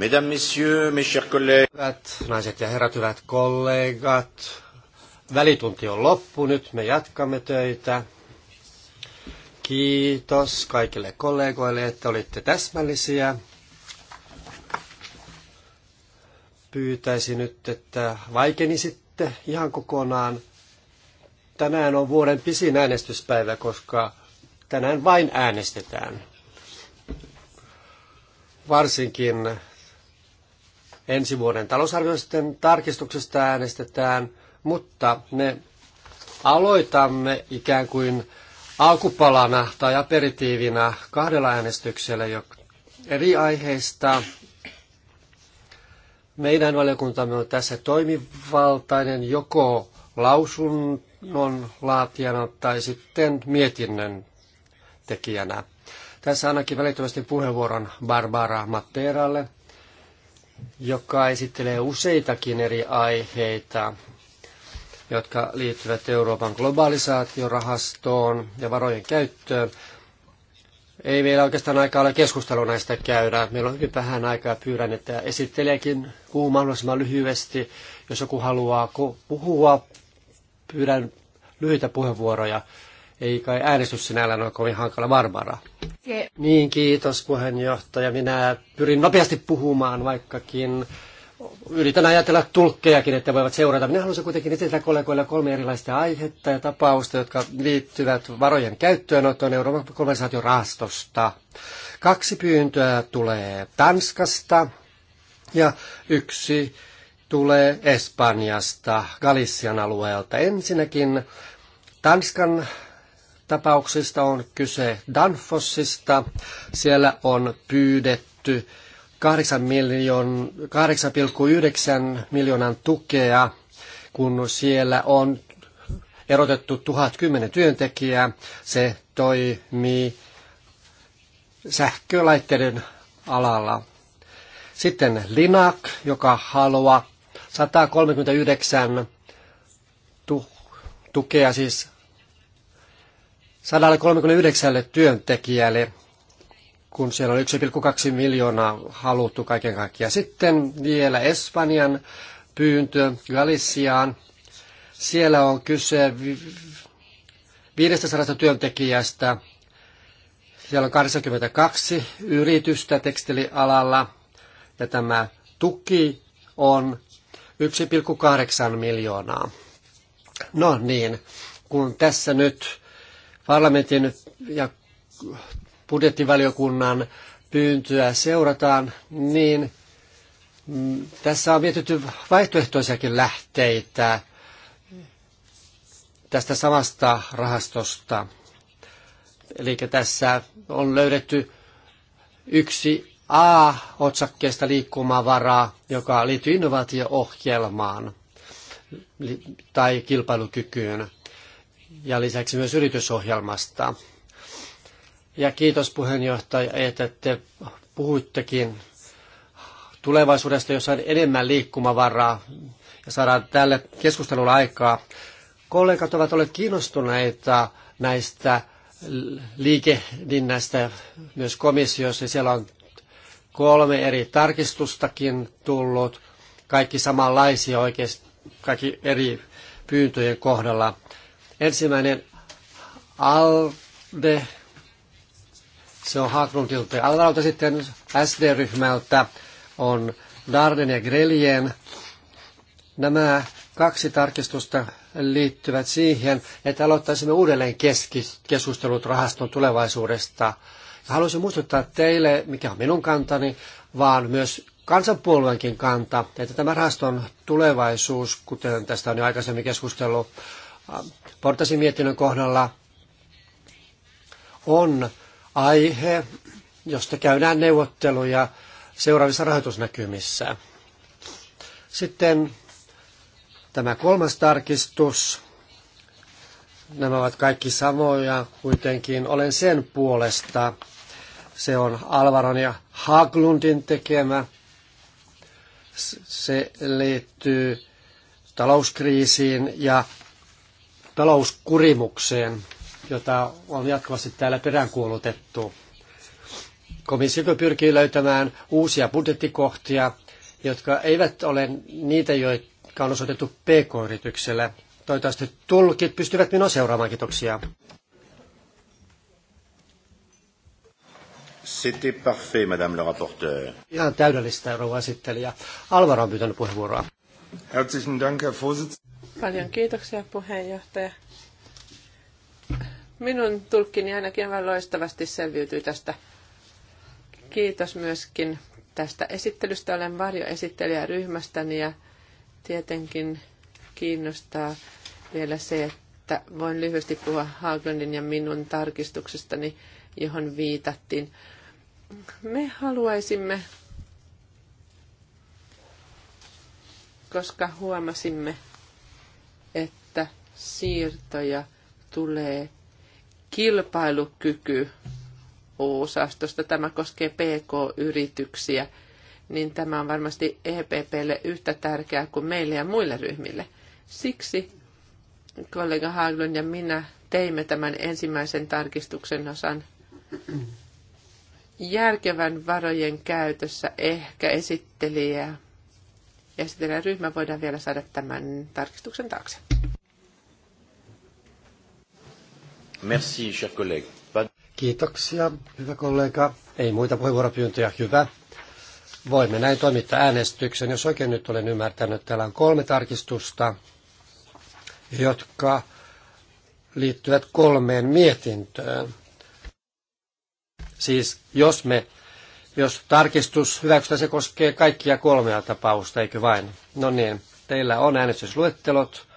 Mesdames, messieurs, mes chers collègues. Hyvät naiset ja herrat, hyvät kollegat. Välitunti on loppu, nyt me jatkamme töitä. Kiitos kaikille kollegoille, että olitte täsmällisiä. Pyytäisin nyt, että vaikenisitte ihan kokonaan. Tänään on vuoden pisin äänestyspäivä, koska tänään vain äänestetään. Varsinkin ensi vuoden talousarvioisten tarkistuksesta äänestetään, mutta me aloitamme ikään kuin alkupalana tai aperitiivina kahdella äänestyksellä jo eri aiheista. Meidän valiokuntamme on tässä toimivaltainen joko lausunnon laatijana tai sitten mietinnön tekijänä. Tässä ainakin välittömästi puheenvuoron Barbara Matteeralle – joka esittelee useitakin eri aiheita, jotka liittyvät Euroopan globalisaatiorahastoon ja varojen käyttöön. Ei meillä oikeastaan aikaa ole keskustelua näistä käydä. Meillä on hyvin vähän aikaa. Pyydän, että esittelijäkin puhuu mahdollisimman lyhyesti. Jos joku haluaa puhua, pyydän lyhyitä puheenvuoroja. Ei kai äänestys sinällään ole kovin hankala, Barbara. Se. Niin, kiitos puheenjohtaja. Minä pyrin nopeasti puhumaan, vaikkakin yritän ajatella tulkkejakin, että voivat seurata. Minä haluaisin kuitenkin esitellä kollegoille kolme erilaista aihetta ja tapausta, jotka liittyvät varojen käyttöönottoon Euroopan rahastosta. Kaksi pyyntöä tulee Tanskasta ja yksi tulee Espanjasta, Galician alueelta. Ensinnäkin Tanskan tapauksista on kyse Danfossista. Siellä on pyydetty 8,9 miljoon, miljoonan tukea, kun siellä on erotettu 1010 työntekijää. Se toimii sähkölaitteiden alalla. Sitten Linak, joka haluaa 139 tukea siis 139 työntekijälle, kun siellä oli 1,2 miljoonaa haluttu kaiken kaikkiaan. Sitten vielä Espanjan pyyntö Galiciaan. Siellä on kyse 500 työntekijästä. Siellä on 82 yritystä tekstilialalla ja tämä tuki on 1,8 miljoonaa. No niin, kun tässä nyt parlamentin ja budjettivaliokunnan pyyntöä seurataan, niin mm, tässä on mietitty vaihtoehtoisiakin lähteitä tästä samasta rahastosta. Eli tässä on löydetty yksi A-otsakkeesta liikkumavaraa, joka liittyy innovaatio-ohjelmaan tai kilpailukykyyn ja lisäksi myös yritysohjelmasta. Ja kiitos puheenjohtaja, että te puhuittekin tulevaisuudesta, jossa on enemmän liikkumavaraa ja saadaan tälle keskustelulle aikaa. Kollegat ovat olleet kiinnostuneita näistä liikehdinnästä myös komissiossa. Siellä on kolme eri tarkistustakin tullut, kaikki samanlaisia oikeasti, kaikki eri pyyntöjen kohdalla. Ensimmäinen ALDE, se on Haklundilta ja Alalta sitten SD-ryhmältä on Darden ja Grelien. Nämä kaksi tarkistusta liittyvät siihen, että aloittaisimme uudelleen keskustelut rahaston tulevaisuudesta. Ja haluaisin muistuttaa teille, mikä on minun kantani, vaan myös kansanpuolueenkin kanta, että tämä rahaston tulevaisuus, kuten tästä on jo aikaisemmin keskustellut, Portasin mietinnön kohdalla on aihe, josta käydään neuvotteluja seuraavissa rahoitusnäkymissä. Sitten tämä kolmas tarkistus. Nämä ovat kaikki samoja, kuitenkin olen sen puolesta. Se on Alvaron ja Haglundin tekemä. Se liittyy talouskriisiin ja talouskurimukseen, jota on jatkuvasti täällä peräänkuulutettu. Komissio pyrkii löytämään uusia budjettikohtia, jotka eivät ole niitä, jotka on osoitettu PK-yritykselle. Toivottavasti tulkit pystyvät minua seuraamaan. Kiitoksia. C'était parfait, madame le rapporteur. Ihan täydellistä, rouva esittelijä. Alvaro on pyytänyt puheenvuoroa. Herzlichen Dank, Herr Vorsitzender. Paljon kiitoksia puheenjohtaja. Minun tulkkini ainakin aivan loistavasti selviytyy tästä. Kiitos myöskin tästä esittelystä. Olen varjoesittelijä ryhmästäni ja tietenkin kiinnostaa vielä se, että voin lyhyesti puhua Haglundin ja minun tarkistuksestani, johon viitattiin. Me haluaisimme, koska huomasimme, että siirtoja tulee kilpailukyky osastosta. Tämä koskee PK-yrityksiä, niin tämä on varmasti EPPlle yhtä tärkeää kuin meille ja muille ryhmille. Siksi kollega Haglund ja minä teimme tämän ensimmäisen tarkistuksen osan järkevän varojen käytössä ehkä esittelijä ja ryhmä voidaan vielä saada tämän tarkistuksen taakse. Merci, cher collègue. Kiitoksia, hyvä kollega. Ei muita puheenvuoropyyntöjä, hyvä. Voimme näin toimittaa äänestyksen. Jos oikein nyt olen ymmärtänyt, täällä on kolme tarkistusta, jotka liittyvät kolmeen mietintöön. Siis jos me, jos tarkistus hyväksytään, se koskee kaikkia kolmea tapausta, eikö vain? No niin, teillä on äänestysluettelot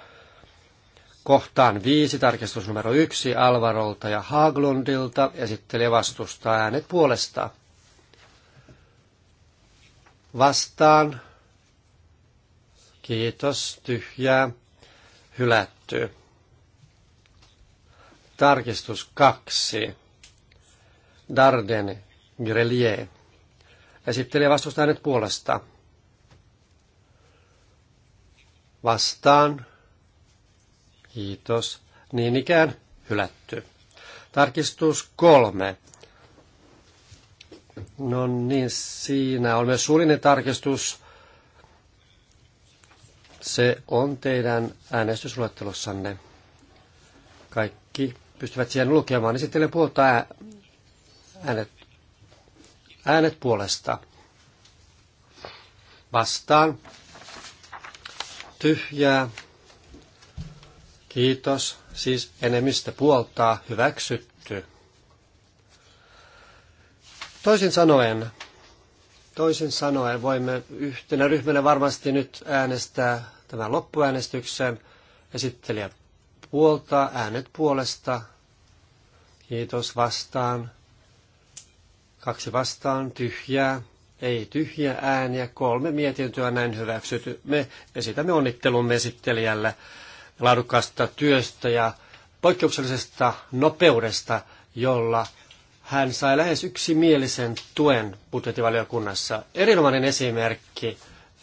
kohtaan viisi tarkistus numero yksi Alvarolta ja Haglundilta esittelee vastusta äänet puolesta. Vastaan. Kiitos. Tyhjää. Hylätty. Tarkistus kaksi. Darden Grelier. Esittelee vastusta äänet puolesta. Vastaan Kiitos. Niin ikään hylätty. Tarkistus kolme. No niin, siinä on myös suullinen tarkistus. Se on teidän äänestysluettelossanne. Kaikki pystyvät siihen lukemaan. Esittelen puolta äänet, äänet puolesta. Vastaan. Tyhjää. Kiitos. Siis enemmistö puoltaa hyväksytty. Toisin sanoen, toisin sanoen voimme yhtenä ryhmänä varmasti nyt äänestää tämän loppuäänestyksen. Esittelijä puoltaa, äänet puolesta. Kiitos vastaan. Kaksi vastaan, tyhjää, ei tyhjä ääniä, kolme mietintöä näin hyväksytty. Me esitämme onnittelumme esittelijälle laadukkaasta työstä ja poikkeuksellisesta nopeudesta, jolla hän sai lähes yksimielisen tuen budjettivaliokunnassa. Erinomainen esimerkki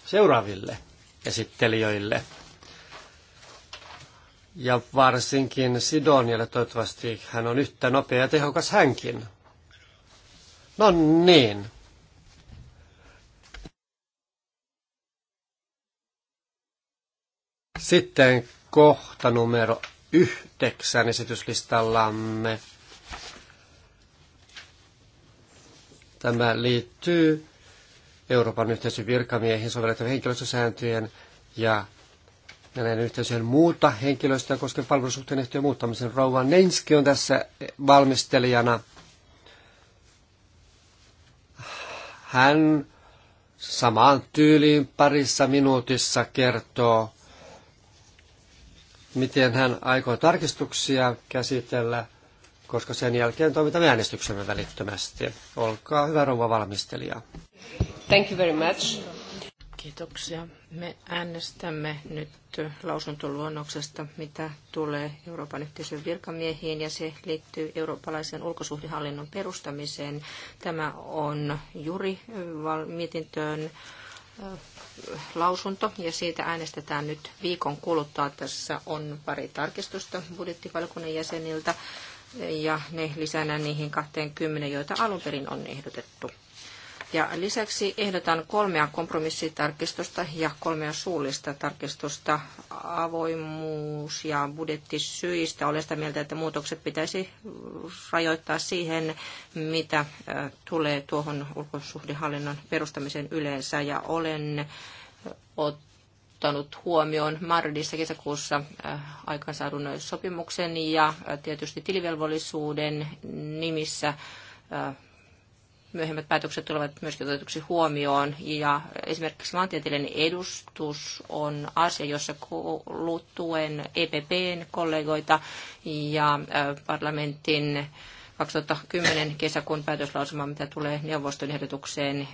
seuraaville esittelijöille. Ja varsinkin Sidonialle toivottavasti hän on yhtä nopea ja tehokas hänkin. No niin. Sitten kohta numero yhdeksän esityslistallamme. Tämä liittyy Euroopan yhteisön virkamiehiin sovellettavien henkilöstösääntöjen ja näiden yhteisöjen muuta henkilöstöä koskevan palvelusuhteen ehtojen muuttamisen. Rouva Nenski on tässä valmistelijana. Hän samaan tyyliin parissa minuutissa kertoo miten hän aikoo tarkistuksia käsitellä, koska sen jälkeen toimitamme äänestyksemme välittömästi. Olkaa hyvä rouva valmistelija. Thank you very much. Kiitoksia. Me äänestämme nyt lausuntoluonnoksesta, mitä tulee Euroopan yhteisön virkamiehiin, ja se liittyy eurooppalaisen ulkosuhdehallinnon perustamiseen. Tämä on juri mietintöön lausunto ja siitä äänestetään nyt viikon kuluttua. Tässä on pari tarkistusta budjettivalkunnan jäseniltä ja ne lisänä niihin 20, joita alun perin on ehdotettu. Ja lisäksi ehdotan kolmea kompromissitarkistusta ja kolmea suullista tarkistusta avoimuus- ja budjettisyistä. Olen sitä mieltä, että muutokset pitäisi rajoittaa siihen, mitä tulee tuohon ulkosuhdehallinnon perustamiseen yleensä. Ja olen ottanut huomioon Mardissa kesäkuussa aikaansaadun sopimuksen ja tietysti tilivelvollisuuden nimissä myöhemmät päätökset tulevat myöskin otetuksi huomioon. Ja esimerkiksi maantieteellinen edustus on asia, jossa kuulutuen EPPn kollegoita ja parlamentin 2010 kesäkuun päätöslausuma, mitä tulee neuvoston ehdotukseen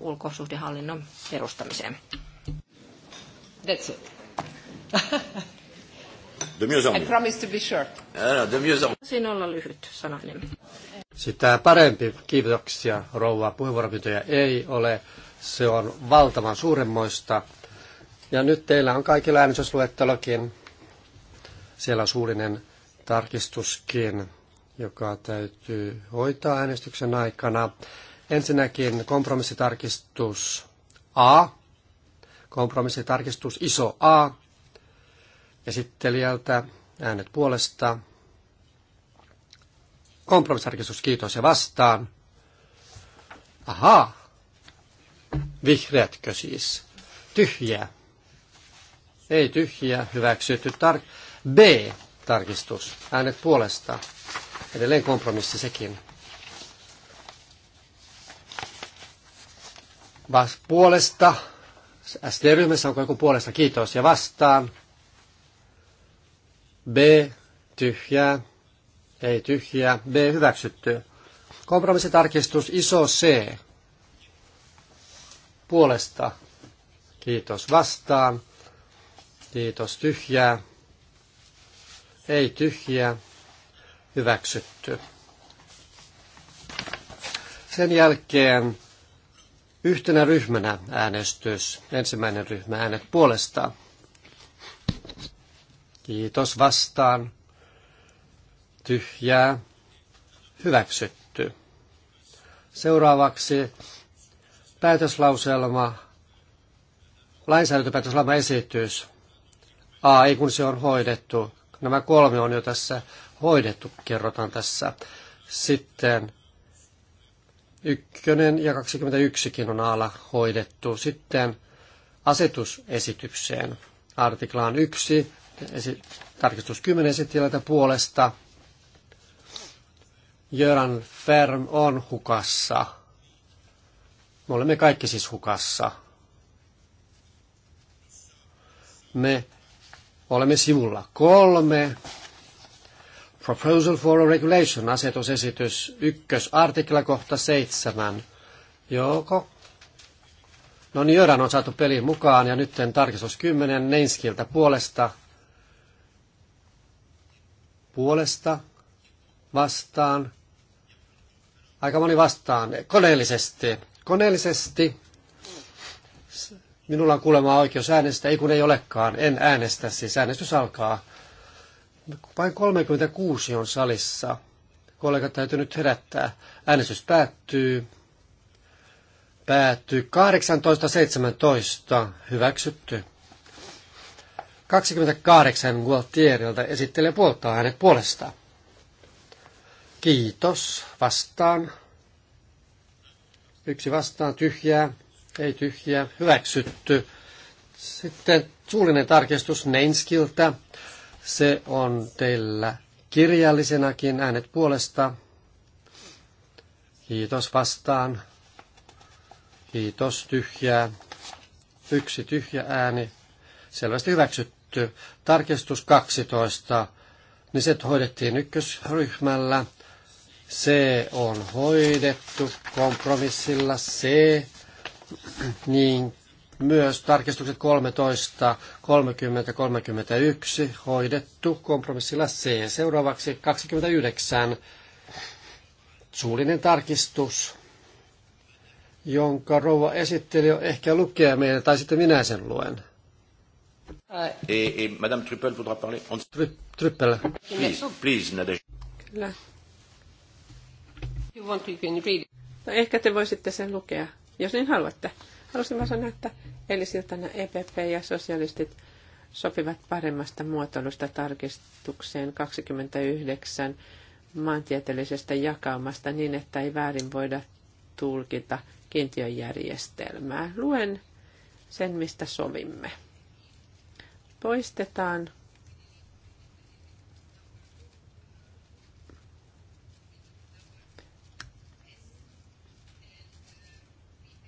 ulkosuhdehallinnon perustamiseen. That's it. de mieux en mieux. I promise to be short. Sure. Ah, de mieux en mieux. olla lyhyt sanainen. Sitä parempi. Kiitoksia, rouva. Puheenvuoropyyntöjä ei ole. Se on valtavan suuremmoista. Ja nyt teillä on kaikilla äänestysluettelokin. Siellä on suullinen tarkistuskin, joka täytyy hoitaa äänestyksen aikana. Ensinnäkin kompromissitarkistus A, kompromissitarkistus iso A, esittelijältä äänet puolesta Kompromissarkistus, kiitos ja vastaan. Ahaa. Vihreätkö siis? Tyhjää. Ei tyhjää. Hyväksytty. Tar- B. Tarkistus. Äänet puolesta. Edelleen kompromissi sekin. Vas puolesta. SD-ryhmässä onko joku puolesta? Kiitos. Ja vastaan. B. Tyhjää ei tyhjiä, B hyväksytty. Kompromissitarkistus iso C puolesta, kiitos vastaan, kiitos tyhjää, ei tyhjiä, hyväksytty. Sen jälkeen yhtenä ryhmänä äänestys, ensimmäinen ryhmä äänet puolesta. Kiitos vastaan, tyhjää, hyväksytty. Seuraavaksi päätöslauselma, lainsäädäntöpäätöslauselma esitys. A, ei kun se on hoidettu. Nämä kolme on jo tässä hoidettu, kerrotaan tässä. Sitten ykkönen ja 21kin on alla hoidettu. Sitten asetusesitykseen. Artiklaan 1, tarkistus 10 esittelijältä puolesta Göran Färm on hukassa. Me olemme kaikki siis hukassa. Me olemme sivulla kolme. Proposal for a Regulation, asetusesitys ykkös, artikla kohta seitsemän. Joko? No niin, Jöran on saatu peliin mukaan ja nyt tarkistus kymmenen Neinskiltä puolesta. Puolesta vastaan Aika moni vastaan. Koneellisesti. Koneellisesti minulla on kuulemma oikeus äänestää, ei kun ei olekaan, en äänestä, siis äänestys alkaa. Vain 36 on salissa. Kollegat täytyy nyt herättää. Äänestys päättyy. Päättyy 18.17. Hyväksytty. 28 Gualtierilta esittelee puoltaa hänet puolestaan. Kiitos. Vastaan. Yksi vastaan. Tyhjää. Ei tyhjää. Hyväksytty. Sitten suullinen tarkistus Neinskiltä. Se on teillä kirjallisenakin äänet puolesta. Kiitos vastaan. Kiitos tyhjää. Yksi tyhjä ääni. Selvästi hyväksytty. Tarkistus 12. Niin se hoidettiin ykkösryhmällä se on hoidettu kompromissilla C, niin myös tarkistukset 13, 30, 31 hoidettu kompromissilla C. Seuraavaksi 29 suullinen tarkistus, jonka rouva esitteli jo ehkä lukee meille, tai sitten minä sen luen. Et, eh, et eh, Madame Trippel voudra parler. On... Trippel. Please, please, Nadesh. Kyllä. You want, you can read. No ehkä te voisitte sen lukea, jos niin haluatte. Halusin mä sanoa, että elisiltana EPP ja sosialistit sopivat paremmasta muotoilusta tarkistukseen 29 maantieteellisestä jakaumasta niin, että ei väärin voida tulkita kiintiöjärjestelmää. Luen sen, mistä sovimme. Poistetaan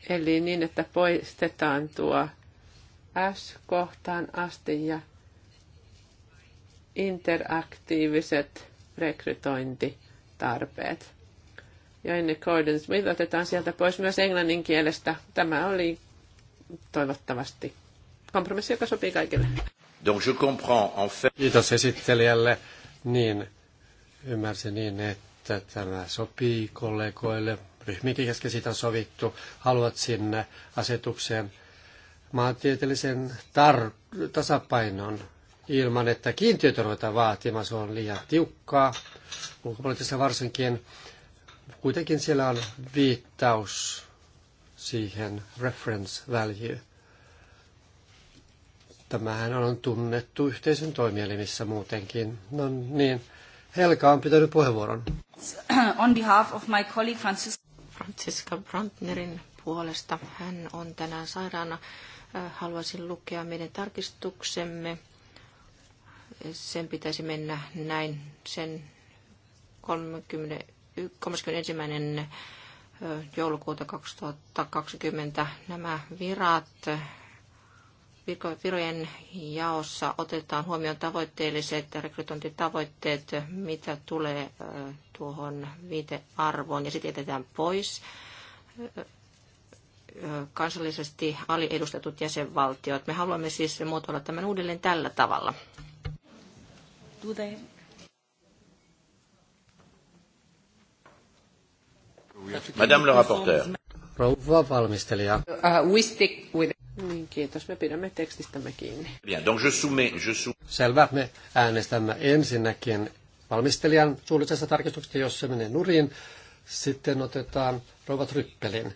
Eli niin, että poistetaan tuo S-kohtaan asti ja interaktiiviset rekrytointitarpeet. Ja in accordance with otetaan sieltä pois myös englannin kielestä. Tämä oli toivottavasti kompromissi, joka sopii kaikille. Donc je comprends en fait... Kiitos esittelijälle. Niin, ymmärsin niin, että tämä sopii kollegoille, ryhmiin, kesken siitä on sovittu, haluat sinne asetukseen maantieteellisen tar- tasapainon ilman, että kiintiötä ruvetaan vaatimaan. Se on liian tiukkaa, Ulkopoliittisessa varsinkin. Kuitenkin siellä on viittaus siihen reference value. Tämähän on tunnettu yhteisön toimielimissä muutenkin. No niin, Helka on pitänyt puheenvuoron. On behalf of my colleague Francis... Franziska Brandnerin puolesta. Hän on tänään sairaana. Haluaisin lukea meidän tarkistuksemme. Sen pitäisi mennä näin. Sen 30, 31 joulukuuta 2020 nämä virat virojen jaossa otetaan huomioon tavoitteelliset rekrytointitavoitteet, mitä tulee tuohon viitearvoon, ja sitten jätetään pois kansallisesti aliedustetut jäsenvaltiot. Me haluamme siis muotoilla tämän uudelleen tällä tavalla. Madame le rapporteur. Rouva valmistelija. Uh, we stick with niin, kiitos. Me pidämme tekstistämme kiinni. Bien, donc je soumets, je sou... Selvä. Me äänestämme ensinnäkin valmistelijan suullisesta tarkistuksesta, jos se menee nurin. Sitten otetaan Rova Tryppelin.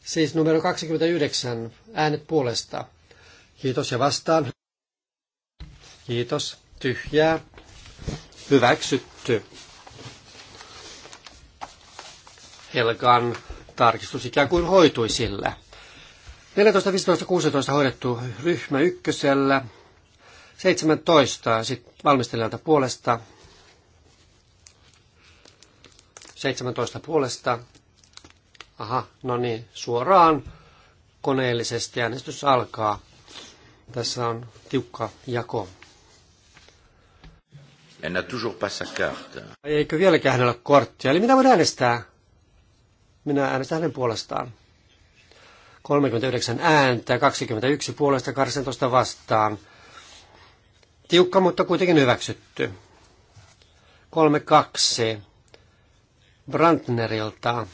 Siis numero 29, äänet puolesta. Kiitos ja vastaan. Kiitos. Tyhjää. Hyväksytty. Helkan tarkistus ikään kuin hoitui sillä. 14, 15, 16 hoidettu ryhmä ykkösellä, 17 sitten valmistelijalta puolesta, 17 puolesta, aha, no niin, suoraan koneellisesti äänestys alkaa. Tässä on tiukka jako. Elle n'a toujours pas sa carte. Eikö vieläkään hänellä korttia? Eli mitä voidaan äänestää? Minä äänestän hänen puolestaan. 39 ääntä, 21 puolesta, 18 vastaan. Tiukka, mutta kuitenkin hyväksytty. 32 ja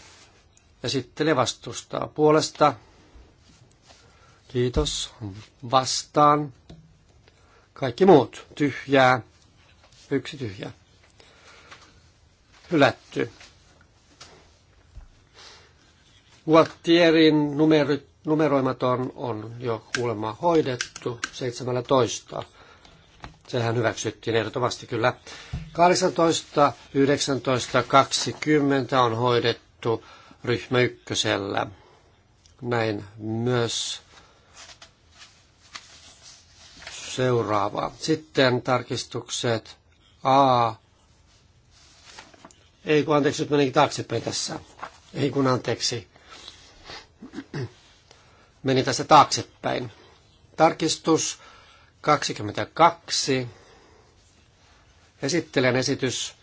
Esittelee vastustaa puolesta. Kiitos. Vastaan. Kaikki muut. Tyhjää. Yksi tyhjä. Hylätty. Guattierin numerit, numeroimaton on jo kuulemma hoidettu 17. Sehän hyväksyttiin ehdottomasti kyllä. 18, 19, 20 on hoidettu ryhmä ykkösellä. Näin myös seuraava. Sitten tarkistukset A. Ei kun anteeksi, nyt menikin taaksepäin tässä. Ei kun anteeksi. meni tässä taaksepäin. Tarkistus 22. Esittelen esitys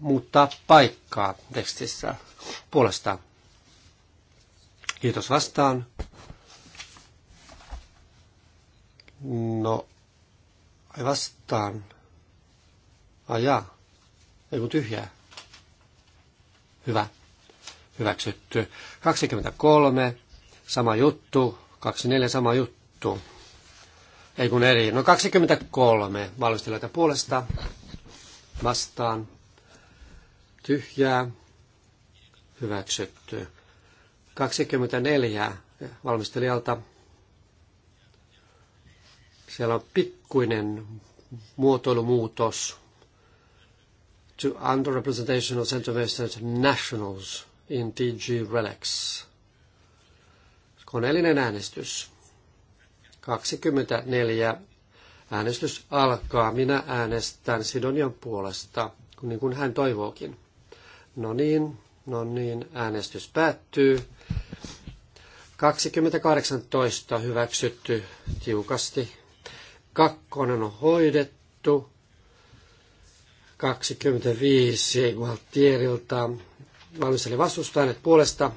muuttaa paikkaa tekstissä puolestaan. Kiitos vastaan. No, ei vastaan. Ajaa. Ei kun tyhjää. Hyvä hyväksytty. 23, sama juttu. 24, sama juttu. Ei kun eri. No 23 valmistelijoita puolesta vastaan. Tyhjää. Hyväksytty. 24 valmistelijalta. Siellä on pikkuinen muotoilumuutos to underrepresentation of Central Western Nationals in TG Relax. Koneellinen äänestys. 24. Äänestys alkaa. Minä äänestän Sidonian puolesta, niin kuin hän toivookin. No niin, no niin, äänestys päättyy. 2018 hyväksytty tiukasti. Kakkonen on hoidettu. 25 Gualtierilta valmisteli vastustaa puolesta.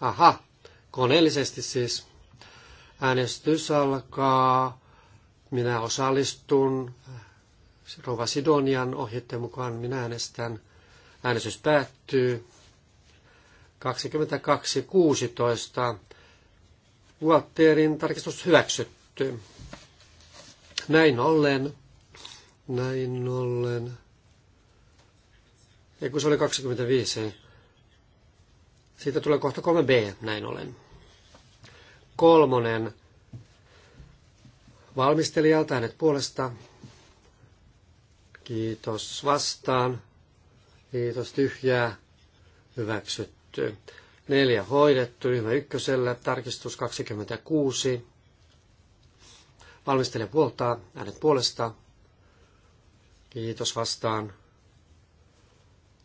Aha, koneellisesti siis. Äänestys alkaa. Minä osallistun. Rova Sidonian ohjeiden mukaan minä äänestän. Äänestys päättyy. 22.16. Walterin tarkistus hyväksytty. Näin ollen, näin ollen ei kun se oli 25. Siitä tulee kohta 3b, näin olen. Kolmonen valmistelijalta hänet puolesta. Kiitos vastaan. Kiitos tyhjää. Hyväksytty. Neljä hoidettu, ryhmä ykkösellä, tarkistus 26. Valmistelija puoltaa, äänet puolesta. Kiitos vastaan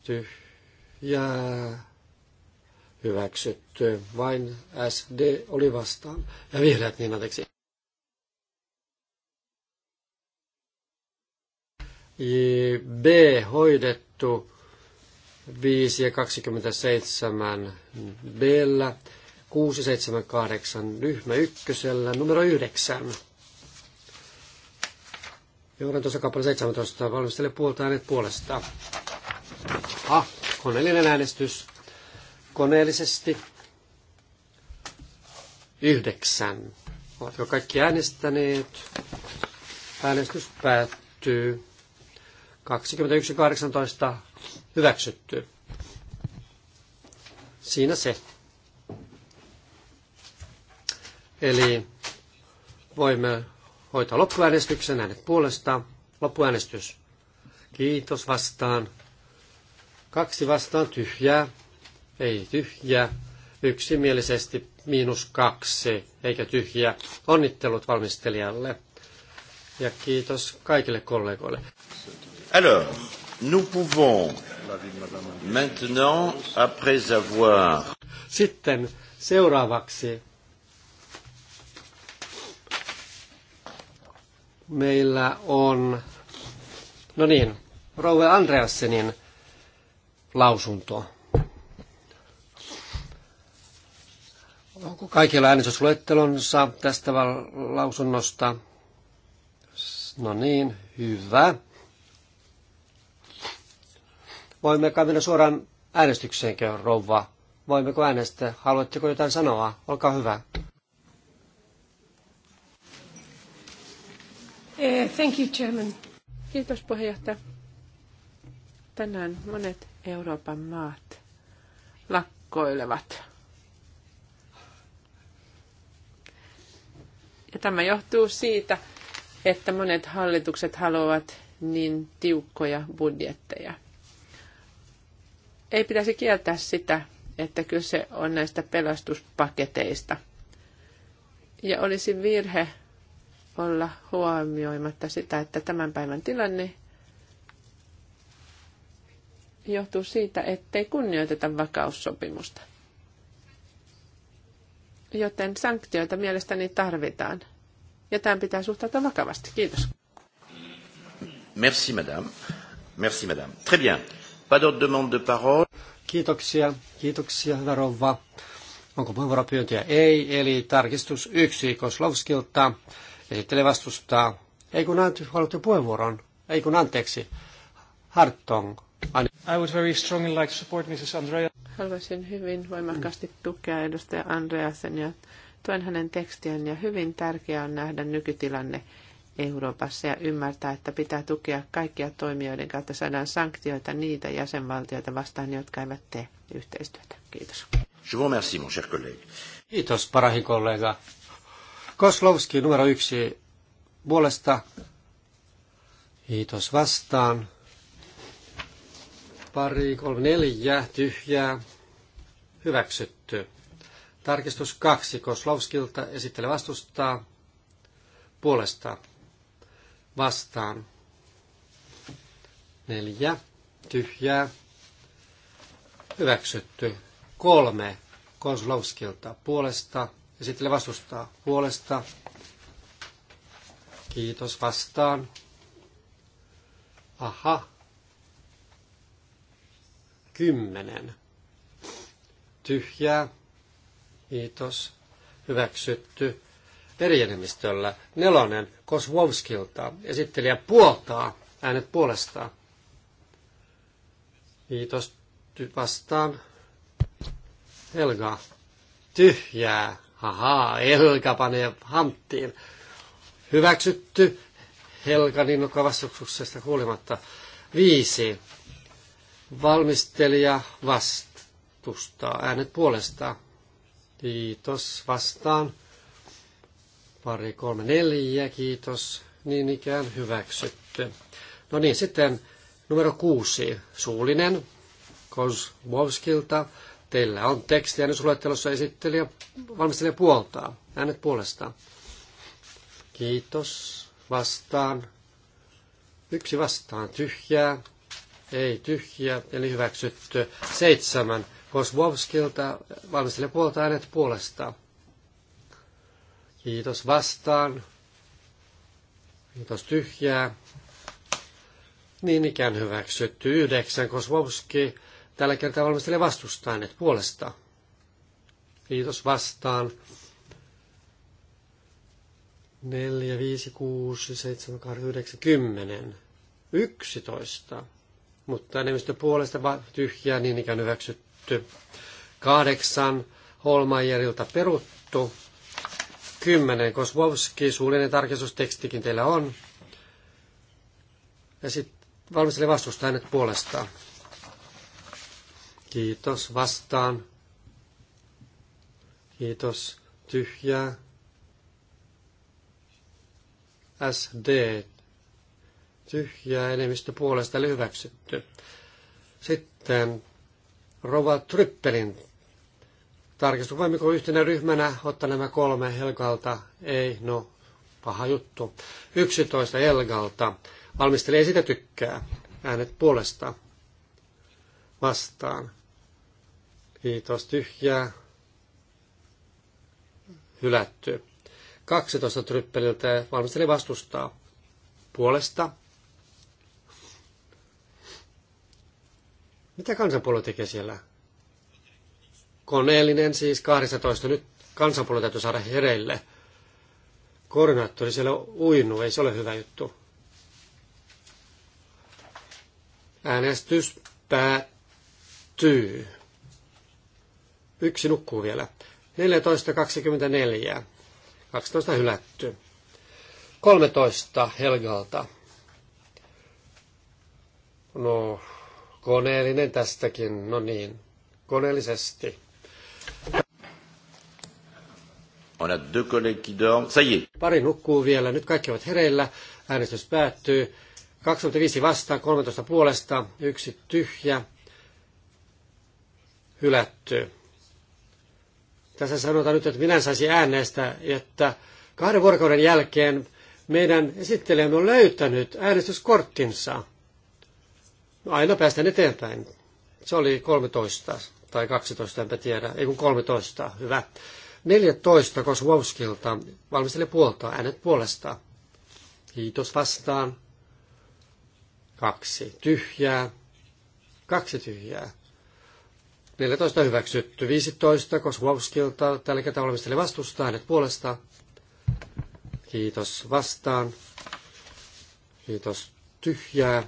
hyväksytty ja hyväksytty. Vain SD oli vastaan. Ja vihreät niin anteeksi. B hoidettu 5 ja 27 b 678 ryhmä ykkösellä numero 9. Johdan tuossa kappale 17 valmistele puolta äänet puolestaan. Aha, koneellinen äänestys. Koneellisesti yhdeksän. Oletko kaikki äänestäneet? Äänestys päättyy. 21.18 hyväksytty. Siinä se. Eli voimme hoitaa loppuäänestyksen äänet puolesta. Loppuäänestys. Kiitos vastaan. Kaksi vastaan tyhjää, ei tyhjää, yksimielisesti miinus kaksi, eikä tyhjää. Onnittelut valmistelijalle ja kiitos kaikille kollegoille. Alors, nous pouvons maintenant, après avoir... Sitten seuraavaksi meillä on, no niin, Rouve Andreassenin lausunto. Onko kaikilla äänestysluettelonsa tästä lausunnosta? No niin, hyvä. Voimme mennä suoraan äänestykseenkö, rouva? Voimmeko äänestää? Haluatteko jotain sanoa? Olkaa hyvä. Eh, thank you, Chairman. Kiitos puheenjohtaja. Tänään monet Euroopan maat lakkoilevat. Ja tämä johtuu siitä, että monet hallitukset haluavat niin tiukkoja budjetteja. Ei pitäisi kieltää sitä, että kyse on näistä pelastuspaketeista. Ja olisi virhe olla huomioimatta sitä, että tämän päivän tilanne johtuu siitä, ettei kunnioiteta vakaussopimusta. Joten sanktioita mielestäni tarvitaan. Ja tämän pitää suhtautua vakavasti. Kiitos. Merci, madame. Merci, madame. Très bien. Pas d'autres demandes de parole. Kiitoksia. Kiitoksia, hyvä rouva. Onko puheenvuoropyyntöjä? Ei, eli tarkistus yksi Koslovskilta. Esittelee vastustaa. Ei kun anteeksi, haluatte puheenvuoron. Ei kun anteeksi. Hartong. I would very strongly like to support Mrs. Andrea. Haluaisin hyvin voimakkaasti tukea edustaja Andreasen ja tuen hänen tekstiään ja hyvin tärkeää on nähdä nykytilanne Euroopassa ja ymmärtää, että pitää tukea kaikkia toimijoiden kautta saadaan sanktioita niitä jäsenvaltioita vastaan, jotka eivät tee yhteistyötä. Kiitos. Je vous remercie, mon cher collègue. Kiitos, parahi kollega. Koslovski numero yksi puolesta. Kiitos vastaan pari, kolme, neljä, tyhjää, hyväksytty. Tarkistus kaksi, Koslovskilta esittelee vastustaa, puolesta, vastaan, neljä, tyhjää, hyväksytty. Kolme, Koslovskilta puolesta, esittelee vastustaa, puolesta, kiitos vastaan, aha, 10. Tyhjää. Kiitos. Hyväksytty. Eri Nelonen Koswowskilta. Esittelijä puoltaa äänet puolestaan. Kiitos. Vastaan. Helga. Tyhjää. Haha, Helga panee hanttiin. Hyväksytty helga Helganin kavastuksesta huolimatta. Viisi. Valmistelija vastustaa. Äänet puolesta. Kiitos. Vastaan. Pari, kolme, neljä. Kiitos. Niin ikään hyväksytty. No niin, sitten numero kuusi. Suullinen. Kozmovskilta. Teillä on teksti äänestysluettelossa esittelijä valmistelija puoltaa. Äänet puolestaan. Kiitos. Vastaan. Yksi vastaan. Tyhjää ei tyhjiä, eli hyväksytty. Seitsemän Kosvovskilta valmistelija puolta äänet puolesta. Kiitos vastaan. Kiitos tyhjää. Niin ikään hyväksytty. Yhdeksän Kosvovski tällä kertaa valmistelee vastustaa äänet puolesta. Kiitos vastaan. 4, 5, 6, 7, 8, 9, 10, 11 mutta enemmistö puolesta tyhjää niin ikään hyväksytty. Kahdeksan Holmajerilta peruttu. Kymmenen Koswowski, suullinen tarkistustekstikin teillä on. Ja sitten valmisteli vastusta hänet puolestaan. Kiitos vastaan. Kiitos tyhjää. SD tyhjää enemmistö puolesta oli hyväksytty. Sitten Rova Tryppelin tarkistus. Voimmeko yhtenä ryhmänä ottaa nämä kolme Helgalta? Ei, no paha juttu. 11 Helgalta. valmistelee sitä tykkää. Äänet puolesta vastaan. Kiitos tyhjää. Hylätty. 12 Tryppeliltä valmisteli vastustaa puolesta Mitä kansanpuolue tekee siellä? Koneellinen siis 12. Nyt kansanpuolue täytyy saada hereille. Koordinaattori siellä on uinut, ei se ole hyvä juttu. Äänestys päättyy. Yksi nukkuu vielä. 14.24. 12 hylätty. 13 Helgalta. No, Koneellinen tästäkin, no niin, koneellisesti. On a deux collègues qui dorment. Ça y est. Pari nukkuu vielä. Nyt kaikki ovat hereillä. Äänestys päättyy. 25 vastaan, 13 puolesta, yksi tyhjä, hylätty. Tässä sanotaan nyt, että minä en saisi äänestä, että kahden vuorokauden jälkeen meidän esittelemme on löytänyt äänestyskorttinsa. No aina päästään eteenpäin. Se oli 13 tai 12, enpä tiedä. Ei kun 13, hyvä. 14 Koswowskilta valmistele puolta, äänet puolesta. Kiitos vastaan. Kaksi tyhjää. Kaksi tyhjää. 14 hyväksytty. 15 Koswowskilta tällä kertaa valmistele vastusta, äänet puolesta. Kiitos vastaan. Kiitos tyhjää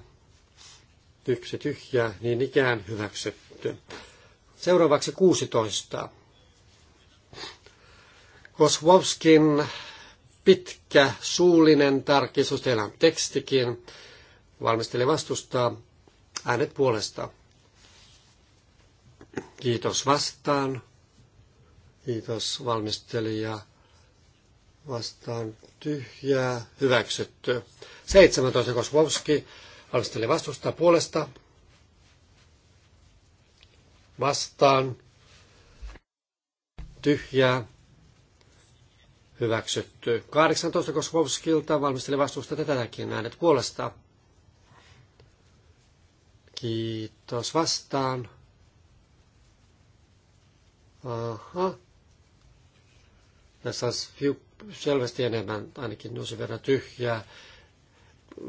yksi tyhjää, niin ikään hyväksytty. Seuraavaksi 16. Koswowskin pitkä suullinen tarkistus, teillä on tekstikin, valmisteli vastustaa äänet puolesta. Kiitos vastaan. Kiitos valmistelija. Vastaan tyhjää, hyväksytty. 17. Koswowski Valmistele vastustaa puolesta. Vastaan. Tyhjää. Hyväksytty. 18 Koskovskilta valmistele vastusta tätäkin äänet puolesta. Kiitos vastaan. Aha. Tässä on selvästi enemmän, ainakin nousi verran tyhjää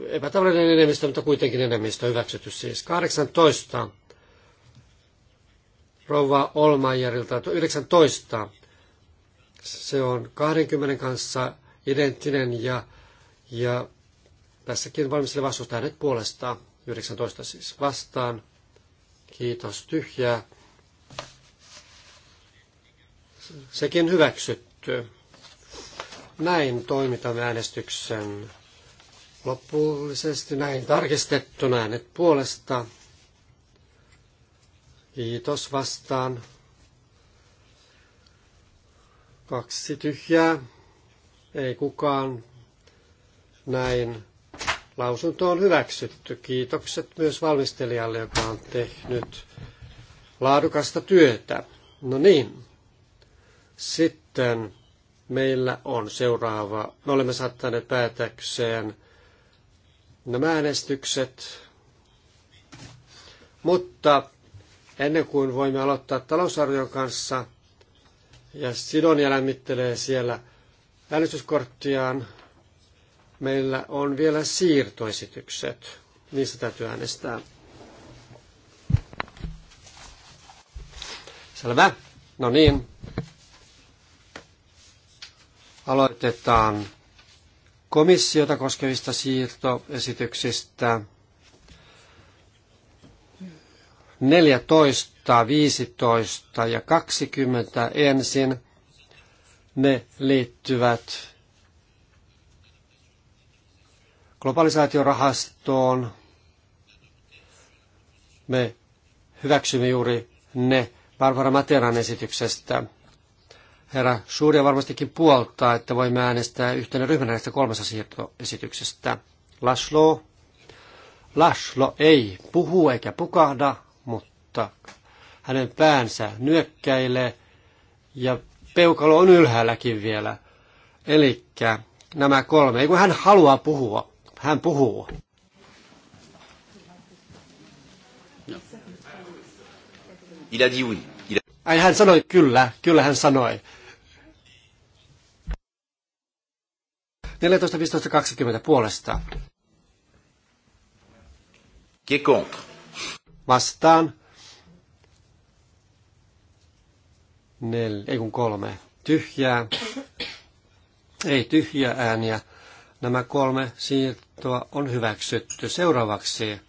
epätavallinen enemmistö, mutta kuitenkin enemmistö hyväksytty siis. 18. Rouva Olmajärilta 19. Se on 20 kanssa identtinen ja, ja tässäkin valmistele vastustaa hänet puolestaan. 19 siis vastaan. Kiitos tyhjää. Sekin hyväksytty. Näin toimitamme äänestyksen Lopullisesti näin tarkistettuna hänet puolesta. Kiitos vastaan. Kaksi tyhjää. Ei kukaan. Näin. Lausunto on hyväksytty. Kiitokset myös valmistelijalle, joka on tehnyt laadukasta työtä. No niin. Sitten meillä on seuraava. Me olemme saattaneet päätökseen nämä äänestykset. Mutta ennen kuin voimme aloittaa talousarvion kanssa, ja Sidonia lämmittelee siellä äänestyskorttiaan, meillä on vielä siirtoesitykset. Niistä täytyy äänestää. Selvä. No niin. Aloitetaan komissiota koskevista siirtoesityksistä 14, 15 ja 20 ensin. Ne liittyvät globalisaatiorahastoon. Me hyväksymme juuri ne Barbara Materan esityksestä. Herra Suuria varmastikin puoltaa, että voimme äänestää yhtenä ryhmänä näistä kolmessa siirtoesityksestä. Laslo. Laslo ei puhu eikä pukahda, mutta hänen päänsä nyökkäilee ja peukalo on ylhäälläkin vielä. Eli nämä kolme, ei kun hän haluaa puhua, hän puhuu. No. Il a dit oui. Il a... Ai hän sanoi kyllä, kyllä hän sanoi. 14.15.20 puolesta. Qui est contre? Vastaan. Nel, ei kun kolme. Tyhjää. Ei tyhjää ääniä. Nämä kolme siirtoa on hyväksytty. Seuraavaksi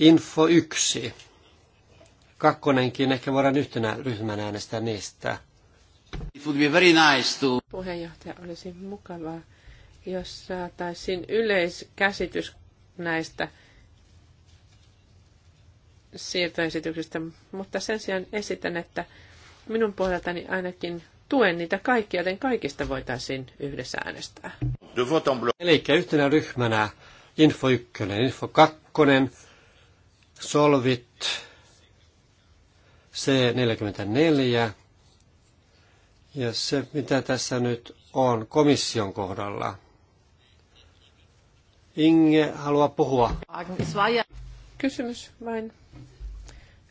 info 1. Kakkonenkin ehkä voidaan yhtenä ryhmänä äänestää niistä. It would be very nice to... Puheenjohtaja, olisi mukavaa, jos saataisiin yleiskäsitys näistä siirtoesityksistä, mutta sen sijaan esitän, että minun puoleltani ainakin tuen niitä kaikkia, joten kaikista voitaisiin yhdessä äänestää. Eli yhtenä ryhmänä Info 1, Info 2, Solvit, C44, ja se, mitä tässä nyt on komission kohdalla. Inge haluaa puhua. Kysymys vain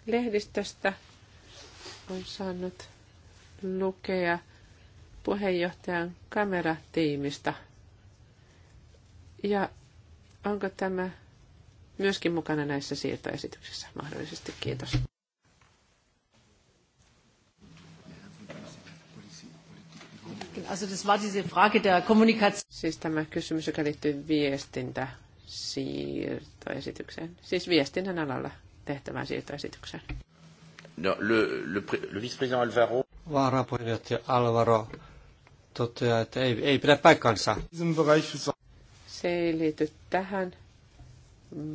lehdistöstä Olen saanut lukea puheenjohtajan kameratiimistä. Ja onko tämä myöskin mukana näissä siirtoesityksissä mahdollisesti? Kiitos. Also das war diese Frage der Kommunikation. Siis tämä kysymys, joka liittyy viestintäsiirtoesitykseen. Siis viestinnän alalla tehtävään siirtoesitykseen. No, le, le, le vice-président Alvaro. Varapuheenjohtaja Alvaro toteaa, että ei, ei pidä paikkansa. Se ei liity tähän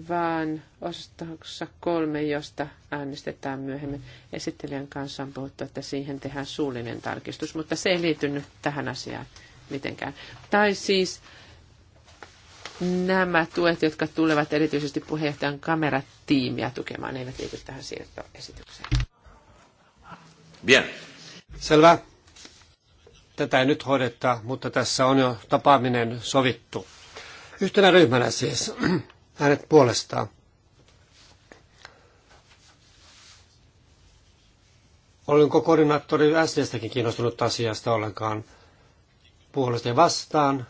vaan osastossa kolme, josta äänestetään myöhemmin. Esittelijän kanssa on puhuttu, että siihen tehdään suullinen tarkistus, mutta se ei liity nyt tähän asiaan mitenkään. Tai siis nämä tuet, jotka tulevat erityisesti puheenjohtajan kameratiimiä tukemaan, eivät liity tähän siirtoesitykseen. Bien. Selvä. Tätä ei nyt hoideta, mutta tässä on jo tapaaminen sovittu. Yhtenä ryhmänä siis hänet puolestaan. Olinko koordinaattori SDstäkin kiinnostunut asiasta ollenkaan puolesta ja vastaan?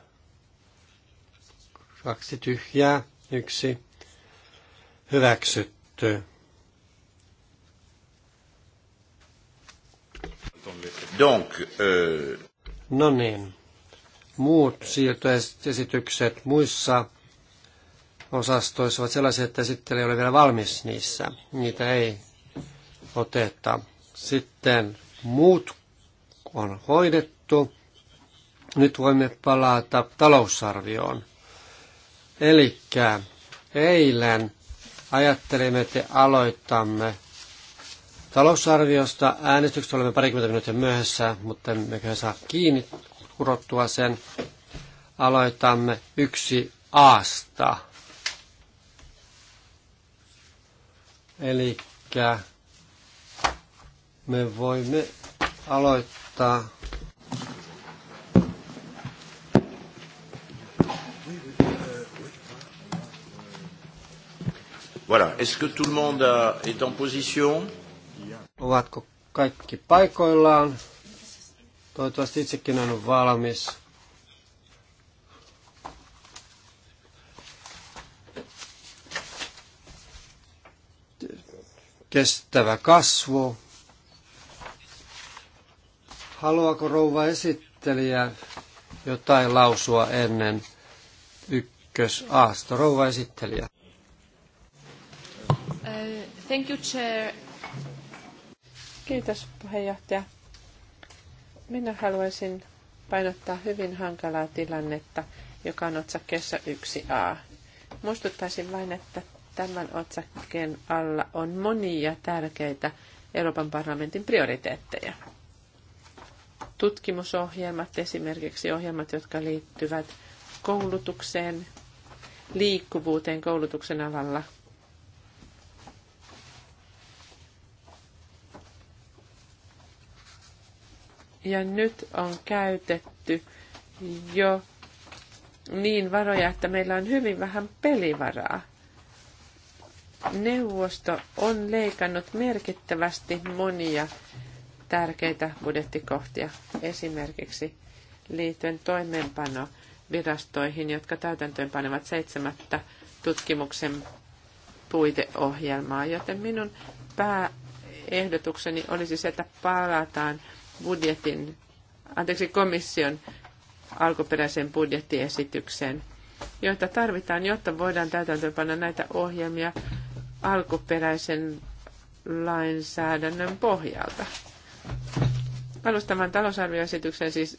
Kaksi tyhjää, yksi hyväksytty. Donc, euh... No niin, muut siirtoesitykset muissa osastoissa ovat sellaisia, että sitten ei ole vielä valmis niissä. Niitä ei oteta. Sitten muut on hoidettu. Nyt voimme palata talousarvioon. Eli eilen ajattelimme, että aloitamme talousarviosta. Äänestykset olemme parikymmentä minuuttia myöhässä, mutta emme saa kiinni kurottua sen. Aloitamme yksi aasta Eli me voimme aloittaa Voilà. Est-ce que tout le monde a, euh, est en position Ovatko kaikki paikoillaan? Toivottavasti itsekin on valmis. kestävä kasvu. Haluaako rouva esittelijä jotain lausua ennen ykkösaasto? Rouva esittelijä. Uh, thank you, chair. Kiitos puheenjohtaja. Minä haluaisin painottaa hyvin hankalaa tilannetta, joka on otsakkeessa 1a. Muistuttaisin vain, että tämän otsakkeen alla on monia tärkeitä Euroopan parlamentin prioriteetteja. Tutkimusohjelmat, esimerkiksi ohjelmat, jotka liittyvät koulutukseen, liikkuvuuteen koulutuksen alalla. Ja nyt on käytetty jo niin varoja, että meillä on hyvin vähän pelivaraa neuvosto on leikannut merkittävästi monia tärkeitä budjettikohtia, esimerkiksi liittyen toimeenpanovirastoihin, jotka täytäntöönpanevat seitsemättä tutkimuksen puiteohjelmaa, joten minun pääehdotukseni olisi se, että palataan budjetin, anteeksi komission alkuperäiseen budjettiesitykseen, joita tarvitaan, jotta voidaan täytäntöönpanna näitä ohjelmia alkuperäisen lainsäädännön pohjalta. Alustavan talousarvioesityksen siis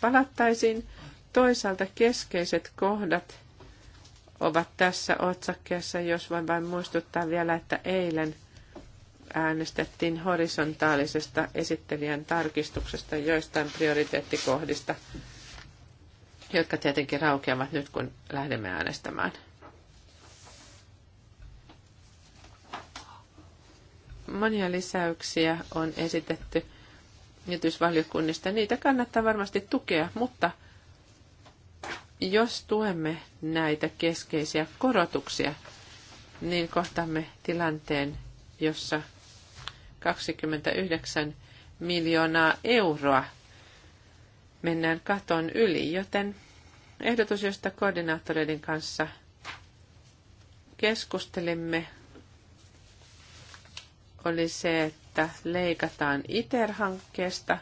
palattaisiin. Toisaalta keskeiset kohdat ovat tässä otsakkeessa, jos voin vain muistuttaa vielä, että eilen äänestettiin horisontaalisesta esittelijän tarkistuksesta joistain prioriteettikohdista, jotka tietenkin raukeavat nyt, kun lähdemme äänestämään – Monia lisäyksiä on esitetty nytysvaliokunnista, Niitä kannattaa varmasti tukea, mutta jos tuemme näitä keskeisiä korotuksia, niin kohtamme tilanteen, jossa 29 miljoonaa euroa mennään katon yli, joten ehdotus, josta koordinaattoreiden kanssa keskustelimme, oli se, että leikataan ITER-hankkeesta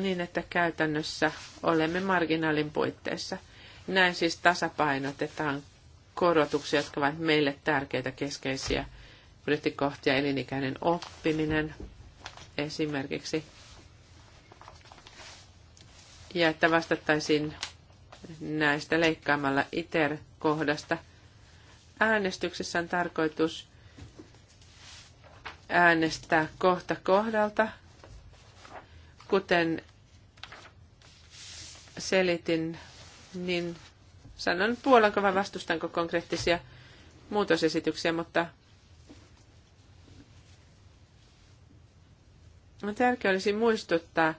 niin, että käytännössä olemme marginaalin puitteissa. Näin siis tasapainotetaan korotuksia, jotka ovat meille tärkeitä keskeisiä budjettikohtia, elinikäinen oppiminen esimerkiksi. Ja että vastattaisiin näistä leikkaamalla ITER-kohdasta. Äänestyksessä on tarkoitus äänestää kohta kohdalta, kuten selitin, niin sanon puolanko vai vastustanko konkreettisia muutosesityksiä, mutta tärkeää olisi muistuttaa,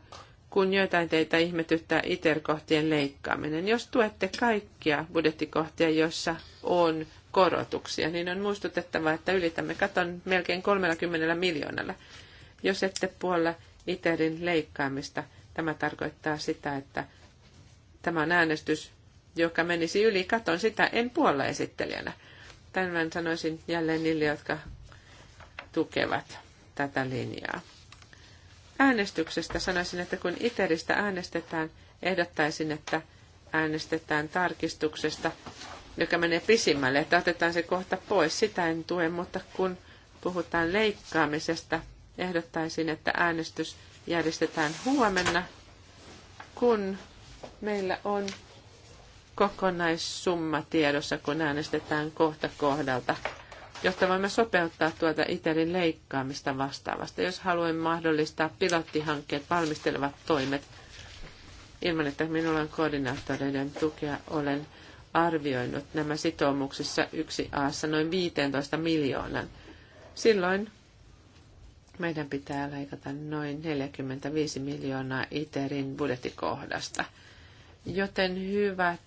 kun joitain teitä ihmetyttää ITER-kohtien leikkaaminen. Jos tuette kaikkia budjettikohtia, joissa on korotuksia, niin on muistutettava, että ylitämme katon melkein 30 miljoonalla. Jos ette puolla ITERin leikkaamista, tämä tarkoittaa sitä, että tämä on äänestys, joka menisi yli katon, sitä en puolla esittelijänä. Tämän sanoisin jälleen niille, jotka tukevat tätä linjaa. Äänestyksestä sanoisin, että kun ITERistä äänestetään, ehdottaisin, että äänestetään tarkistuksesta, joka menee pisimmälle, että otetaan se kohta pois. Sitä en tue, mutta kun puhutaan leikkaamisesta, ehdottaisin, että äänestys järjestetään huomenna, kun meillä on kokonaissumma tiedossa, kun äänestetään kohta kohdalta, jotta voimme sopeuttaa tuota Itelin leikkaamista vastaavasta, jos haluan mahdollistaa pilottihankkeet, valmistelevat toimet, ilman että minulla on koordinaattoreiden tukea, olen arvioinut nämä sitoumuksissa 1A noin 15 miljoonan. Silloin meidän pitää leikata noin 45 miljoonaa ITERin budjettikohdasta. Joten hyvät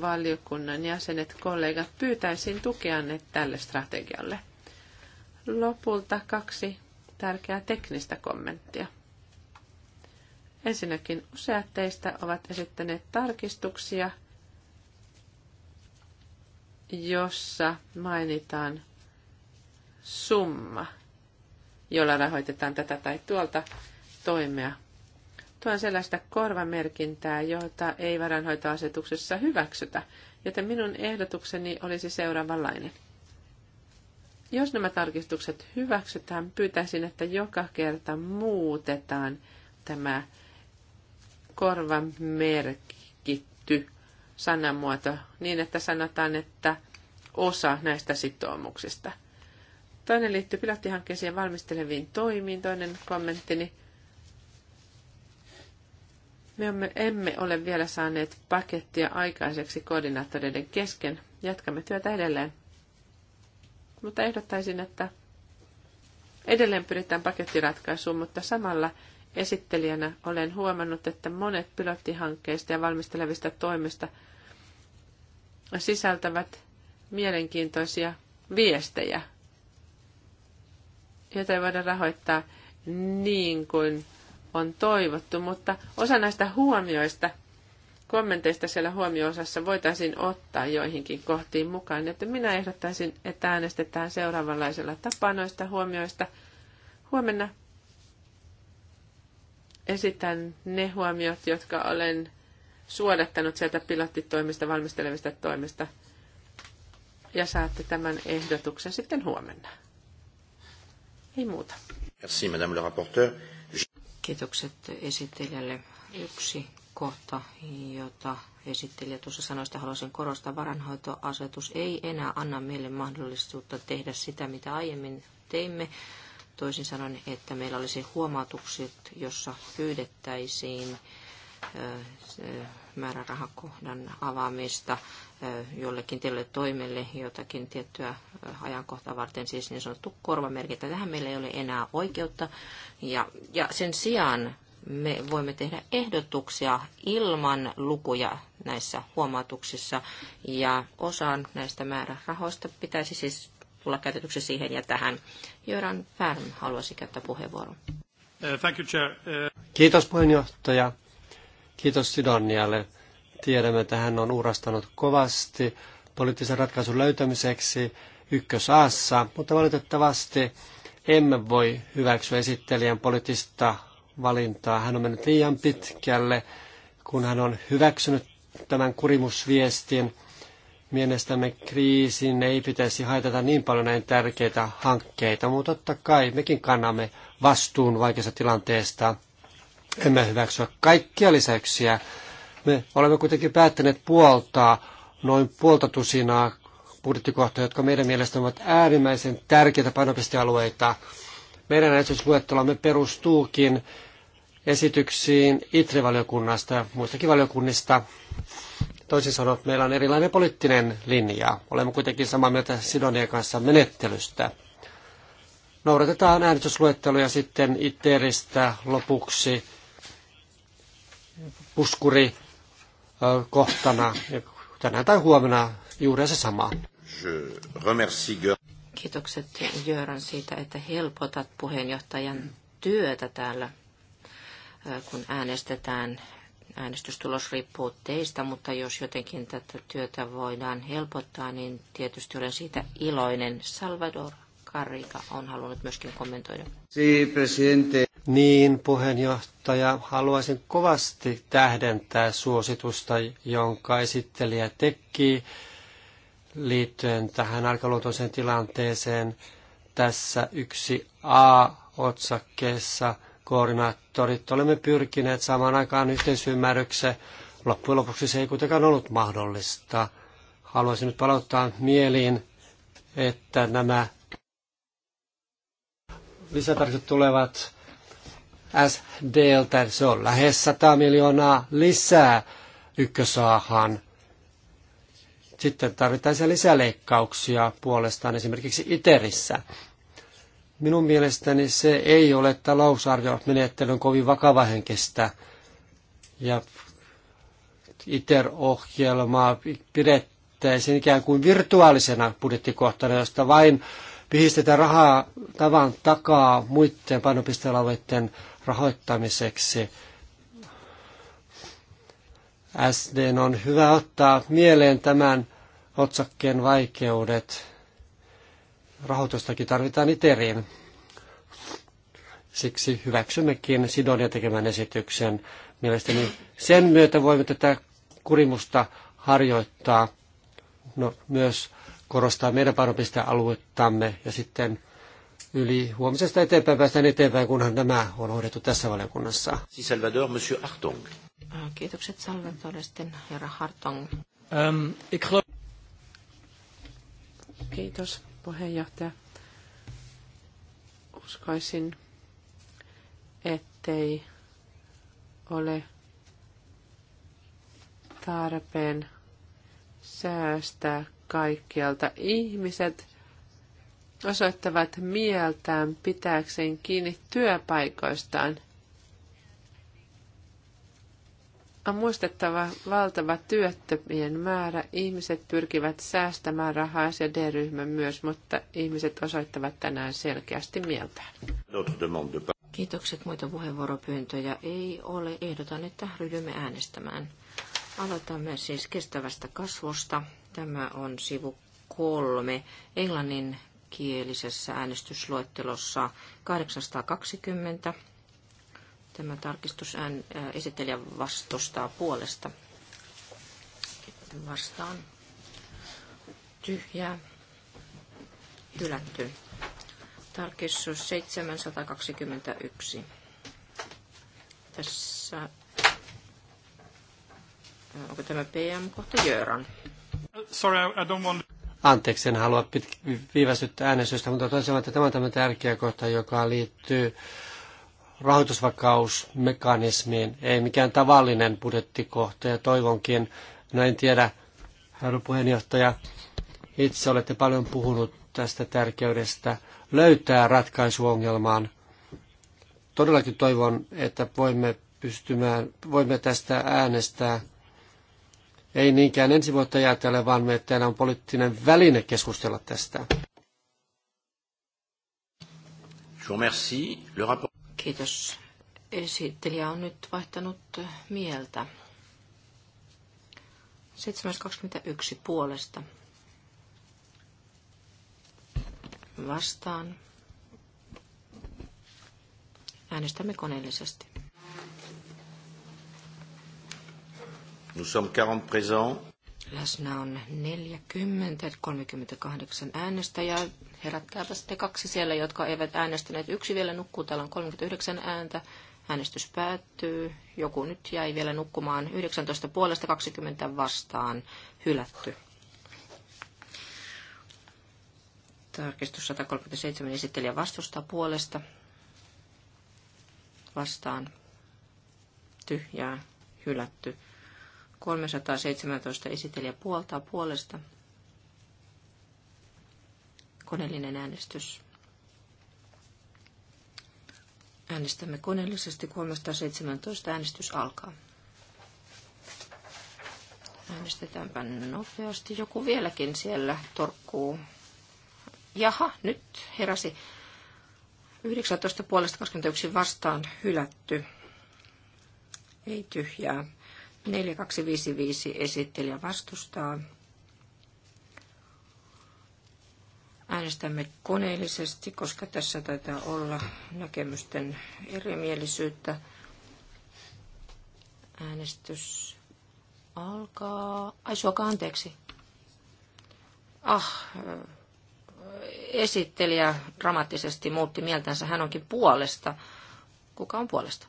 valiokunnan jäsenet, kollegat, pyytäisin tukeanne tälle strategialle. Lopulta kaksi tärkeää teknistä kommenttia. Ensinnäkin useat teistä ovat esittäneet tarkistuksia – jossa mainitaan summa, jolla rahoitetaan tätä tai tuolta toimea. Tuo on sellaista korvamerkintää, jota ei varanhoitoasetuksessa hyväksytä, joten minun ehdotukseni olisi seuraavanlainen. Jos nämä tarkistukset hyväksytään, pyytäisin, että joka kerta muutetaan tämä korvamerkitty sanamuoto niin, että sanotaan, että osa näistä sitoumuksista. Toinen liittyy pilottihankkeeseen valmisteleviin toimiin, toinen kommenttini. Me emme ole vielä saaneet pakettia aikaiseksi koordinaattoreiden kesken. Jatkamme työtä edelleen. Mutta ehdottaisin, että edelleen pyritään pakettiratkaisuun, mutta samalla – esittelijänä olen huomannut, että monet pilottihankkeista ja valmistelevista toimista sisältävät mielenkiintoisia viestejä, joita ei voida rahoittaa niin kuin on toivottu, mutta osa näistä huomioista, kommenteista siellä huomioosassa voitaisiin ottaa joihinkin kohtiin mukaan. Että minä ehdottaisin, että äänestetään seuraavanlaisella tapaa noista huomioista huomenna esitän ne huomiot, jotka olen suodattanut sieltä pilottitoimista, valmistelevista toimista. Ja saatte tämän ehdotuksen sitten huomenna. Ei muuta. Merci, madame le rapporteur. Kiitokset esittelijälle. Yksi kohta, jota esittelijä tuossa sanoi, että haluaisin korostaa, varanhoitoasetus ei enää anna meille mahdollisuutta tehdä sitä, mitä aiemmin teimme, Toisin sanoen, että meillä olisi huomautukset, jossa pyydettäisiin määrärahakohdan avaamista jollekin tietylle toimelle jotakin tiettyä ajankohtaa varten, siis niin sanottu korvamerkintä. Tähän meillä ei ole enää oikeutta. Ja, ja sen sijaan me voimme tehdä ehdotuksia ilman lukuja näissä huomautuksissa. Ja osaan näistä määrärahoista pitäisi siis tulla käytetyksi siihen ja tähän. Jöran Färm haluaisi käyttää puheenvuoron. Uh, thank you, chair. Uh, Kiitos puheenjohtaja. Kiitos Sidonialle. Tiedämme, että hän on uurastanut kovasti poliittisen ratkaisun löytämiseksi ykkösaassa, mutta valitettavasti emme voi hyväksyä esittelijän poliittista valintaa. Hän on mennyt liian pitkälle, kun hän on hyväksynyt tämän kurimusviestin Mielestämme kriisin ei pitäisi haitata niin paljon näin tärkeitä hankkeita, mutta totta kai mekin kannamme vastuun vaikeasta tilanteesta. Emme hyväksyä kaikkia lisäyksiä. Me olemme kuitenkin päättäneet puoltaa noin puolta tusinaa budjettikohtaa, jotka meidän mielestämme ovat äärimmäisen tärkeitä painopistealueita. Meidän äänestysluettelomme perustuukin esityksiin ITRE-valiokunnasta ja muistakin valiokunnista. Toisin sanoen, meillä on erilainen poliittinen linja. Olemme kuitenkin samaa mieltä Sidonien kanssa menettelystä. Noudatetaan äänestysluetteluja sitten ITERistä lopuksi puskuri kohtana. Tänään tai huomenna juuri se sama. Kiitokset Jöran siitä, että helpotat puheenjohtajan työtä täällä, kun äänestetään äänestystulos riippuu teistä, mutta jos jotenkin tätä työtä voidaan helpottaa, niin tietysti olen siitä iloinen. Salvador Carriga on halunnut myöskin kommentoida. Si, presidente. Niin, puheenjohtaja, haluaisin kovasti tähdentää suositusta, jonka esittelijä teki liittyen tähän arkaluontoiseen tilanteeseen tässä yksi a otsakkeessa – koordinaattorit olemme pyrkineet saamaan aikaan yhteisymmärryksen. Loppujen lopuksi se ei kuitenkaan ollut mahdollista. Haluaisin nyt palauttaa mieliin, että nämä lisätarkit tulevat SDltä. Se on lähes 100 miljoonaa lisää ykkösaahan. Sitten tarvitaan lisäleikkauksia puolestaan esimerkiksi ITERissä. Minun mielestäni se ei ole talousarviomenettelyn kovin vakavahenkistä ja ITER-ohjelmaa pidettäisiin ikään kuin virtuaalisena budjettikohtana, josta vain pihistetään rahaa tavan takaa muiden painopistealueiden rahoittamiseksi. SD on hyvä ottaa mieleen tämän otsakkeen vaikeudet rahoitustakin tarvitaan ITERiin. Siksi hyväksymmekin Sidonia tekemän esityksen. Mielestäni sen myötä voimme tätä kurimusta harjoittaa, no, myös korostaa meidän painopistealuettamme ja sitten yli huomisesta eteenpäin päästään eteenpäin, kunhan nämä on hoidettu tässä valiokunnassa. Salvador, Monsieur Hartong. Ah, kiitokset Salvador, sitten herra Hartong. Um, ähm, ik... Kiitos puheenjohtaja. Uskoisin, ettei ole tarpeen säästää kaikkialta. Ihmiset osoittavat mieltään pitääkseen kiinni työpaikoistaan. On muistettava valtava työttömien määrä. Ihmiset pyrkivät säästämään rahaa ja D-ryhmä myös, mutta ihmiset osoittavat tänään selkeästi mieltään. Kiitokset. Muita puheenvuoropyyntöjä ei ole. Ehdotan, että ryhdymme äänestämään. Aloitamme siis kestävästä kasvusta. Tämä on sivu kolme englanninkielisessä äänestysluettelossa 820 Tämä tarkistus ään, esittelijä vastustaa puolesta. Vastaan. Tyhjää. Hylätty. Tarkistus 721. Tässä Onko tämä PM-kohta Jöran? Sorry, I don't want... Anteeksi, en halua pit- viivästyttää äänestystä, mutta toisaalta tämä on tämä tärkeä kohta, joka liittyy rahoitusvakausmekanismiin, ei mikään tavallinen budjettikohta ja toivonkin, no en tiedä, herra puheenjohtaja, itse olette paljon puhunut tästä tärkeydestä löytää ratkaisuongelmaan. Todellakin toivon, että voimme pystymään, voimme tästä äänestää ei niinkään ensi vuotta ajatellen, vaan me, että on poliittinen väline keskustella tästä. Kiitos. Esittelijä on nyt vaihtanut mieltä. 721 puolesta. Vastaan. Äänestämme koneellisesti. Nous sommes 40 présents. Läsnä on 40, 38 äänestäjää. Herätkääpä sitten kaksi siellä, jotka eivät äänestäneet. Yksi vielä nukkuu, täällä on 39 ääntä. Äänestys päättyy. Joku nyt jäi vielä nukkumaan. 19 puolesta 20 vastaan. Hylätty. Tarkistus 137 esittelijä vastustaa puolesta. Vastaan. Tyhjää. Hylätty. 317 esittelijä puoltaa puolesta Koneellinen äänestys. Äänestämme koneellisesti 317. Äänestys alkaa. Äänestetäänpä nopeasti. Joku vieläkin siellä torkkuu. Jaha, nyt heräsi. 19 puolesta 21 vastaan hylätty. Ei tyhjää. 4255 esittelijä vastustaa. Äänestämme koneellisesti, koska tässä taitaa olla näkemysten erimielisyyttä. Äänestys alkaa. Ai suoka, anteeksi. Ah, esittelijä dramaattisesti muutti mieltänsä. Hän onkin puolesta. Kuka on puolesta?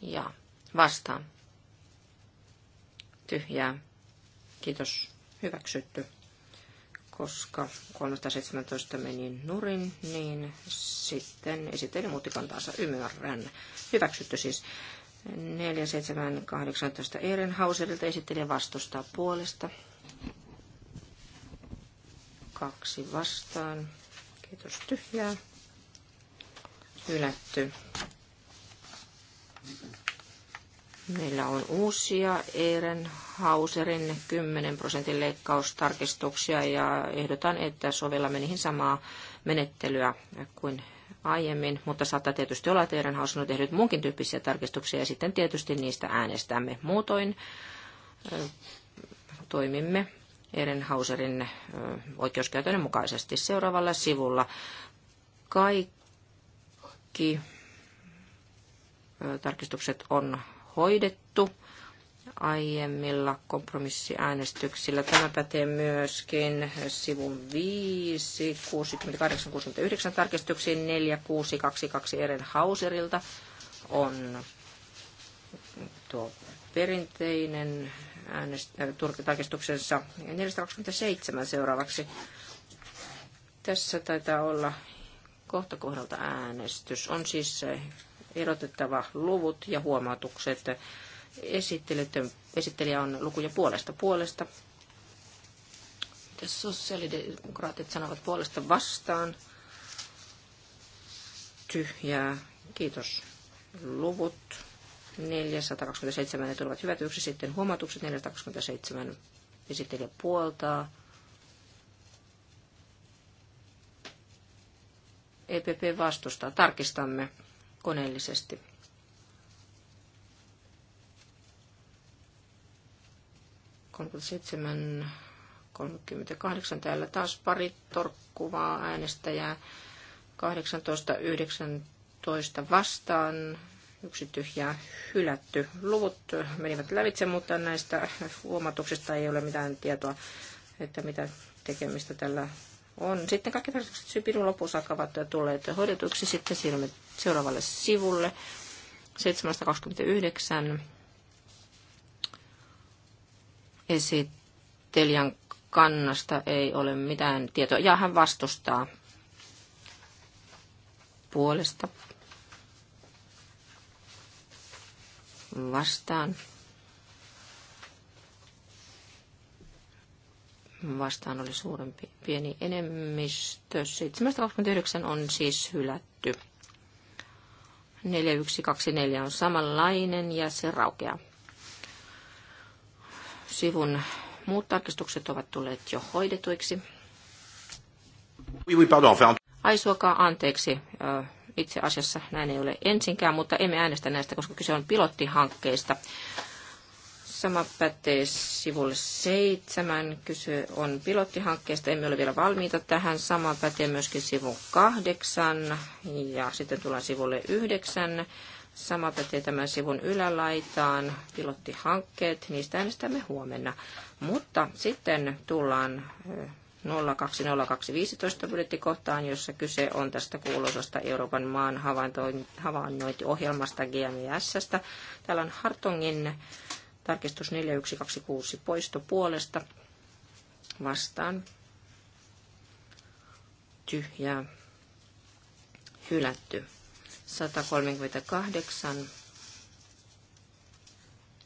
Ja vastaan. Tyhjää. Kiitos hyväksytty. Koska 317 meni nurin, niin sitten esitteli muutti kantaansa ymmärrän. Hyväksytty siis 4718 Ehrenhauserilta esittelijä vastustaa puolesta. Kaksi vastaan. Kiitos tyhjää. Hylätty. Meillä on uusia Eeren Hauserin 10 prosentin leikkaustarkistuksia ja ehdotan, että sovellamme niihin samaa menettelyä kuin aiemmin, mutta saattaa tietysti olla, että Eeren Hauser on tehnyt muunkin tyyppisiä tarkistuksia ja sitten tietysti niistä äänestämme. Muutoin toimimme Hauserin oikeuskäytännön mukaisesti seuraavalla sivulla. Kaikki tarkistukset on hoidettu aiemmilla kompromissiäänestyksillä. Tämä pätee myöskin sivun 5, 68, 69 tarkistuksiin 4, 6, 22 Eren Hauserilta on tuo perinteinen äänest- äh, tarkistuksensa 427 seuraavaksi. Tässä taitaa olla kohta kohdalta äänestys. On siis erotettava luvut ja huomautukset. Esittelijä on lukuja puolesta puolesta. Mitäs sosiaalidemokraatit sanovat puolesta vastaan? Tyhjää. Kiitos. Luvut 427 ne tulevat hyvätyksi, sitten huomautukset 427 esittelijä puoltaa. EPP vastustaa. Tarkistamme koneellisesti. seitsemän 38 täällä taas pari torkkuvaa äänestäjää. 18, 19 vastaan. Yksi tyhjää hylätty. Luvut menivät lävitse, mutta näistä huomatuksista ei ole mitään tietoa, että mitä tekemistä tällä on sitten kaikki tarkoitukset sypidun lopussa ja tulleet hoidetuksi. Sitten siirrymme seuraavalle sivulle. 729 esittelijän kannasta ei ole mitään tietoa. Ja hän vastustaa puolesta vastaan vastaan oli suurempi pieni enemmistö. 729 on siis hylätty. 4124 on samanlainen ja se raukeaa. Sivun muut tarkistukset ovat tulleet jo hoidetuiksi. Oui, oui, pardon. Enfin... Ai suokaa anteeksi. Itse asiassa näin ei ole ensinkään, mutta emme äänestä näistä, koska kyse on pilottihankkeista. Sama pätee sivulle seitsemän. Kyse on pilottihankkeesta. Emme ole vielä valmiita tähän. Sama pätee myöskin sivun kahdeksan. Ja sitten tullaan sivulle yhdeksän. Sama pätee tämän sivun ylälaitaan. Pilottihankkeet. Niistä äänestämme huomenna. Mutta sitten tullaan 020215 budjettikohtaan, jossa kyse on tästä kuuluisasta Euroopan maan havainnointiohjelmasta GMSstä. Täällä on Hartongin Tarkistus 4126 poisto puolesta vastaan. Tyhjää. Hylätty. 138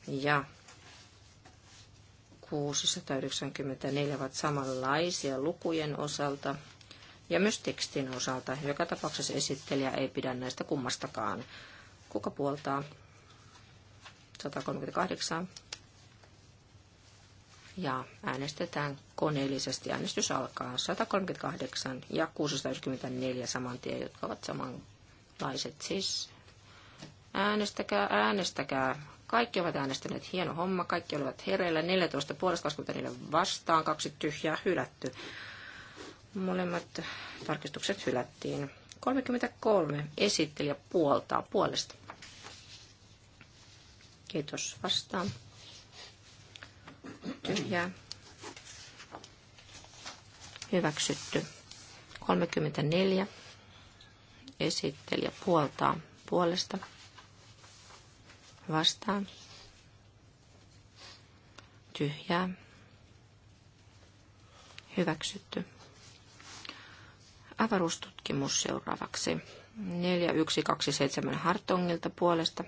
ja 694 ovat samanlaisia lukujen osalta ja myös tekstin osalta. Joka tapauksessa esittelijä ei pidä näistä kummastakaan. Kuka puoltaa? 138. Ja äänestetään koneellisesti. Äänestys alkaa 138 ja 694 saman tien, jotka ovat samanlaiset siis. Äänestäkää, äänestäkää. Kaikki ovat äänestäneet. Hieno homma. Kaikki olivat hereillä. 14 puolesta 24 vastaan. Kaksi tyhjää hylätty. Molemmat tarkistukset hylättiin. 33 esittelijä puoltaa puolesta Kiitos vastaan. Tyhjää. Hyväksytty. 34. Esittelijä puoltaa puolesta. Vastaan. Tyhjää. Hyväksytty. Avaruustutkimus seuraavaksi. 4127 Hartongilta puolesta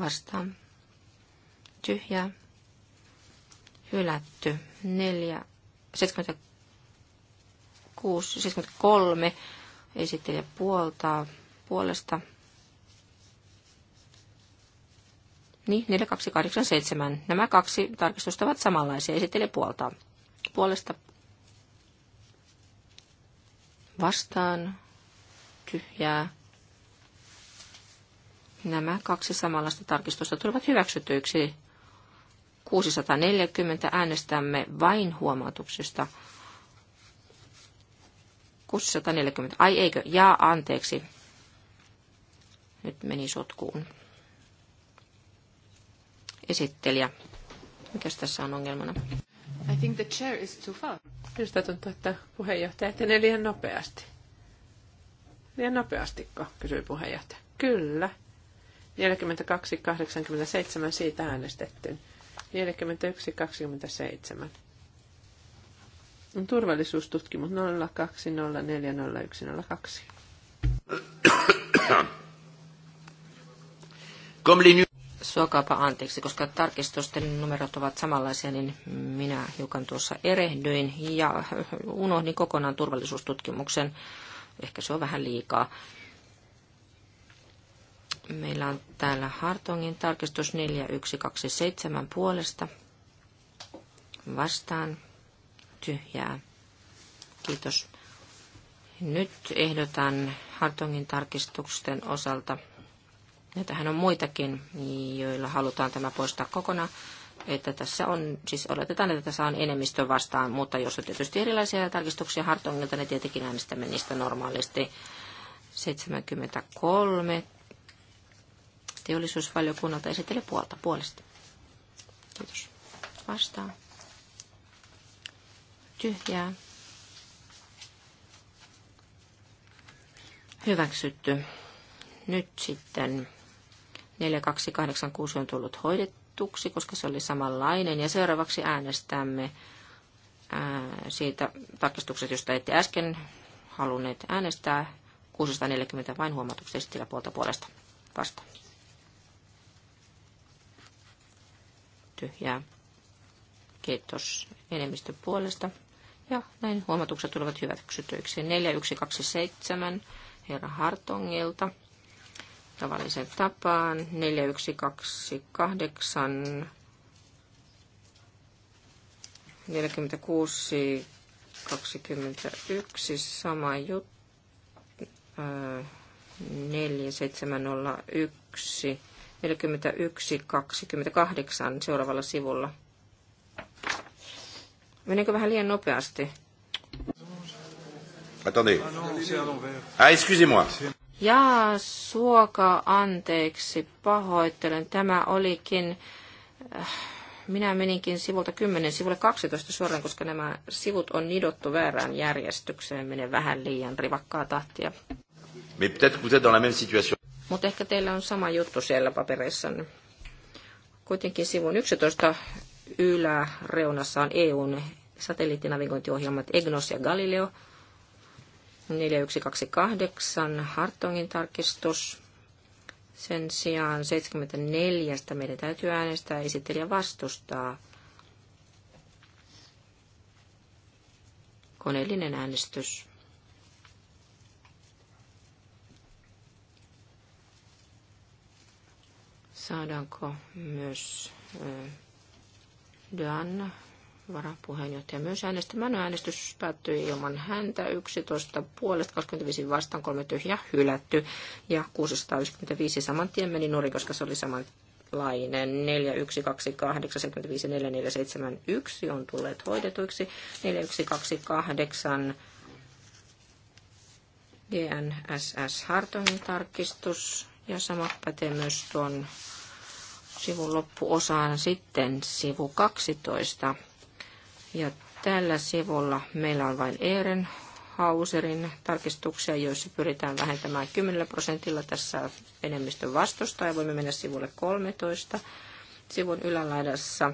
vastaan. Tyhjä, Hylätty. 4, 76, 73 esittelijä puoltaa puolesta. Niin, 4, 2, 8, 7. Nämä kaksi tarkistusta ovat samanlaisia. Esittelijä puoltaa puolesta vastaan tyhjää Nämä kaksi samanlaista tarkistusta tulevat hyväksytyiksi. 640 äänestämme vain huomautuksista. 640. Ai eikö? ja anteeksi. Nyt meni sotkuun. Esittelijä. Mikäs tässä on ongelmana? I think the chair is too far. Minusta tuntuu, että puheenjohtaja etenee liian nopeasti. Liian nopeastikko, kysyi puheenjohtaja. Kyllä. 42.87 siitä äänestetty. 41.27. Turvallisuustutkimus 02040102. Suokaapa anteeksi, koska tarkistusten numerot ovat samanlaisia, niin minä hiukan tuossa erehdyin ja unohdin kokonaan turvallisuustutkimuksen. Ehkä se on vähän liikaa. Meillä on täällä Hartongin tarkistus 4127 puolesta. Vastaan. Tyhjää. Kiitos. Nyt ehdotan Hartongin tarkistusten osalta, näitähän on muitakin, joilla halutaan tämä poistaa kokonaan, että tässä on, siis oletetaan, että tässä on enemmistö vastaan, mutta jos on tietysti erilaisia tarkistuksia Hartongilta, ne tietenkin äänestämme niistä normaalisti. 73 teollisuusvaliokunnalta esittelee puolta puolesta. Kiitos. Vastaa. Tyhjää. Hyväksytty. Nyt sitten 4286 on tullut hoidettuksi, koska se oli samanlainen. Ja seuraavaksi äänestämme ää, siitä tarkistukset, josta ette äsken halunneet äänestää. 640 vain huomautuksia esitellä puolta puolesta vastaan. tyhjää. Kiitos enemmistön puolesta. Ja näin huomatukset tulevat hyväksytyiksi. 4127 herra Hartongilta tavalliseen tapaan. 4128 46 21 sama juttu. 4701 41.28 seuraavalla sivulla. Meneekö vähän liian nopeasti? Attendez. Ah, ah excusez-moi. Jaa, suokaa anteeksi, pahoittelen. Tämä olikin... Äh, minä meninkin sivulta 10 sivulle 12 suoraan, koska nämä sivut on nidottu väärään järjestykseen. Menee vähän liian rivakkaa tahtia. Mais peut-être que vous êtes dans la même situation. Mutta ehkä teillä on sama juttu siellä papereissa. Kuitenkin sivun 11 yläreunassa on EUn satelliittinavigointiohjelmat EGNOS ja Galileo. 4128 Hartongin tarkistus. Sen sijaan 74 meidän täytyy äänestää esittelijä vastustaa. Koneellinen äänestys. Saadaanko myös Dyan varapuheenjohtaja myös äänestämään. No, äänestys päättyi ilman häntä 11 puolesta 25 vastaan, 3 tyhjä hylätty ja 695 saman tien meni nuori, koska se oli samanlainen. 4128 75 4471 on tulleet hoidetuiksi. 4128 GNSS Hartongin tarkistus ja sama pätee myös tuon sivun loppuosaan sitten sivu 12. Ja tällä sivulla meillä on vain Eeren Hauserin tarkistuksia, joissa pyritään vähentämään 10 prosentilla. Tässä enemmistön vastustaa ja voimme mennä sivulle 13. Sivun ylälaidassa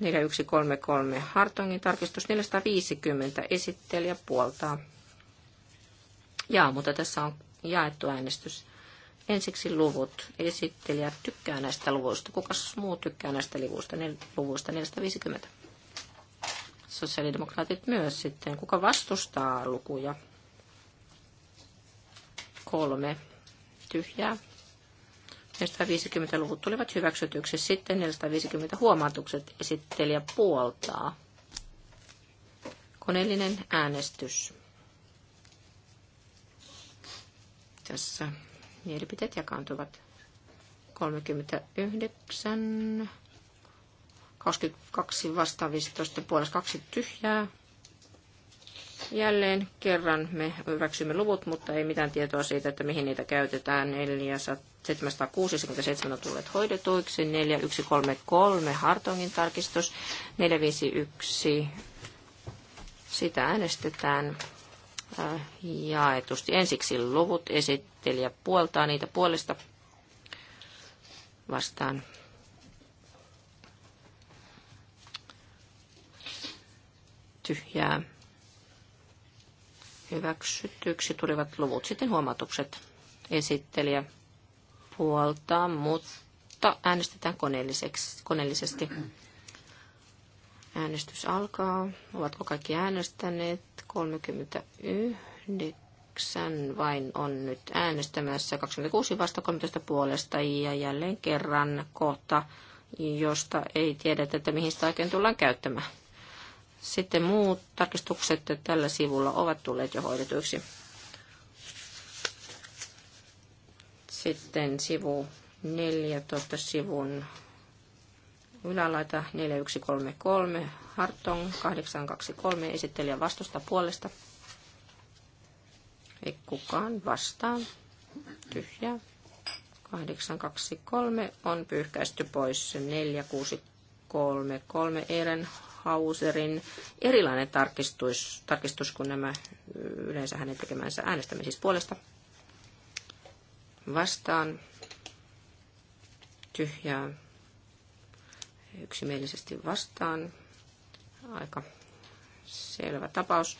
4133 Hartongin tarkistus 450 esittelijä puoltaa. Jaa, mutta tässä on jaettu äänestys. Ensiksi luvut. Esittelijä tykkää näistä luvuista. Kukas muu tykkää näistä luvuista? nel, luvuista 450. Sosiaalidemokraatit myös sitten. Kuka vastustaa lukuja? Kolme. Tyhjää. 450-luvut tulivat hyväksytyksi. Sitten 450 huomautukset esittelijä puoltaa. Koneellinen äänestys. Tässä Mielipiteet jakaantuvat 39, 22 vastaan 15 puolesta kaksi tyhjää. Jälleen kerran me hyväksymme luvut, mutta ei mitään tietoa siitä, että mihin niitä käytetään. 767 on tulleet hoidetuiksi, 4133 Hartongin tarkistus, 451 sitä äänestetään jaetusti. Ensiksi luvut esittelijä puoltaa niitä puolesta vastaan. Tyhjää. Hyväksytyksi tulivat luvut. Sitten huomautukset. Esittelijä puoltaa, mutta äänestetään koneellisesti. Äänestys alkaa. Ovatko kaikki äänestäneet? 39 vain on nyt äänestämässä. 26 vasta 13 puolesta ja jälleen kerran kohta, josta ei tiedetä, että mihin sitä oikein tullaan käyttämään. Sitten muut tarkistukset tällä sivulla ovat tulleet jo hoidetuiksi. Sitten sivu 14 sivun Ylälaita 4133, Hartong 823, esittelijä vastusta puolesta. Ei kukaan vastaa. Tyhjä. 823 on pyyhkäisty pois 4633 Eren Hauserin erilainen tarkistus, tarkistus kuin nämä yleensä hänen tekemänsä äänestämisissä puolesta. Vastaan tyhjää yksimielisesti vastaan. Aika selvä tapaus.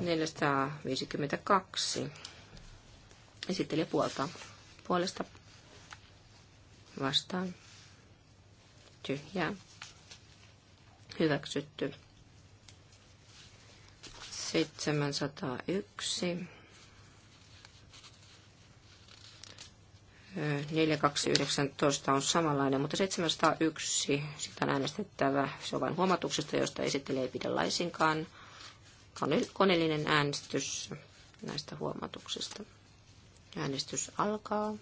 452. Esittelijä puolta. Puolesta vastaan. Tyhjää. Hyväksytty. 701 4219 on samanlainen, mutta 701, sitä on äänestettävä. Se on vain huomatuksesta, josta esittelijä ei pidä laisinkaan. Koneellinen äänestys näistä huomatuksista. Äänestys alkaa.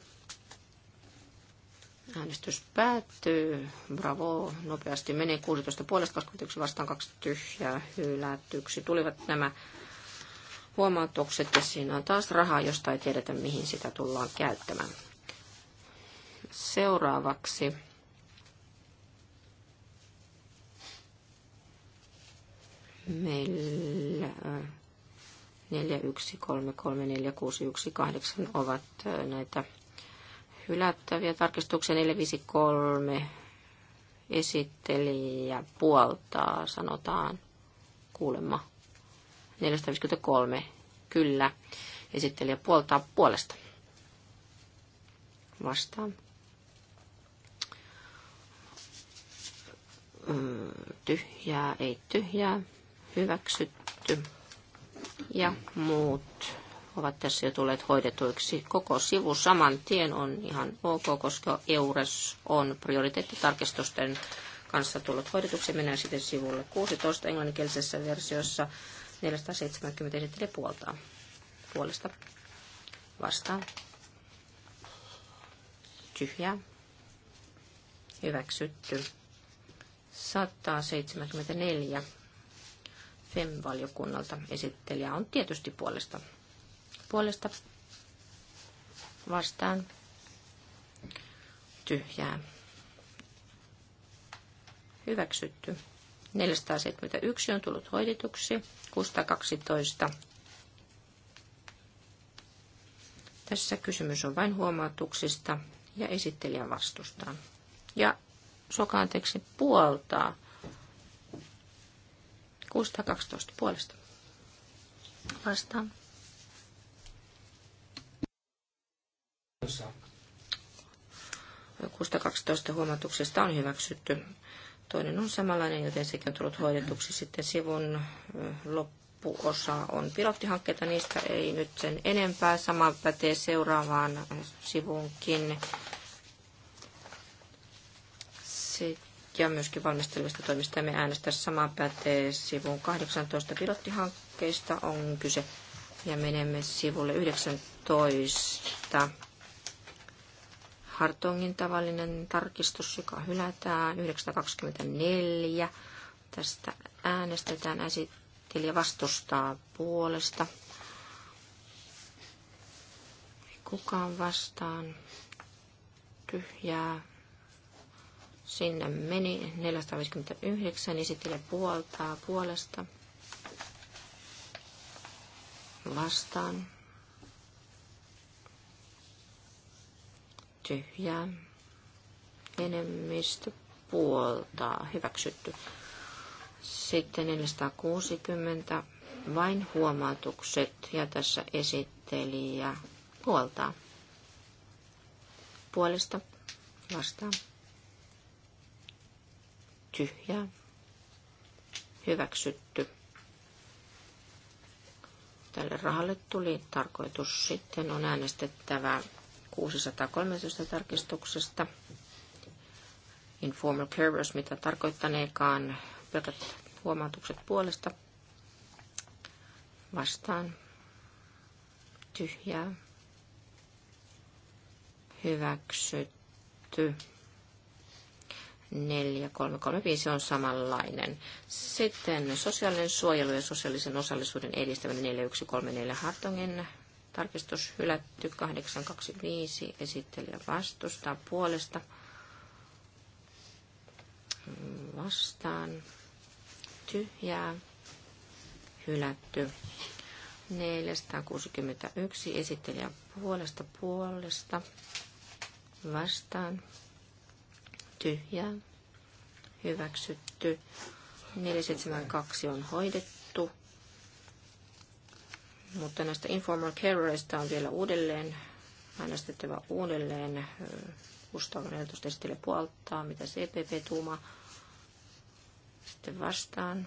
Äänestys päättyy. Bravo. Nopeasti menee 16 puolesta 21 vastaan kaksi tyhjää hylätyksi. Tulivat nämä huomautukset ja siinä on taas rahaa, josta ei tiedetä mihin sitä tullaan käyttämään seuraavaksi. Meillä 4133461 äh, ovat äh, näitä hylättäviä tarkistuksia. 453 esittelijä puoltaa, sanotaan kuulemma. 453 kyllä esittelijä puoltaa puolesta. Vastaan Mm, tyhjää, ei tyhjää, hyväksytty. Ja muut ovat tässä jo tulleet hoidetuiksi. Koko sivu saman tien on ihan ok, koska EURES on prioriteettitarkistusten kanssa tullut hoidetuksi. Mennään sitten sivulle 16 englanninkielisessä versiossa 470 esittelee puolta. Puolesta vastaan. Tyhjää. Hyväksytty. 174 FEM-valiokunnalta. Esittelijä on tietysti puolesta. Puolesta vastaan tyhjää. Hyväksytty. 471 on tullut hoidetuksi. 612. Tässä kysymys on vain huomautuksista ja esittelijän vastustaan. Ja suokaa anteeksi, puoltaa. 612 puolesta. Vastaan. Kusta 12 huomautuksesta on hyväksytty. Toinen on samanlainen, joten sekin on tullut hoidetuksi. Sitten sivun loppuosa on pilottihankkeita, niistä ei nyt sen enempää. Sama pätee seuraavaan sivunkin ja myöskin valmistelevista toimista. Me äänestää sama pätee sivun 18 pilottihankkeista on kyse. Ja menemme sivulle 19. Hartongin tavallinen tarkistus, joka hylätään 924. Tästä äänestetään esittelijä vastustaa puolesta. kukaan vastaan. Tyhjää Sinne meni 459 esittelee puoltaa puolesta vastaan. Tyhjää. Enemmistö puoltaa. Hyväksytty. Sitten 460 vain huomautukset ja tässä esittelijä puoltaa. Puolesta vastaan tyhjää, hyväksytty. Tälle rahalle tuli tarkoitus sitten on äänestettävä 613 tarkistuksesta. Informal carriers, mitä tarkoittaneekaan pelkät huomautukset puolesta vastaan tyhjää hyväksytty. 4335 on samanlainen. Sitten sosiaalinen suojelu ja sosiaalisen osallisuuden edistäminen 4134 Hartongin tarkistus hylätty 825 esittelijä vastustaa puolesta vastaan tyhjää hylätty 461 esittelijä puolesta puolesta vastaan tyhjää, hyväksytty. 472 on hoidettu. Mutta näistä informal carerista on vielä uudelleen äänestettävä uudelleen. Kustavon ehdotusta esittelee puoltaa, mitä CPP e tuuma sitten vastaan.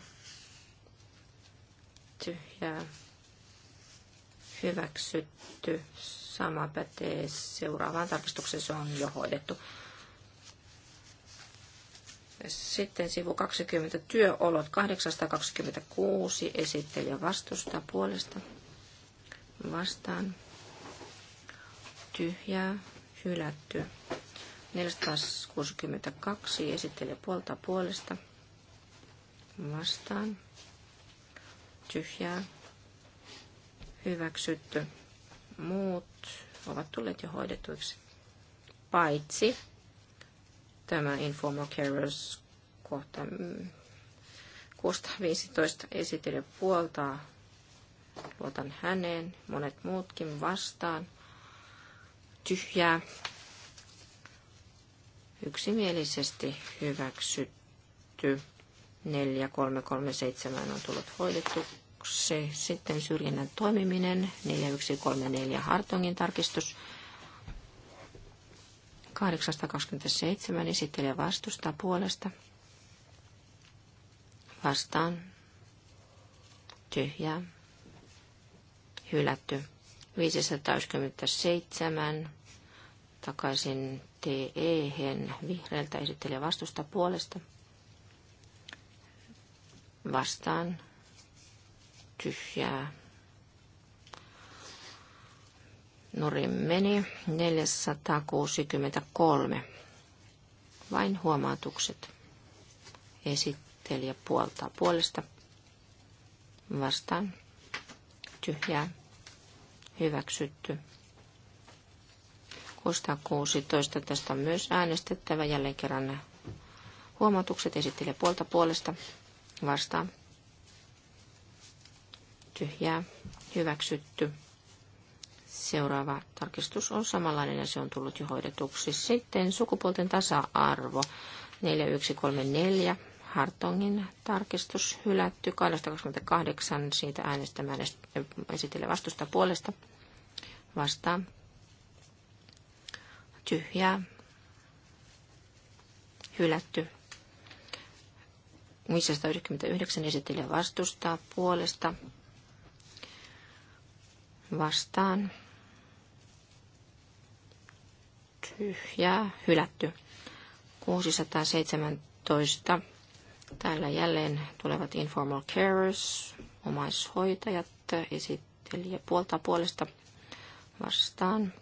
Tyhjää. Hyväksytty. Sama pätee seuraavaan tarkistukseen. Se on jo hoidettu. Sitten sivu 20, työolot 826, esittelijä vastustaa puolesta. Vastaan. Tyhjää, hylätty. 462, esittelijä puolta puolesta. Vastaan. Tyhjää, hyväksytty. Muut ovat tulleet jo hoidetuiksi. Paitsi tämä Informal Carers kohta 615 mm, esitellä puoltaa. Luotan häneen, monet muutkin vastaan. Tyhjää. Yksimielisesti hyväksytty. 4337 on tullut hoidetuksi. Sitten syrjinnän toimiminen. 4134 Hartongin tarkistus 827 esittelee vastusta puolesta. Vastaan. Tyhjää. Hylätty. 597 takaisin TE-hen vihreältä esittelee vastusta puolesta. Vastaan. Tyhjää. nurin meni 463. Vain huomautukset. Esittelijä puoltaa puolesta. Vastaan. Tyhjää. Hyväksytty. 616. Tästä on myös äänestettävä jälleen kerran huomautukset. Esittelijä puolta puolesta. Vastaan. Tyhjää. Hyväksytty. Seuraava tarkistus on samanlainen ja se on tullut jo hoidetuksi. Sitten sukupuolten tasa-arvo 4134. Hartongin tarkistus hylätty. 228 siitä äänestämään äh, esitelle vastusta puolesta. Vastaan. Tyhjää. Hylätty. 599 esittelee vastusta puolesta vastaan tyhjää hylätty. 617. Täällä jälleen tulevat informal carers, omaishoitajat, esittelijä puolta puolesta vastaan.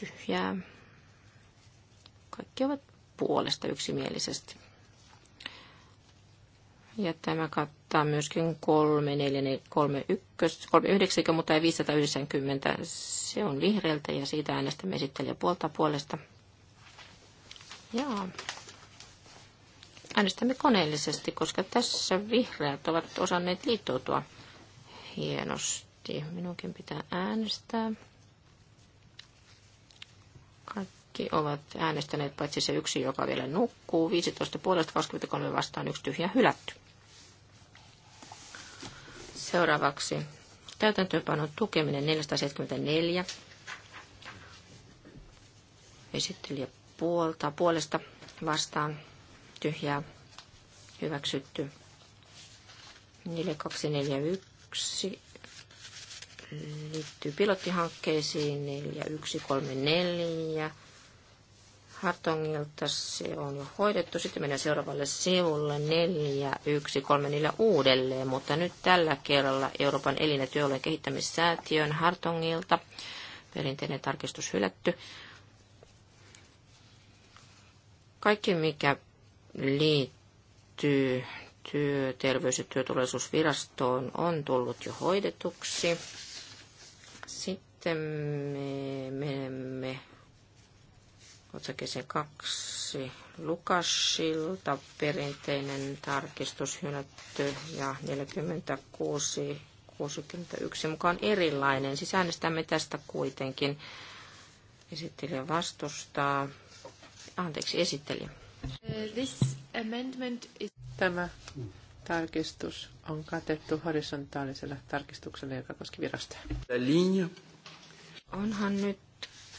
Tyhjää. Kaikki ovat puolesta yksimielisesti. Ja tämä kattaa kattaa myöskin 391, mutta ei 590. Se on vihreältä ja siitä äänestämme esittelijä puolta puolesta. Ja äänestämme koneellisesti, koska tässä vihreät ovat osanneet liittoutua hienosti. Minunkin pitää äänestää. Kaikki ovat äänestäneet, paitsi se yksi, joka vielä nukkuu. 15 puolesta 23 vastaan yksi tyhjä hylätty. Seuraavaksi täytäntöönpanon tukeminen 474. Esittelijä puolta, puolesta vastaan tyhjää hyväksytty. 4241 liittyy pilottihankkeisiin 4134 Hartongilta se on jo hoidettu. Sitten mennään seuraavalle sivulle 4.1.3.4 uudelleen, mutta nyt tällä kerralla Euroopan elin- ja kehittämissäätiön Hartongilta. Perinteinen tarkistus hylätty. Kaikki, mikä liittyy terveys- ja työturvallisuusvirastoon, on tullut jo hoidetuksi. Sitten me menemme otsakeseen kaksi Lukasilta perinteinen tarkistus hylätty ja 46 61 mukaan erilainen. Siis äänestämme tästä kuitenkin. Esittelijä vastustaa. Anteeksi, esittelijä. This amendment is... Tämä tarkistus on katettu horisontaalisella tarkistuksella, joka koski virastoja. Onhan nyt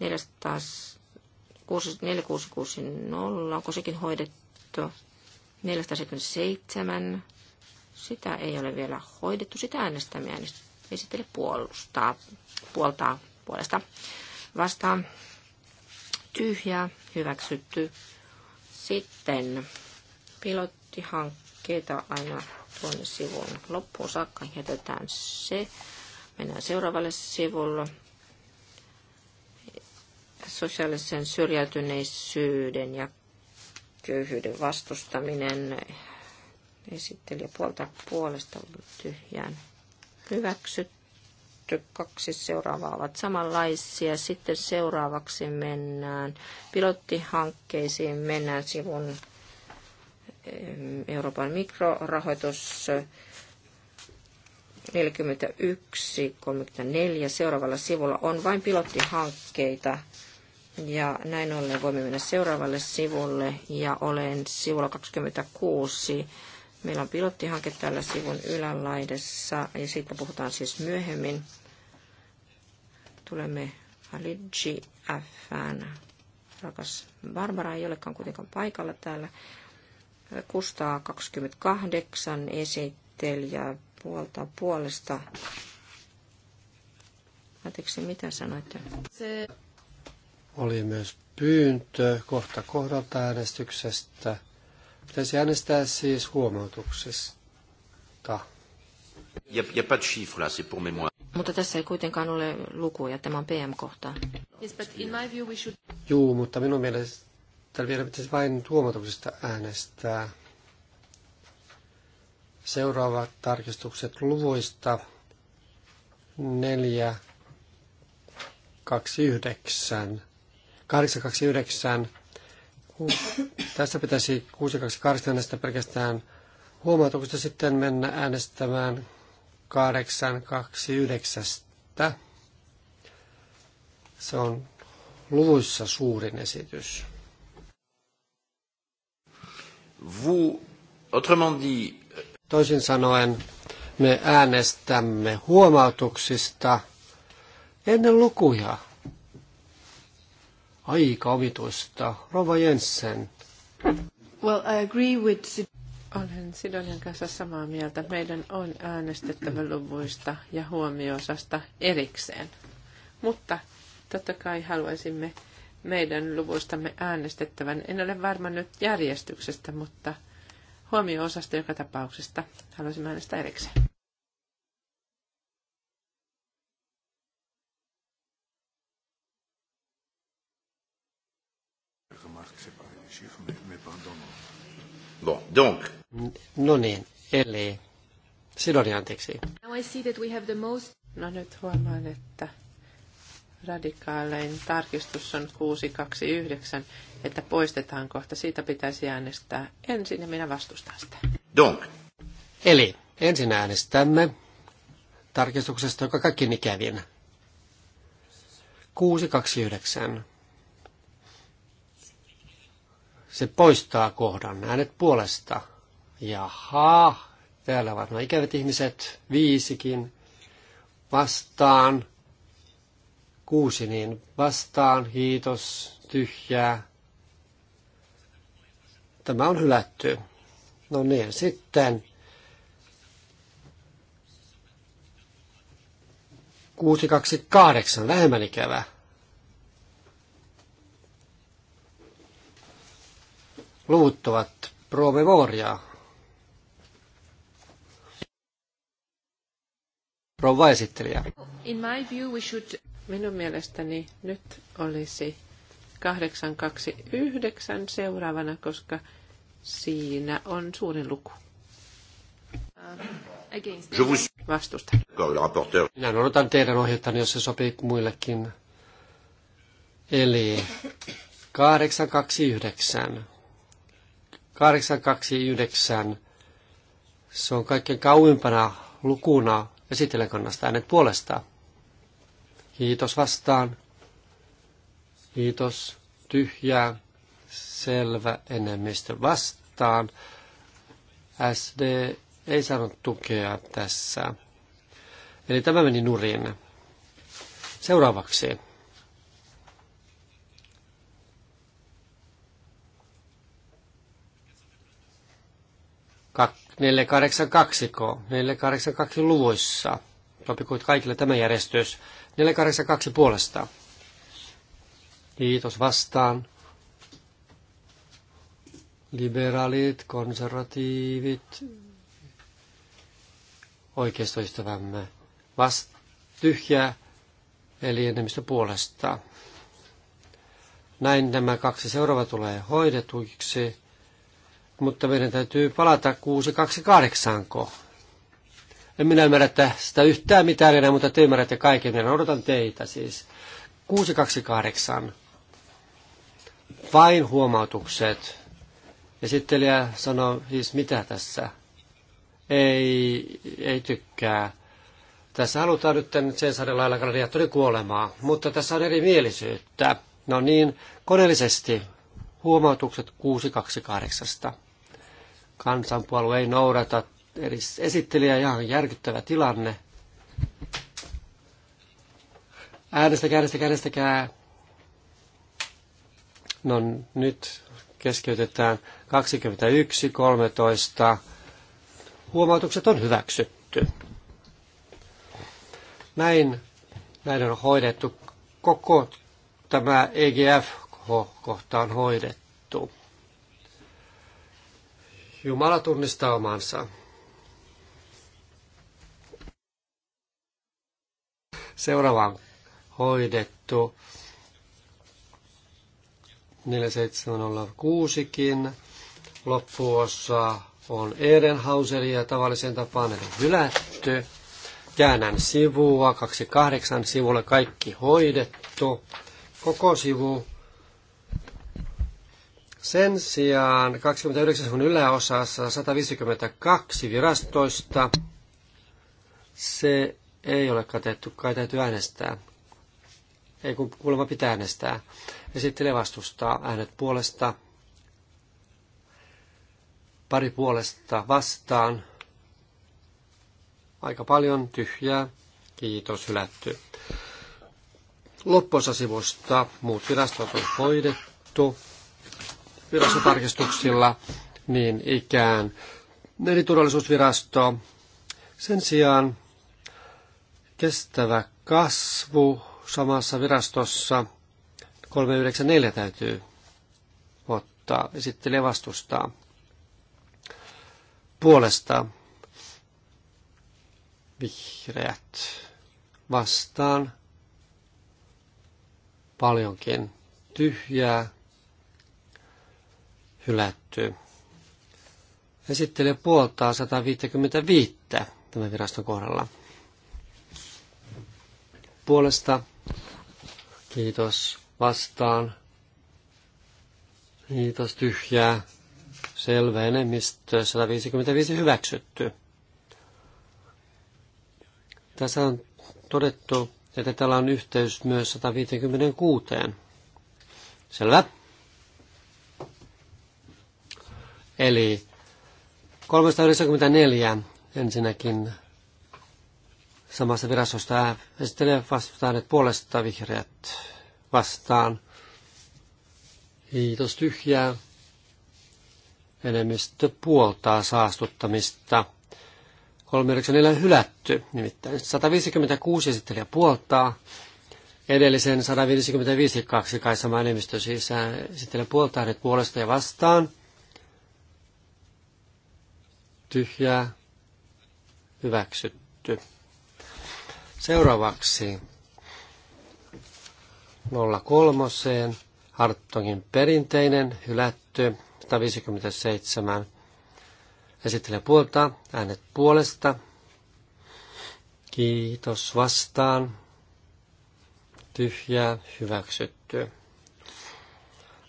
466, onko sekin hoidettu? 477, sitä ei ole vielä hoidettu, sitä äänestämme esittele puolustaa, puoltaa puolesta. Vastaan tyhjää, hyväksytty. Sitten pilottihankkeita aina tuonne sivun loppuun saakka jätetään se. Mennään seuraavalle sivulle sosiaalisen syrjäytyneisyyden ja köyhyyden vastustaminen esitteli puolta puolesta tyhjään hyväksytty. Kaksi seuraavaa ovat samanlaisia. Sitten seuraavaksi mennään pilottihankkeisiin. Mennään sivun Euroopan mikrorahoitus 41, 34. Seuraavalla sivulla on vain pilottihankkeita ja näin ollen voimme mennä seuraavalle sivulle ja olen sivulla 26. Meillä on pilottihanke tällä sivun ylälaidessa ja siitä puhutaan siis myöhemmin. Tulemme aligi Fn. Rakas Barbara ei olekaan kuitenkaan paikalla täällä. 28 esittelijä puolta puolesta. Anteeksi, mitä sanoitte? Se oli myös pyyntö kohta kohdalta äänestyksestä. Pitäisi äänestää siis huomautuksesta. Y a, y a pas de chiffre là, c'est pour mémoire. Mutta tässä ei kuitenkaan ole lukuja, tämä on PM-kohta. Yes, but in my view we should... Juu, mutta minun mielestä vielä pitäisi vain huomautuksesta äänestää. Seuraavat tarkistukset luvuista 4, 2, 9. 829. Tässä pitäisi 628 äänestää pelkästään huomautuksesta kun sitten mennä äänestämään 829. Se on luvuissa suurin esitys. Vous, autrement dit... Toisin sanoen, me äänestämme huomautuksista ennen lukuja aika omituista. Rova Jensen. Well, I agree with... Olen Sidonian kanssa samaa mieltä. Meidän on äänestettävä luvuista ja huomioosasta erikseen. Mutta totta kai haluaisimme meidän luvuistamme äänestettävän. En ole varma nyt järjestyksestä, mutta huomioosasta joka tapauksesta haluaisimme äänestää erikseen. Bon, donc. No niin, eli Sidoni, anteeksi. Now I see that we have the most... No nyt huomaan, että radikaalein tarkistus on 629, että poistetaan kohta. Siitä pitäisi äänestää ensin ja minä vastustan sitä. Donc. Eli ensin äänestämme tarkistuksesta, joka kaikki ikävin. 629. Se poistaa kohdan äänet puolesta. Jaha, täällä ovat nuo ikävät ihmiset, viisikin, vastaan, kuusi niin vastaan, kiitos, tyhjää. Tämä on hylätty. No niin, sitten kuusi kaksi kahdeksan vähemmän ikävä. Luvut provevoriaa. Rouva esittelijä. In my view we should... Minun mielestäni nyt olisi 829 seuraavana, koska siinä on suurin luku. Uh, Je Vastustan. Minä odotan teidän ohjettanne, jos se sopii muillekin. Eli 829. 829. Se on kaikkein kauimpana lukuna vesitelekannasta äänet puolesta. Kiitos vastaan. Kiitos. Tyhjää. Selvä enemmistö vastaan. SD ei saanut tukea tässä. Eli tämä meni nurin. Seuraavaksi 482, 482 luvuissa. Sopikuit kaikille tämä järjestys. 482 puolesta. Kiitos vastaan. Liberaalit, konservatiivit, oikeistoystävämme. Vast, tyhjä eli enemmistö puolesta. Näin nämä kaksi seuraava tulee hoidetuiksi mutta meidän täytyy palata 628 ko. En minä ymmärrä tästä yhtään mitään enää, mutta te ymmärrätte kaiken. Minä odotan teitä siis. 628. Vain huomautukset. ja Esittelijä sanoo siis mitä tässä. Ei, ei tykkää. Tässä halutaan nyt tämän Cesarin lailla gladiattorin kuolemaa, mutta tässä on eri mielisyyttä. No niin, koneellisesti huomautukset 628 kansanpuolue ei noudata eri esittelijä ihan järkyttävä tilanne. Äänestäkää, äänestäkää, äänestäkää. No nyt keskeytetään 21.13. Huomautukset on hyväksytty. Näin, näin on hoidettu. Koko tämä EGF-kohta on hoidettu. Jumala tunnistaa omansa. on hoidettu 4706kin loppuossa on Ehrenhauseri ja tavallisen tapaan eli hylätty. Käännän sivua, 28 sivulle kaikki hoidettu. Koko sivu sen sijaan 29 yläosassa 152 virastoista se ei ole katettu, kai täytyy äänestää. Ei kun kuulemma pitää äänestää. Esittelee vastustaa äänet puolesta. Pari puolesta vastaan. Aika paljon tyhjää. Kiitos, hylätty. Loppuosa sivusta muut virastot on hoidettu virastotarkistuksilla niin ikään. Eli turvallisuusvirasto. Sen sijaan kestävä kasvu samassa virastossa 394 täytyy ottaa esittelee vastustaa puolesta vihreät vastaan paljonkin tyhjää hylätty. Esittelijä puoltaa 155 tämän viraston kohdalla. Puolesta kiitos vastaan. Kiitos tyhjää. Selvä enemmistö 155 hyväksytty. Tässä on todettu, että tällä on yhteys myös 156. Selvä. Eli 394 ensinnäkin samassa virastosta esittelee vastaan, että puolesta vihreät vastaan. Kiitos tyhjää. Enemmistö puoltaa saastuttamista. 394 hylätty, nimittäin 156 esittelijä puoltaa. Edellisen 155 kaksi kai sama enemmistö siis esittelijä puoltaa puolesta ja vastaan tyhjää, hyväksytty. Seuraavaksi 03. Hartongin perinteinen, hylätty, 157. Esittelen puolta, äänet puolesta. Kiitos vastaan. Tyhjää, hyväksytty.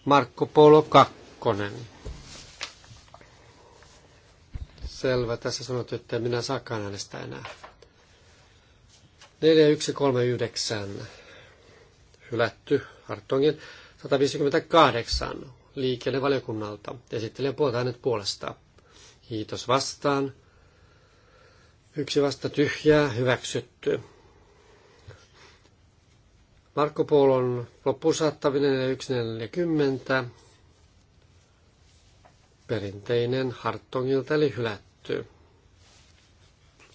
Markku Polo 2 selvä. Tässä sanottu, että minä saakaan äänestää enää. 4139 hylätty Hartongin 158 liikennevaliokunnalta. Esittelen puolta hänet puolesta. Kiitos vastaan. Yksi vasta tyhjää, hyväksytty. Marko Poolon loppuun saattaminen 1.40. Perinteinen Hartongilta eli hylätty tehty.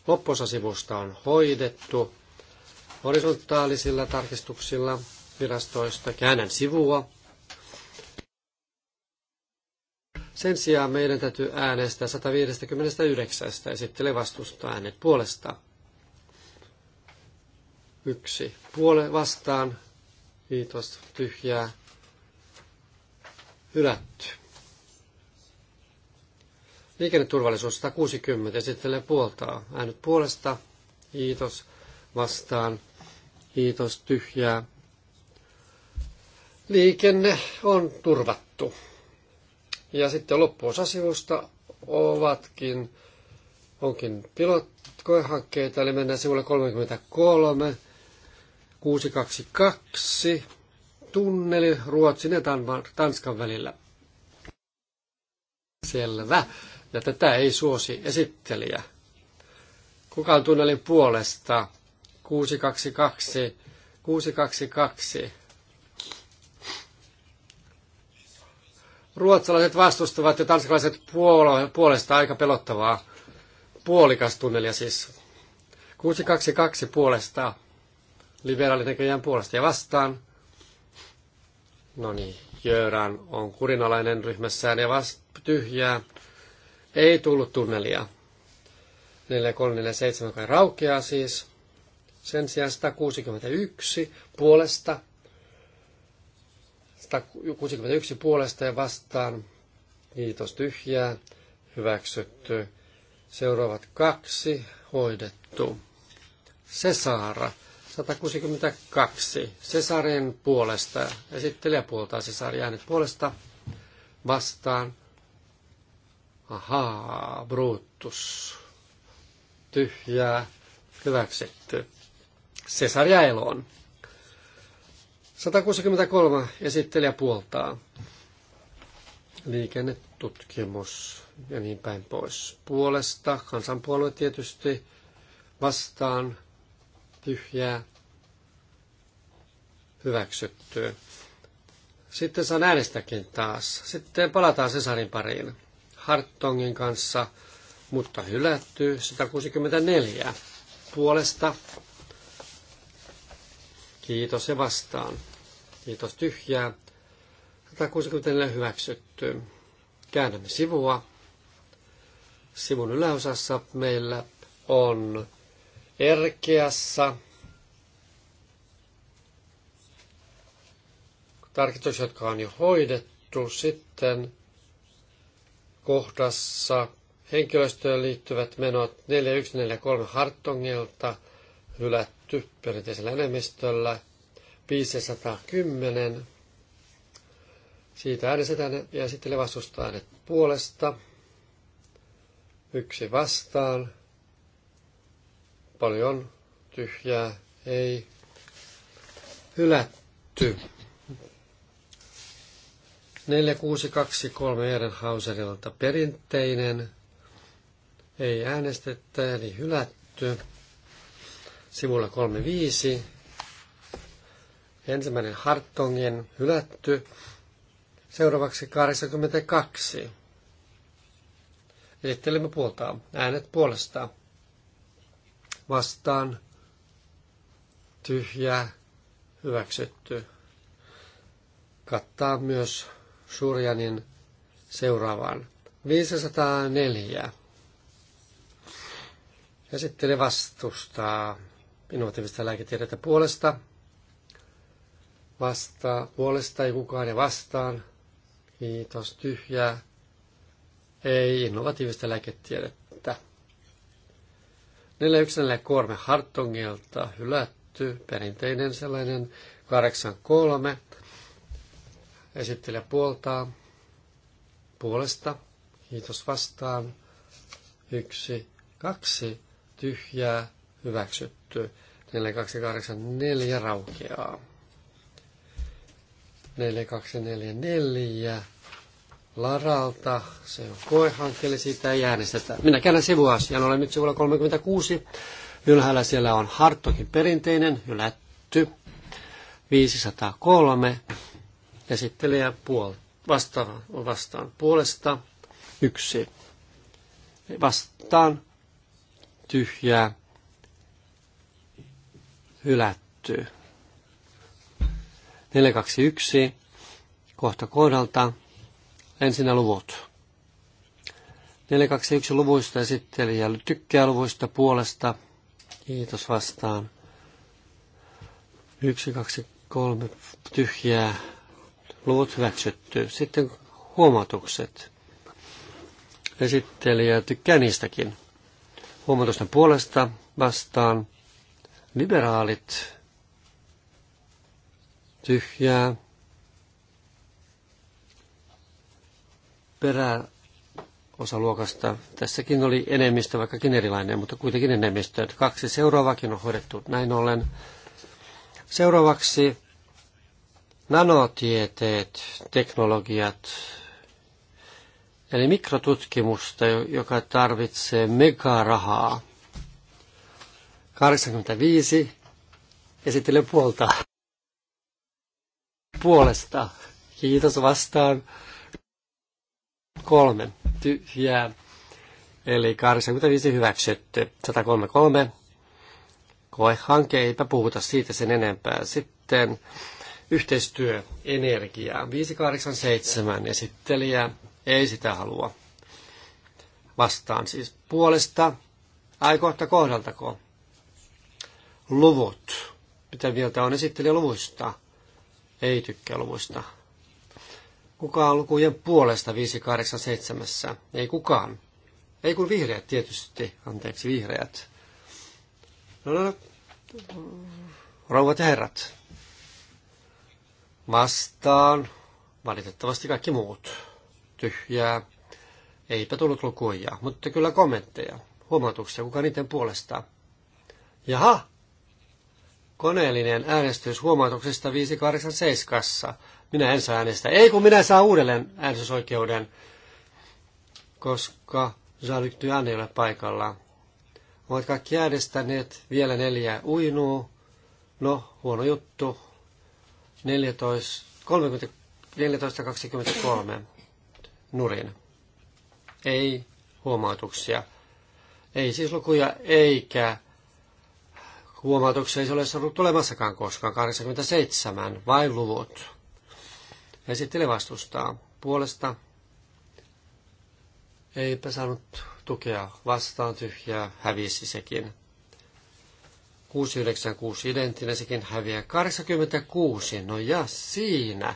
Loppuosa sivusta on hoidettu horisontaalisilla tarkistuksilla virastoista. Käännän sivua. Sen sijaan meidän täytyy äänestää 159. Esittele vastusta äänet puolesta. Yksi puole vastaan. viitos Tyhjää. Hylätty. Liikenneturvallisuus 160 esittelee puoltaa. Äänet puolesta. Kiitos. Vastaan. Kiitos. Tyhjää. Liikenne on turvattu. Ja sitten loppuosa sivusta ovatkin, onkin pilotkoehankkeita, eli mennään sivulle 33, 622, tunneli Ruotsin ja Tanskan välillä. Selvä. Ja tätä ei suosi esittelijä. Kukaan tunnelin puolesta? 622. 622. Ruotsalaiset vastustavat ja tanskalaiset puolesta aika pelottavaa. Puolikas tunnelia siis. 622 puolesta. Liberaalit näköjään puolesta ja vastaan. No niin, jörän on kurinalainen ryhmässään ja vast tyhjää. Ei tullut tunnelia. 4347 kai raukeaa siis. Sen sijaan 161 puolesta. 161 puolesta ja vastaan. Kiitos tyhjää. Hyväksytty. Seuraavat kaksi hoidettu. Sesaara. 162. sesarin puolesta. Esittelijä puolta Cesarin äänet puolesta vastaan. Ahaa, Brutus. Tyhjää, hyväksytty. Cesar eloon. 163 esittelijä puoltaa. Liikennetutkimus ja niin päin pois. Puolesta kansanpuolue tietysti vastaan tyhjää hyväksyttyä. Sitten saa äänestäkin taas. Sitten palataan Cesarin pariin. Hartongin kanssa, mutta hylätty 164 puolesta. Kiitos ja vastaan. Kiitos tyhjää. 164 hyväksytty. Käännämme sivua. Sivun yläosassa meillä on Erkeassa tarkistus, jotka on jo hoidettu. Sitten kohdassa henkilöstöön liittyvät menot 4143 Hartongilta hylätty perinteisellä enemmistöllä 510. Siitä äänestetään ja sitten levastusta puolesta. Yksi vastaan. Paljon tyhjää ei hylätty. 4623 Ehrenhauserilta perinteinen. Ei äänestettä, eli hylätty. Sivulla 35. Ensimmäinen Hartongin hylätty. Seuraavaksi 82. Esittelemme puoltaan. Äänet puolesta. Vastaan. Tyhjä. Hyväksytty. Kattaa myös Surjanin seuraavaan. 504. Esittele vastustaa innovatiivista lääketiedettä puolesta. vasta puolesta ei kukaan ja vastaan. Kiitos tyhjää. Ei innovatiivista lääketiedettä. kuorme Hartongilta hylätty, perinteinen sellainen 83 Esittelijä puoltaa puolesta. Kiitos vastaan. Yksi, kaksi, tyhjää, hyväksytty. 4284 raukeaa. 4244 Laralta. Se on koehankkeelle, siitä ei äänestetä. Minä käännän sivuasian, olen nyt sivulla 36. Ylhäällä siellä on Hartokin perinteinen, hylätty. 503 Esittelijä puol- vastaan, vastaan puolesta. Yksi. Vastaan. Tyhjää. Hylätty. 421. Kohta kohdalta. Ensinnä luvut. 421 luvuista esittelijä tykkää luvuista puolesta. Kiitos vastaan. 1, 2, 3 tyhjää Luvut hyväksytty. Sitten huomautukset. Esittelijä tykkää niistäkin. Huomautusten puolesta vastaan liberaalit tyhjää luokasta Tässäkin oli enemmistö, vaikkakin erilainen, mutta kuitenkin enemmistö. Kaksi seuraavakin on hoidettu näin ollen. Seuraavaksi nanotieteet, teknologiat, eli mikrotutkimusta, joka tarvitsee megarahaa. 85 esittelen puolta. Puolesta. Kiitos vastaan. Kolme. Tyhjää. Eli 85 hyväksytty. 133. Koehanke, eipä puhuta siitä sen enempää. Sitten Yhteistyö, energiaa, 587 esittelijä ei sitä halua. Vastaan siis puolesta, ai kohta kohdaltako. Luvut, mitä mieltä on esittelijä luvuista? Ei tykkää luvuista. Kuka on lukujen puolesta 587? Ei kukaan. Ei kun vihreät tietysti, anteeksi vihreät. No, no, no. rouvat ja herrat, Vastaan valitettavasti kaikki muut. Tyhjää. Eipä tullut lukuja, mutta kyllä kommentteja, huomautuksia, kuka niiden puolesta. Jaha! Koneellinen äänestys huomautuksesta 587. Minä en saa äänestää. Ei kun minä saa uudelleen äänestysoikeuden, koska Jean-Luc Duan ei ole paikalla. Ovat kaikki äänestäneet, vielä neljä uinuu. No, huono juttu, 14.23 nurin. Ei huomautuksia. Ei siis lukuja eikä huomautuksia ei ole saanut tulemassakaan koskaan. 87 vain luvut. Esittele vastustaa. Puolesta eipä saanut tukea vastaan tyhjää, hävisi sekin. 696 identtinen, sekin häviää. 86, no ja siinä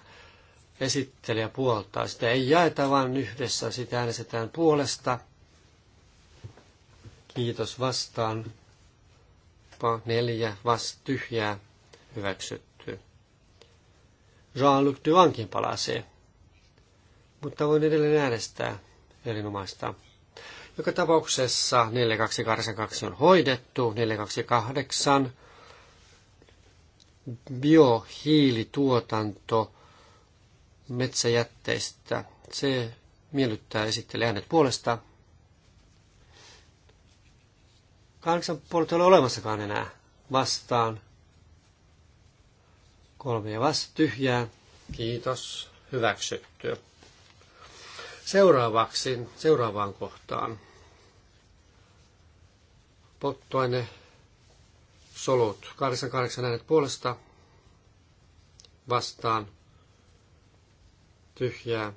esittelijä puoltaa. Sitä ei jaeta vaan yhdessä, sitä äänestetään puolesta. Kiitos vastaan. Pa neljä vast tyhjää hyväksytty. Jean-Luc Duvankin palasee. Mutta voin edelleen äänestää erinomaista. Joka tapauksessa 4282 on hoidettu, 428 biohiilituotanto metsäjätteistä. Se miellyttää esitteli äänet puolesta. Kahdeksan puolet ei ole olemassakaan enää vastaan. Kolme ja vasta tyhjää. Kiitos. Hyväksytty. Seuraavaksi seuraavaan kohtaan polttoaine solut. 88 äänet puolesta vastaan tyhjää.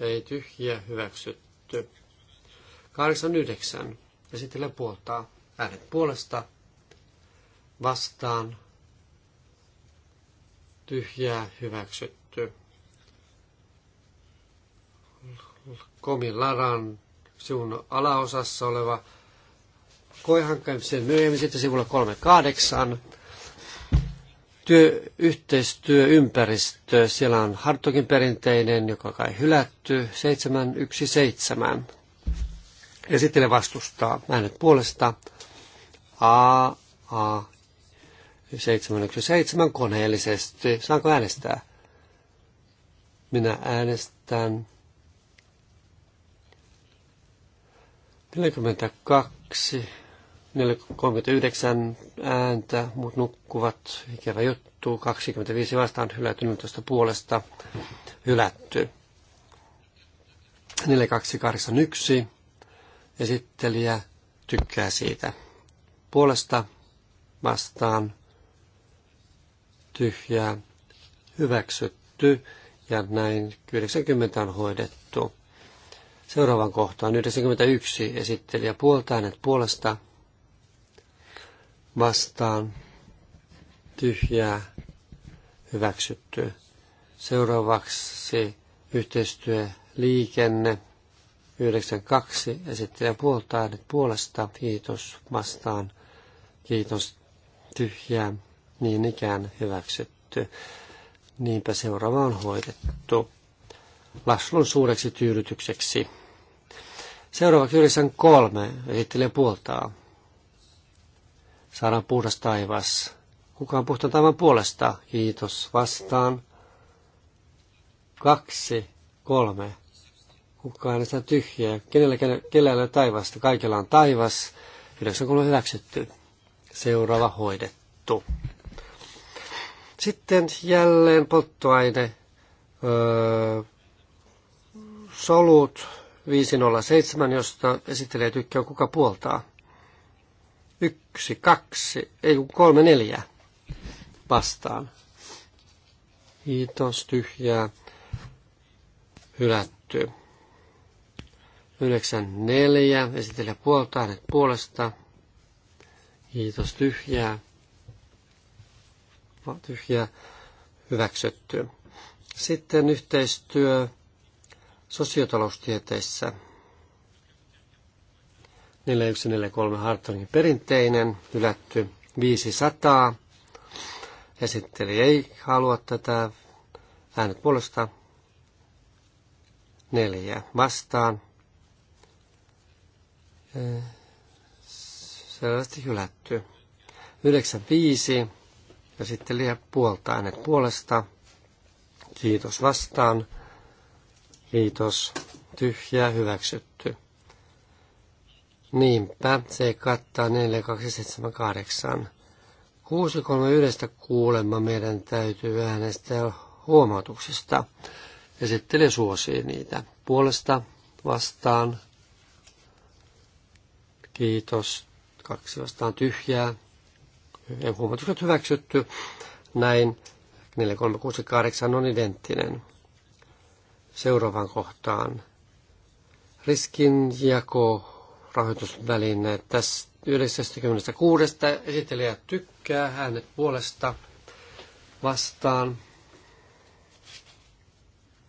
Ei tyhjiä hyväksytty. 89 esittelee puolta äänet puolesta vastaan tyhjää hyväksytty. Komin laran siun alaosassa oleva koehankkeen myöhemmin sitten sivulla 38. Työ, yhteistyöympäristö, siellä on Hartogin perinteinen, joka kai hylätty, 717. Esittele vastustaa äänet puolesta. A, A, 717 koneellisesti. Saanko äänestää? Minä äänestän 42 439 ääntä, muut nukkuvat, ikävä juttu, 25 vastaan hylätty, 14 puolesta hylätty. 4281 esittelijä tykkää siitä. Puolesta vastaan tyhjää hyväksytty ja näin 90 on hoidettu. Seuraavan kohtaan 91 esittelijä puolta äänet puolesta vastaan tyhjää hyväksytty. Seuraavaksi yhteistyö liikenne 92 esittelijä puolta äänet puolesta. Kiitos vastaan. Kiitos tyhjää. Niin ikään hyväksytty. Niinpä seuraava on hoidettu. Laslun suureksi tyydytykseksi. Seuraavaksi yhdeksän kolme esittelee puoltaa saadaan puhdas taivas. Kukaan puhtaan taivaan puolesta? Kiitos. Vastaan. Kaksi, kolme. on sitä tyhjää. Kenellä, kenellä, kenellä ei taivasta? Kaikilla on taivas. 93 hyväksytty. Seuraava hoidettu. Sitten jälleen polttoaine. Öö, solut 507, josta esittelee tykkää kuka puoltaa yksi, kaksi, ei kolme, neljä vastaan. Kiitos, tyhjää, hylätty. neljä esitellä puolta, hänet puolesta. Kiitos, tyhjää. Tyhjää, hyväksytty. Sitten yhteistyö sosiotaloustieteissä 4143 Hartongin perinteinen, hylätty 500. Esitteli ei halua tätä. Äänet puolesta neljä vastaan. Eh, selvästi hylätty. 95 ja sitten liian puolta äänet puolesta. Kiitos vastaan. Kiitos. Tyhjää hyväksytty. Niinpä, se kattaa 4278. 631 kuulemma meidän täytyy äänestää huomautuksista. Esittele suosii niitä. Puolesta vastaan. Kiitos. Kaksi vastaan tyhjää. Huomautukset hyväksytty. Näin 4368 on identtinen. Seuraavaan kohtaan. jako rahoitusväline. Tässä 96 esittelijä tykkää hänet puolesta vastaan.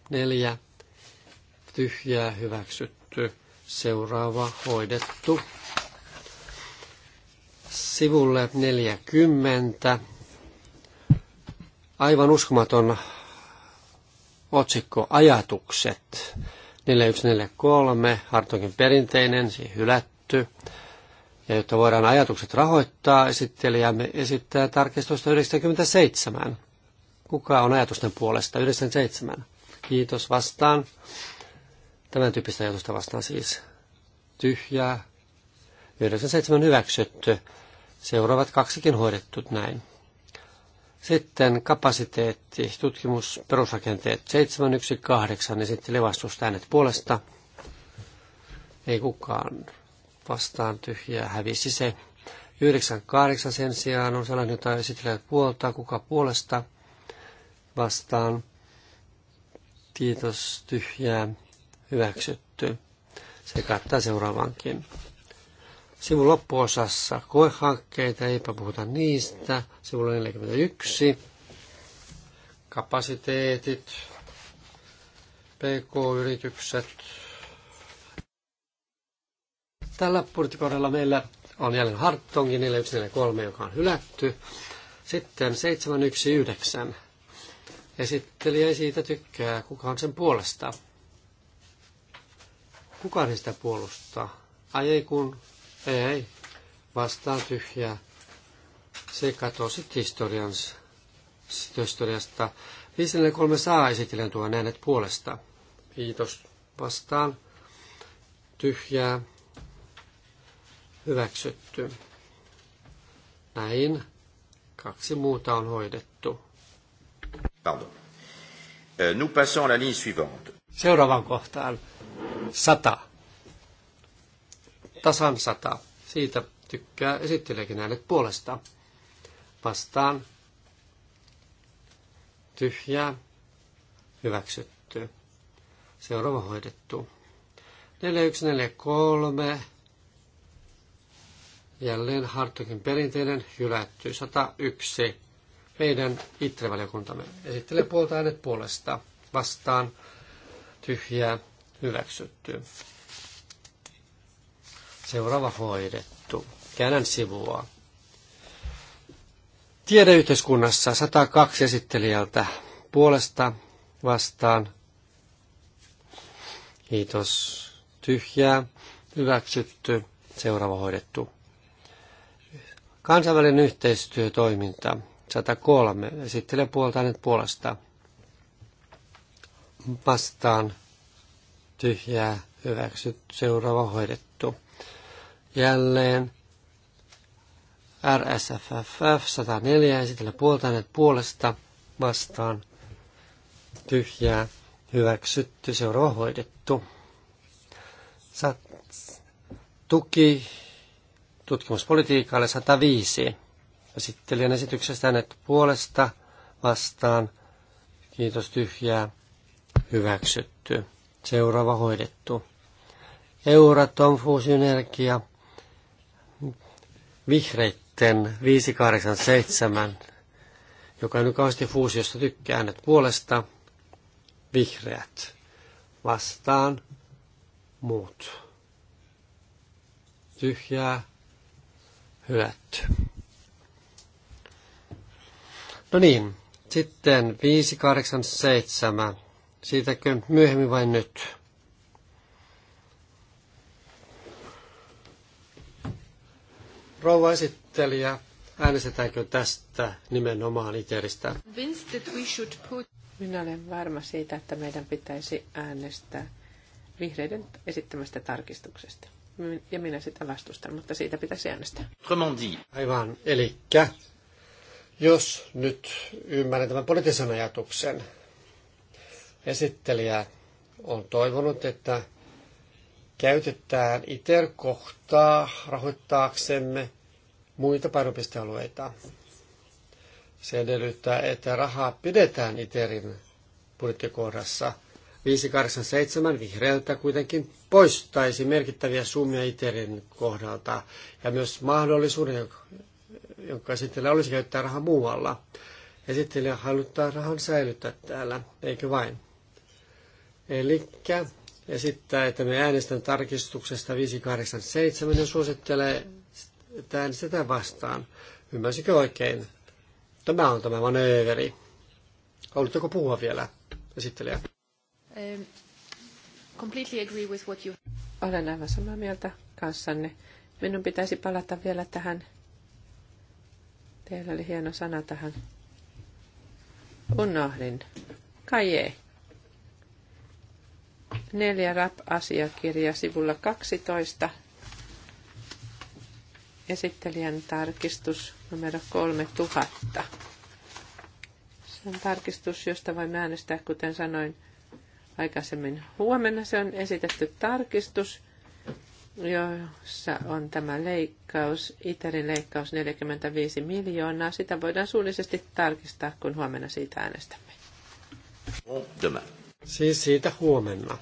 Neljä tyhjää hyväksytty. Seuraava hoidettu. Sivulle 40. Aivan uskomaton otsikko ajatukset. 4143, Hartokin perinteinen, se hylätty. Ja jotta voidaan ajatukset rahoittaa, esittelijämme esittää tarkistusta 97. Kuka on ajatusten puolesta? 97. Kiitos vastaan. Tämän tyyppistä ajatusta vastaan siis. Tyhjää. 97 hyväksytty. Seuraavat kaksikin hoidettu näin. Sitten kapasiteetti, tutkimus, perusrakenteet 718 esitteli vastusta puolesta. Ei kukaan vastaan tyhjää hävisi se. 98 sen sijaan on sellainen, jota esittelee puolta, kuka puolesta vastaan. Kiitos tyhjää hyväksytty. Se kattaa seuraavankin. Sivun loppuosassa koehankkeita, eipä puhuta niistä. Sivulla 41. Kapasiteetit, PK-yritykset. Tällä purtikohdalla meillä on jälleen Hartongin 443, joka on hylätty. Sitten 719. Esittelijä ei siitä tykkää. Kuka on sen puolesta? kuka ei sitä puolustaa. Ai ei kun ei, vastaan tyhjää. Se katosi historiansa. historiasta. 543 saa esitellen tuon äänet puolesta. Kiitos. Vastaan tyhjää. Hyväksytty. Näin. Kaksi muuta on hoidettu. Pardon. Euh, nous passons la ligne suivante. Seuraavaan kohtaan. Sata tasan sata. Siitä tykkää esitteleekin äänet puolesta. Vastaan. Tyhjää. Hyväksytty. Seuraava hoidettu. 4143. Jälleen hartokin perinteinen hylätty. 101. Meidän itrevaliokuntamme esittelee puolta äänet puolesta. Vastaan. Tyhjää. Hyväksytty. Seuraava hoidettu. Käännän sivua. Tiedeyhteiskunnassa 102 esittelijältä puolesta vastaan. Kiitos. Tyhjää. Hyväksytty. Seuraava hoidettu. Kansainvälinen yhteistyötoiminta. 103. Esittelen puolta nyt puolesta. Vastaan. Tyhjää. Hyväksytty. Seuraava hoidettu jälleen. RSFFF 104 esitellä puolta puolesta vastaan. Tyhjää hyväksytty, se on rohoidettu. tuki tutkimuspolitiikalle 105. Esittelijän esityksestä hänet puolesta vastaan. Kiitos tyhjää. Hyväksytty. Seuraava hoidettu. Euratom fuusynergia vihreitten 587, joka on kauheasti fuusiosta tykkää äänet puolesta, vihreät vastaan, muut. Tyhjää, hylätty. No niin, sitten 587. Siitäkö myöhemmin vai nyt? Rouva esittelijä, äänestetäänkö tästä nimenomaan ITERistä? Minä olen varma siitä, että meidän pitäisi äänestää vihreiden esittämästä tarkistuksesta. Ja minä sitä vastustan, mutta siitä pitäisi äänestää. Aivan, eli jos nyt ymmärrän tämän poliittisen ajatuksen, esittelijä on toivonut, että käytetään ITER-kohtaa rahoittaaksemme muita painopistealueita. Se edellyttää, että rahaa pidetään ITERin budjettikohdassa. 587 vihreältä kuitenkin poistaisi merkittäviä summia ITERin kohdalta ja myös mahdollisuuden, jonka esittelijä olisi käyttää rahaa muualla. Esittelijä haluttaa rahan säilyttää täällä, eikö vain? Eli esittää, että me äänestän tarkistuksesta 587 ja suosittelee, että äänestetään vastaan. Ymmärsikö oikein? Tämä on tämä manööveri. Haluatteko puhua vielä, esittelijä? Um, completely agree with what you... Olen aivan samaa mieltä kanssanne. Minun pitäisi palata vielä tähän. Teillä oli hieno sana tähän. Unohdin. Kai Neljä RAP-asiakirja sivulla 12. Esittelijän tarkistus numero 3000. Se on tarkistus, josta voimme äänestää, kuten sanoin aikaisemmin huomenna. Se on esitetty tarkistus, jossa on tämä leikkaus, ITERin leikkaus 45 miljoonaa. Sitä voidaan suullisesti tarkistaa, kun huomenna siitä äänestämme. Demain. Siis siitä huomenna.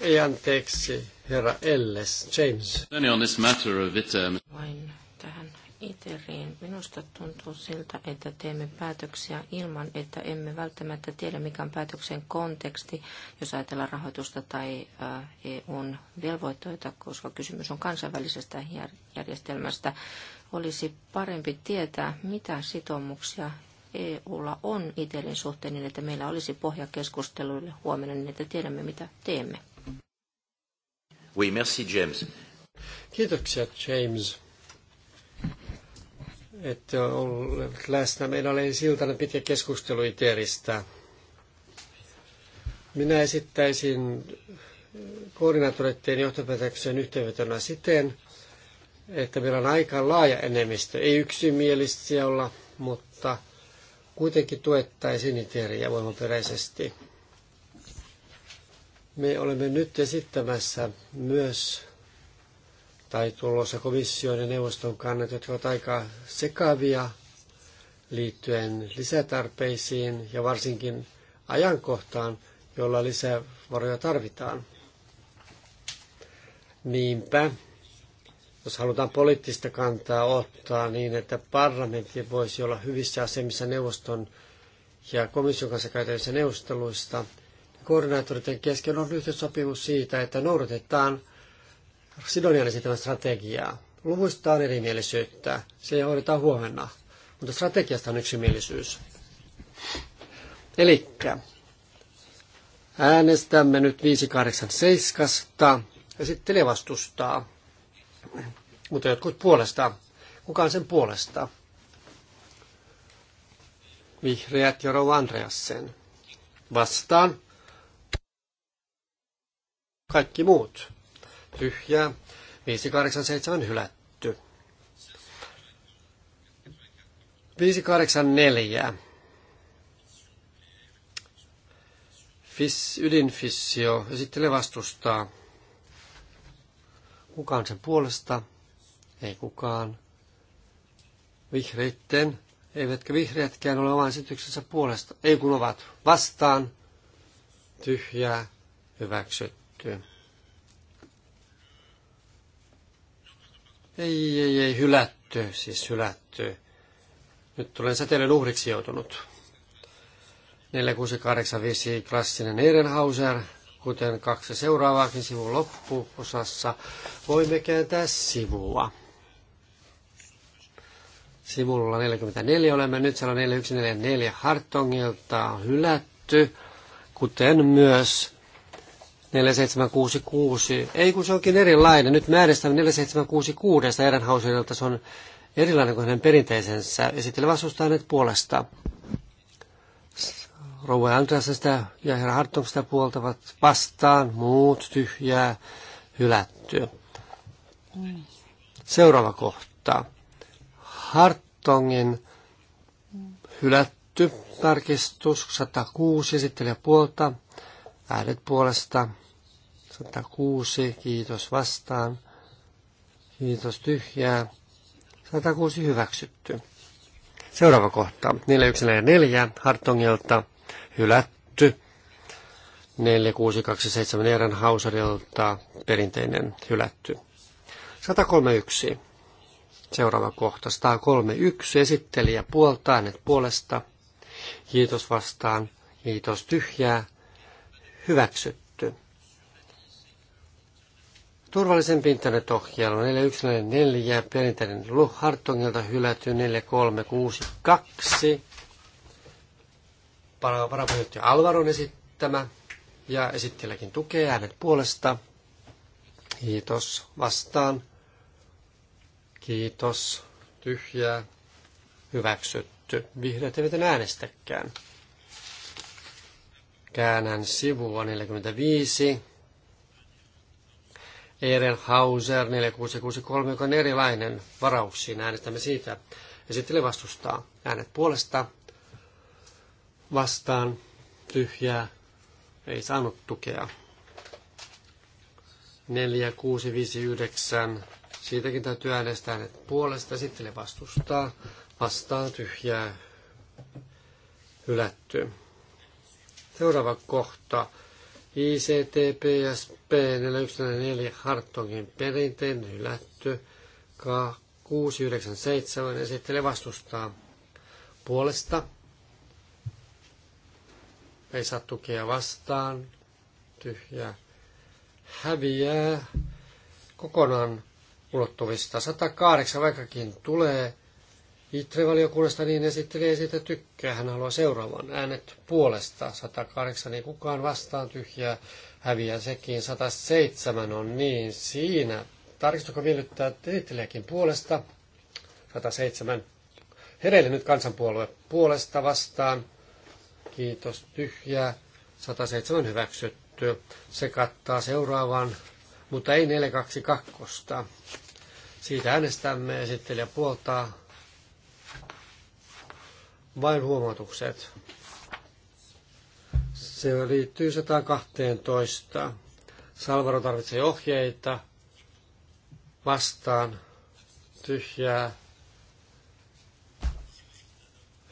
Ei anteeksi, herra Elles, James. On this matter of uh, Vain tähän ITERiin. Minusta tuntuu siltä, että teemme päätöksiä ilman, että emme välttämättä tiedä, mikä on päätöksen konteksti, jos ajatellaan rahoitusta tai äh, EUn velvoitteita, koska kysymys on kansainvälisestä järjestelmästä. Olisi parempi tietää, mitä sitoumuksia EUlla on itselleen suhteen, niin että meillä olisi pohja keskusteluille huomenna, niin että tiedämme, mitä teemme. Oui, merci James. Kiitoksia James että olet läsnä. Meillä oli siltana pitkä keskustelu ITERistä. Minä esittäisin koordinaattoreiden johtopäätöksen yhteenvetona siten, että meillä on aika laaja enemmistö. Ei yksimielisiä olla, mutta kuitenkin tuettaisiin Nigeriä voimaperäisesti. Me olemme nyt esittämässä myös tai tulossa komission ja neuvoston kannat, jotka ovat aika sekavia liittyen lisätarpeisiin ja varsinkin ajankohtaan, jolla lisävaroja tarvitaan. Niinpä jos halutaan poliittista kantaa ottaa niin, että parlamentti voisi olla hyvissä asemissa neuvoston ja komission kanssa käytävissä neuvosteluista, niin koordinaattoriten kesken on yhteys sopimus siitä, että noudatetaan Sidonian esittämää strategiaa. Luvuista on erimielisyyttä, se ei hoideta huomenna, mutta strategiasta on yksimielisyys. Eli äänestämme nyt 587. sitten vastustaa. Mutta jotkut puolesta. Kuka on sen puolesta? Vihreät ja Rova Andreasen. Vastaan. Kaikki muut. Tyhjää. 587 hylätty. 584. Fis, ydinfissio esittelee vastustaa Kukaan sen puolesta? Ei kukaan. Vihreitten, eivätkä vihreätkään ole oman esityksensä puolesta. Ei kun ovat vastaan. Tyhjää, hyväksytty. Ei, ei, ei, hylätty, siis hylätty. Nyt olen säteilyn uhriksi joutunut. 4685 klassinen Ehrenhauser kuten kaksi seuraavaakin sivun loppuosassa, voimme kääntää sivua. Sivulla 44 olemme nyt 4144 Hartongilta on hylätty, kuten myös 4766. Ei kun se onkin erilainen. Nyt määrästään 4766 Ehrenhauserilta. Se on erilainen kuin hänen perinteisensä. esittelevä vastustaa puolesta Rouva Andrasesta ja herra Hartongsta puoltavat vastaan, muut tyhjää, hylätty. Seuraava kohta. Hartongin hylätty tarkistus 106 esittelijä puolta. Äänet puolesta 106, kiitos vastaan. Kiitos tyhjää. 106 hyväksytty. Seuraava kohta. 414 Hartongilta hylätty. 4627 Eeran Hausarilta perinteinen hylätty. 131. Seuraava kohta. 131. Esittelijä puolta äänet puolesta. Kiitos vastaan. Kiitos tyhjää. Hyväksytty. Turvallisempi internet-ohjelma 4144, perinteinen Luh Hartongilta hylätty 4362 varapuheenjohtaja Alvaron esittämä ja esittelläkin tukee äänet puolesta. Kiitos vastaan. Kiitos. Tyhjää. Hyväksytty. Vihreät eivät äänestäkään. Käännän sivua 45. Hauser 4663, joka on erilainen varauksiin. Äänestämme siitä. Esittele vastustaa. Äänet puolesta vastaan tyhjää ei saanut tukea. 4, 6, 5, 9. Siitäkin täytyy äänestää että puolesta. Sitten ne vastustaa. Vastaan tyhjää. Hylätty. Seuraava kohta. ICTPSP 414 Hartongin perinteen hylätty. K 697 esittelee vastustaa puolesta ei saa tukea vastaan, tyhjä häviää kokonaan ulottuvista. 108 vaikkakin tulee Itrevaliokunnasta niin esitteli ei siitä tykkää. Hän haluaa seuraavan äänet puolesta. 108 niin kukaan vastaan tyhjää häviää sekin. 107 on niin siinä. Tarkistuko miellyttää esittelijäkin puolesta? 107. Hereille nyt kansanpuolue puolesta vastaan Kiitos. Tyhjää. 107 hyväksytty. Se kattaa seuraavan, mutta ei 422. Siitä äänestämme esittelijä puoltaa vain huomautukset. Se liittyy 112. Salvaro tarvitsee ohjeita vastaan tyhjää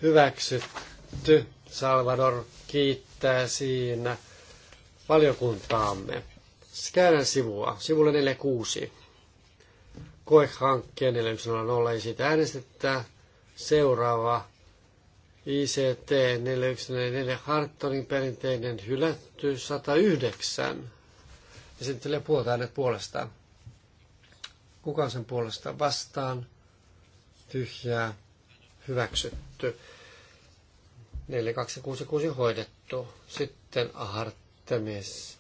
hyväksytty. Salvador kiittää siinä valiokuntaamme. Käännän sivua, sivulle 46. Koehankkeen 410 ei siitä äänestettä. Seuraava ICT 414 Hartonin perinteinen hylätty 109. Esittelee puolta äänet puolestaan. Kuka sen puolesta vastaan? Tyhjää. Hyväksytty. 4266 hoidettu. Sitten Artemis.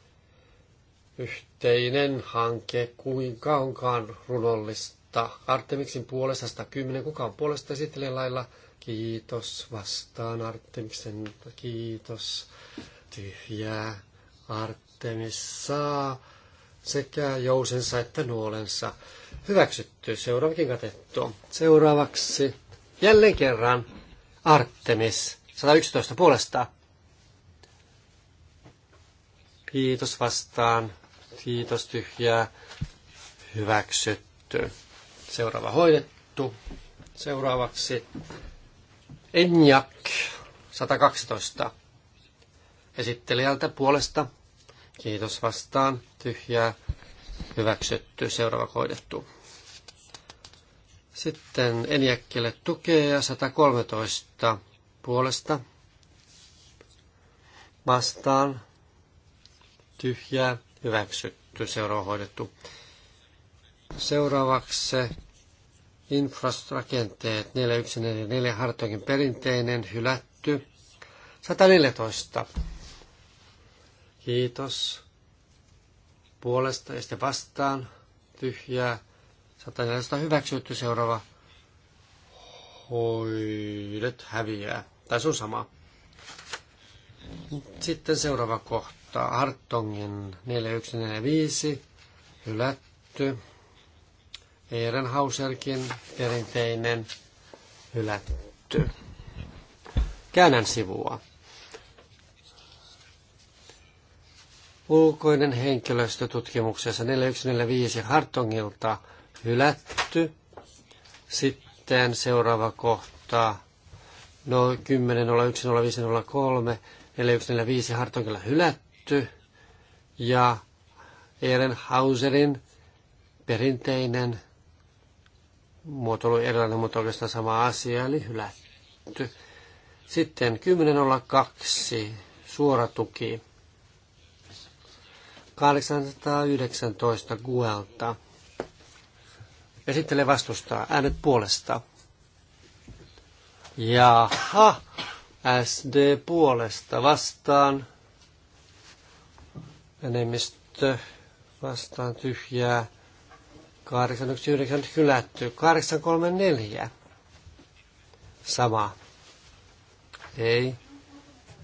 Yhteinen hanke, kuinka onkaan runollista. Artemiksin puolesta 110, kuka on puolesta esittelee lailla. Kiitos, vastaan Artemiksen, kiitos. Tyhjää. Artemis saa sekä jousensa että nuolensa. Hyväksytty, seuraavakin katettu. Seuraavaksi jälleen kerran Artemis 111 puolesta. Kiitos vastaan. Kiitos tyhjää. Hyväksytty. Seuraava hoidettu. Seuraavaksi Enjak 112 esittelijältä puolesta. Kiitos vastaan. Tyhjää. Hyväksytty. Seuraava hoidettu. Sitten Enjakille tukea 113 puolesta vastaan tyhjää hyväksytty. Seuraava hoidettu. Seuraavaksi infrastrakenteet 4144 Hartogin perinteinen hylätty 114. Kiitos puolesta ja sitten vastaan tyhjää 114 hyväksytty seuraava hoidet häviää. Tai se on sama. Sitten seuraava kohta. Hartongin 4145 hylätty. Ehrenhauserkin perinteinen hylätty. Käännän sivua. Ulkoinen henkilöstötutkimuksessa 4145 Hartongilta hylätty. Sitten seuraava kohta No 10, 01, hylätty ja Ehrenhauserin perinteinen muotoilu erilainen, mutta oikeastaan sama asia, eli hylätty. Sitten 10.02, suora tuki. 819 Guelta. Esittele vastustaa äänet puolesta. Jaha, SD puolesta vastaan. Enemmistö vastaan tyhjää. 819 hylätty. 834. Sama. Ei.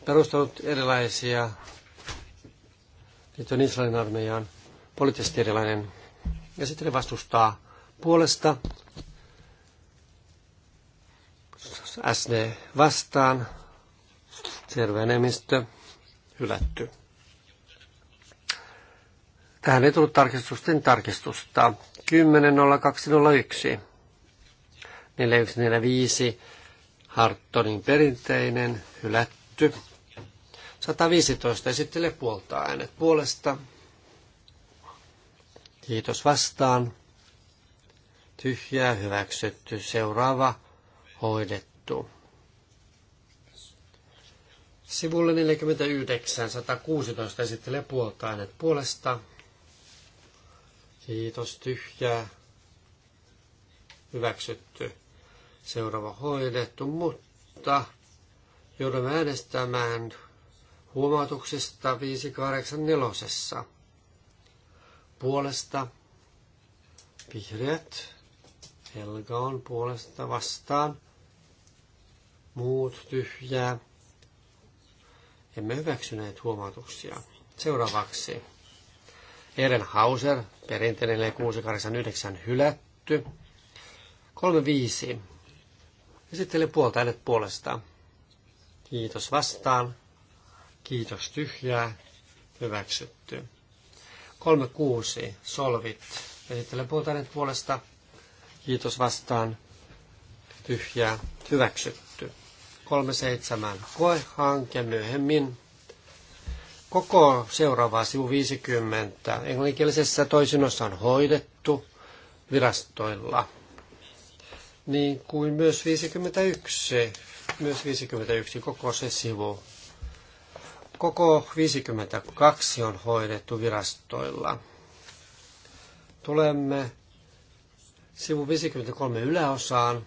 Perustanut erilaisia. Nyt on Israelin armeijaan poliittisesti erilainen. Ja sitten vastustaa puolesta SD vastaan. Selvä enemmistö. Hylätty. Tähän ei tullut tarkistusten tarkistusta. 10.02.01. 4145. Hartonin perinteinen. Hylätty. 115 esittelee puolta äänet puolesta. Kiitos vastaan. Tyhjää hyväksytty. Seuraava hoidettu. Sivulle 49, 116 esittelee puolta aineet puolesta. Kiitos, tyhjää. Hyväksytty. Seuraava hoidettu, mutta joudumme äänestämään huomautuksesta 584. Puolesta vihreät, Helga on puolesta vastaan muut tyhjää. Emme hyväksyneet huomautuksia. Seuraavaksi eren Hauser perinteinen 689 hylätty. 35. Esittele puolta äänet puolestaan. Kiitos vastaan. Kiitos tyhjää. Hyväksytty. 36. Solvit. Esittelen puolta äänet puolesta. Kiitos vastaan. Tyhjää. Hyväksytty. 37. Koe, hanke, myöhemmin. Koko seuraava sivu 50 englanninkielisessä toisinossa on hoidettu virastoilla. Niin kuin myös 51, myös 51 koko se sivu. Koko 52 on hoidettu virastoilla. Tulemme sivu 53 yläosaan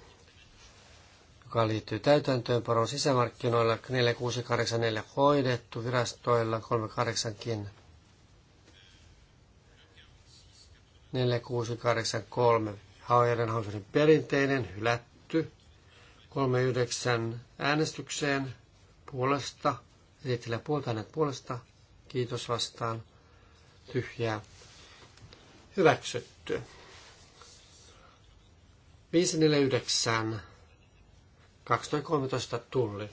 joka liittyy täytäntöönpanon sisämarkkinoilla 4684 hoidettu virastoilla 38kin 4683 Hauerenhauserin perinteinen hylätty 39 äänestykseen puolesta esittelee puolta hänet puolesta kiitos vastaan tyhjää hyväksytty 549 2013 tulli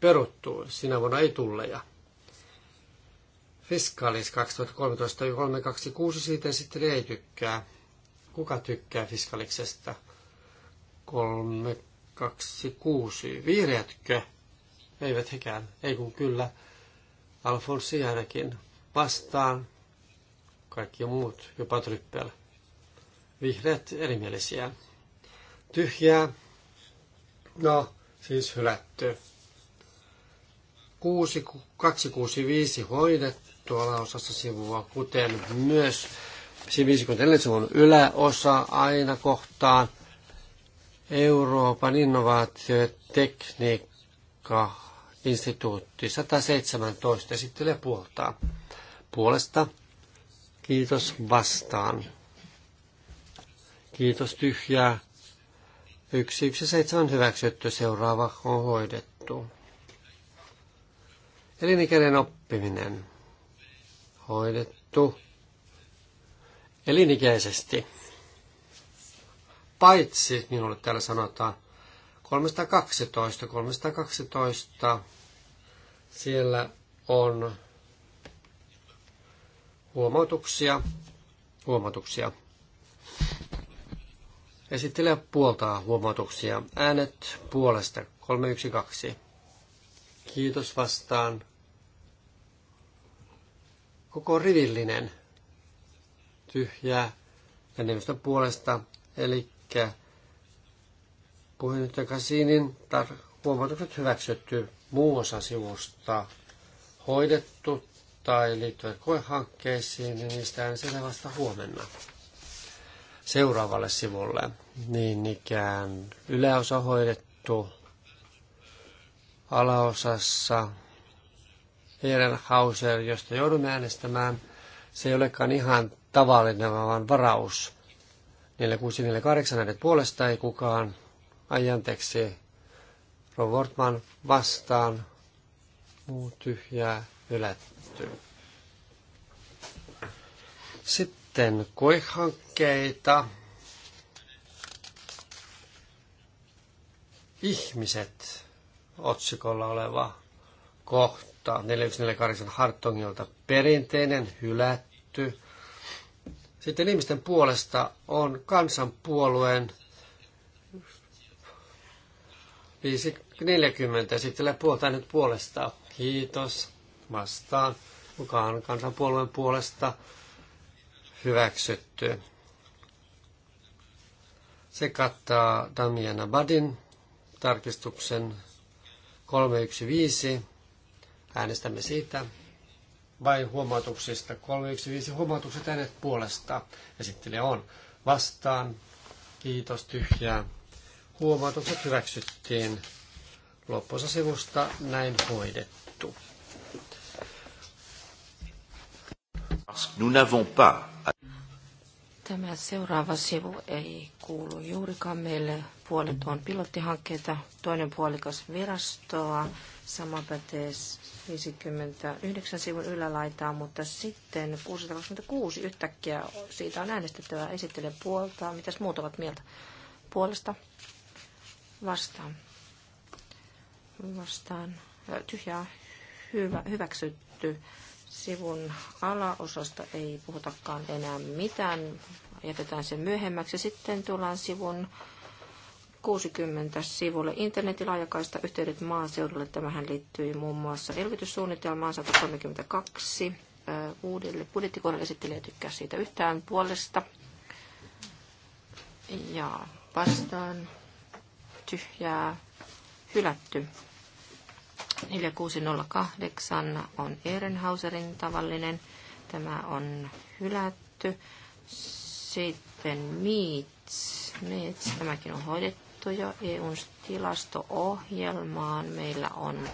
peruttuu. Sinä vuonna ei tulleja. Fiskaalis 2013 326 siitä sitten ei tykkää. Kuka tykkää fiskaliksesta? 326. Vihreätkö? Eivät hekään. Ei kun kyllä. Alfonsi ainakin vastaan. Kaikki muut, jopa Tryppel. Vihreät erimielisiä. Tyhjää No, siis hylätty. 6, 265 hoidettu alaosassa sivua, kuten myös 54 sivun yläosa aina kohtaan Euroopan innovaatio- ja tekniikka-instituutti 117 esittelee puolta. Puolesta kiitos vastaan. Kiitos tyhjää Yksi, on hyväksytty, seuraava on hoidettu. Elinikäinen oppiminen. Hoidettu. Elinikäisesti. Paitsi, minulle täällä sanotaan, 312, 312, siellä on huomautuksia, huomautuksia Esittelijä puoltaa huomautuksia. Äänet puolesta 312. Kiitos vastaan. Koko rivillinen. Tyhjää. neuvosta puolesta. Eli puheenjohtaja Kasinin tar- huomautukset hyväksytty muu osa sivusta hoidettu tai liittyvät koehankkeisiin, niin niistä äänestetään vasta huomenna seuraavalle sivulle. Niin ikään yläosa hoidettu alaosassa Ehrenhauser, josta joudumme äänestämään. Se ei olekaan ihan tavallinen, vaan varaus. 4648 näiden puolesta ei kukaan. Ajanteksi Robertman vastaan. Muu tyhjää ylätty. Sitten sitten koehankkeita. Ihmiset otsikolla oleva kohta 448 Hartongilta perinteinen hylätty. Sitten ihmisten puolesta on kansanpuolueen 540 esittelee puolta nyt puolesta. Kiitos. Vastaan. Kukaan kansanpuolueen puolesta hyväksytty. Se kattaa Damien Abadin tarkistuksen 315. Äänestämme siitä vai huomautuksista. 315 huomautukset äänet puolesta. Esittelijä on vastaan. Kiitos tyhjää. Huomautukset hyväksyttiin loppuosa sivusta näin hoidettu. Nous n'avons pas Tämä seuraava sivu ei kuulu juurikaan meille. Puolet on pilottihankkeita, toinen puolikas virastoa, sama pätee 59 sivun ylälaitaa, mutta sitten 626 yhtäkkiä siitä on äänestettävä esittele puolta. Mitäs muut ovat mieltä? Puolesta vastaan. Vastaan. Tyhjää hyvä, hyväksytty sivun alaosasta ei puhutakaan enää mitään. Jätetään se myöhemmäksi. Sitten tullaan sivun 60 sivulle Internetilaajakaista yhteydet maaseudulle. Tämähän liittyy muun muassa elvytyssuunnitelmaan 132 uudelle budjettikohdalle esittelee tykkää siitä yhtään puolesta. Ja vastaan tyhjää hylätty. 4608 on Ehrenhauserin tavallinen. Tämä on hylätty. Sitten Meets. Meets. Tämäkin on hoidettu jo EUn tilasto-ohjelmaan. Meillä on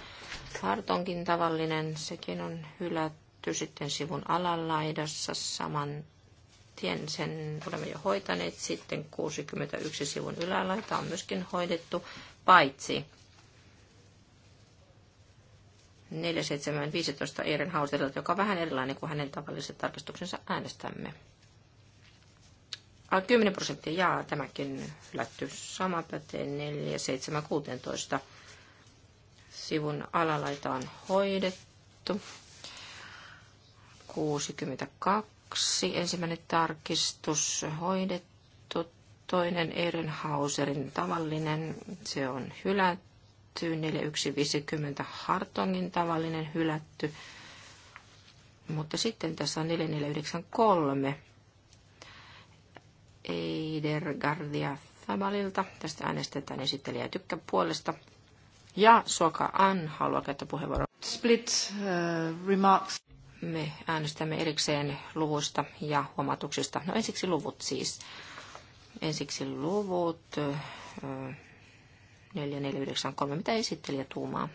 Hartonkin tavallinen. Sekin on hylätty. Sitten sivun alalaidassa saman tien sen olemme jo hoitaneet. Sitten 61 sivun ylälaita on myöskin hoidettu, paitsi 4715 Eiren Hauserilta, joka on vähän erilainen kuin hänen tavalliset tarkistuksensa äänestämme. 10 prosenttia jaa, tämäkin hylätty. Sama pätee 4716. Sivun alalaita on hoidettu. 62. Ensimmäinen tarkistus hoidettu. Toinen Ehrenhauserin tavallinen, se on hylätty hylätty, 4150 Hartongin tavallinen hylätty. Mutta sitten tässä on 4493 Eider Gardia Famalilta. Tästä äänestetään esittelijä tykkä puolesta. Ja Suoka An haluaa käyttää puheenvuoron. Split uh, remarks. Me äänestämme erikseen luvuista ja huomautuksista. No ensiksi luvut siis. Ensiksi luvut. Uh, 4493, mitä esittelijä tuumaa?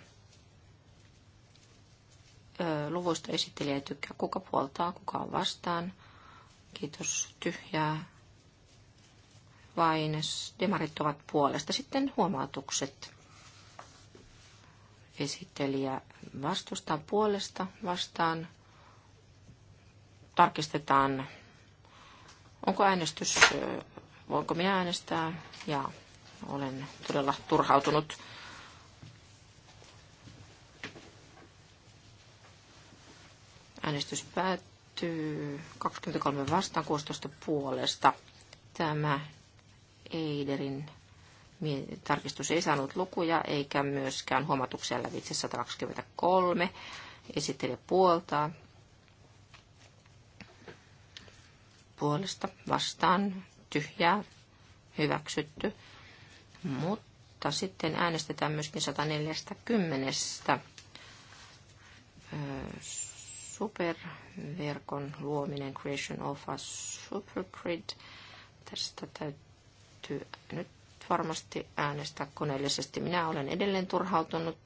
Öö, luvuista esittelijä ei tykkää, kuka puoltaa, kuka on vastaan. Kiitos, tyhjää. Vain demarit ovat puolesta. Sitten huomautukset. Esittelijä vastustaa puolesta vastaan. Tarkistetaan, onko äänestys, voinko minä äänestää? Jaa. Olen todella turhautunut. Äänestys päättyy 23 vastaan 16 puolesta. Tämä Eiderin tarkistus ei saanut lukuja eikä myöskään huomatuksia lävitse 123 esittelijä puoltaa puolesta vastaan tyhjää hyväksytty mutta sitten äänestetään myöskin 140 superverkon luominen, creation of a supergrid. Tästä täytyy nyt varmasti äänestää koneellisesti. Minä olen edelleen turhautunut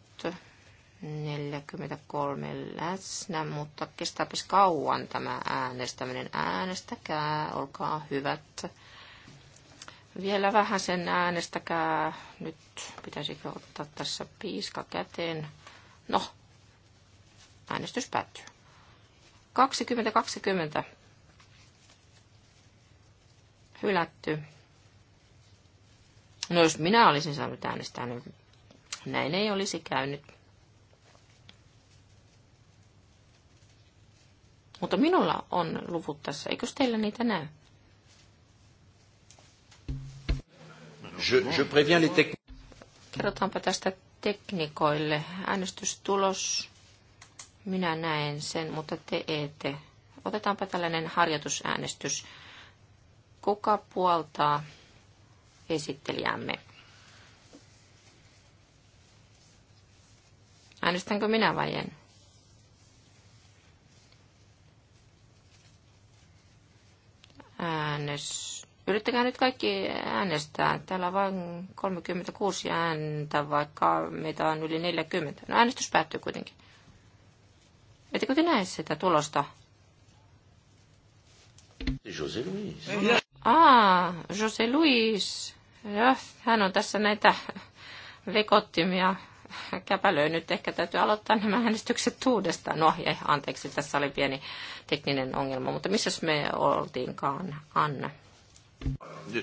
43 läsnä, mutta kestääpäs kauan tämä äänestäminen. Äänestäkää, olkaa hyvät. Vielä vähän sen äänestäkää. Nyt pitäisikö ottaa tässä piiska käteen. No, äänestys päättyy. 2020. 20. Hylätty. No jos minä olisin saanut äänestää, niin näin ei olisi käynyt. Mutta minulla on luvut tässä. Eikös teillä niitä näy? Je, je préviens les Kerrotaanpa tästä teknikoille. Äänestystulos, minä näen sen, mutta te ette. Otetaanpa tällainen harjoitusäänestys. Kuka puoltaa esittelijämme? Äänestänkö minä vai en? Äänestys Yrittäkää nyt kaikki äänestää. Täällä on vain 36 ääntä, vaikka meitä on yli 40. No äänestys päättyy kuitenkin. Ettekö te näe sitä tulosta? Jose Luis. Ah, Jose Luis. Ja, hän on tässä näitä vekottimia käpälöi nyt. Ehkä täytyy aloittaa nämä äänestykset uudestaan. No, ja anteeksi, tässä oli pieni tekninen ongelma, mutta missä me oltiinkaan, Anna?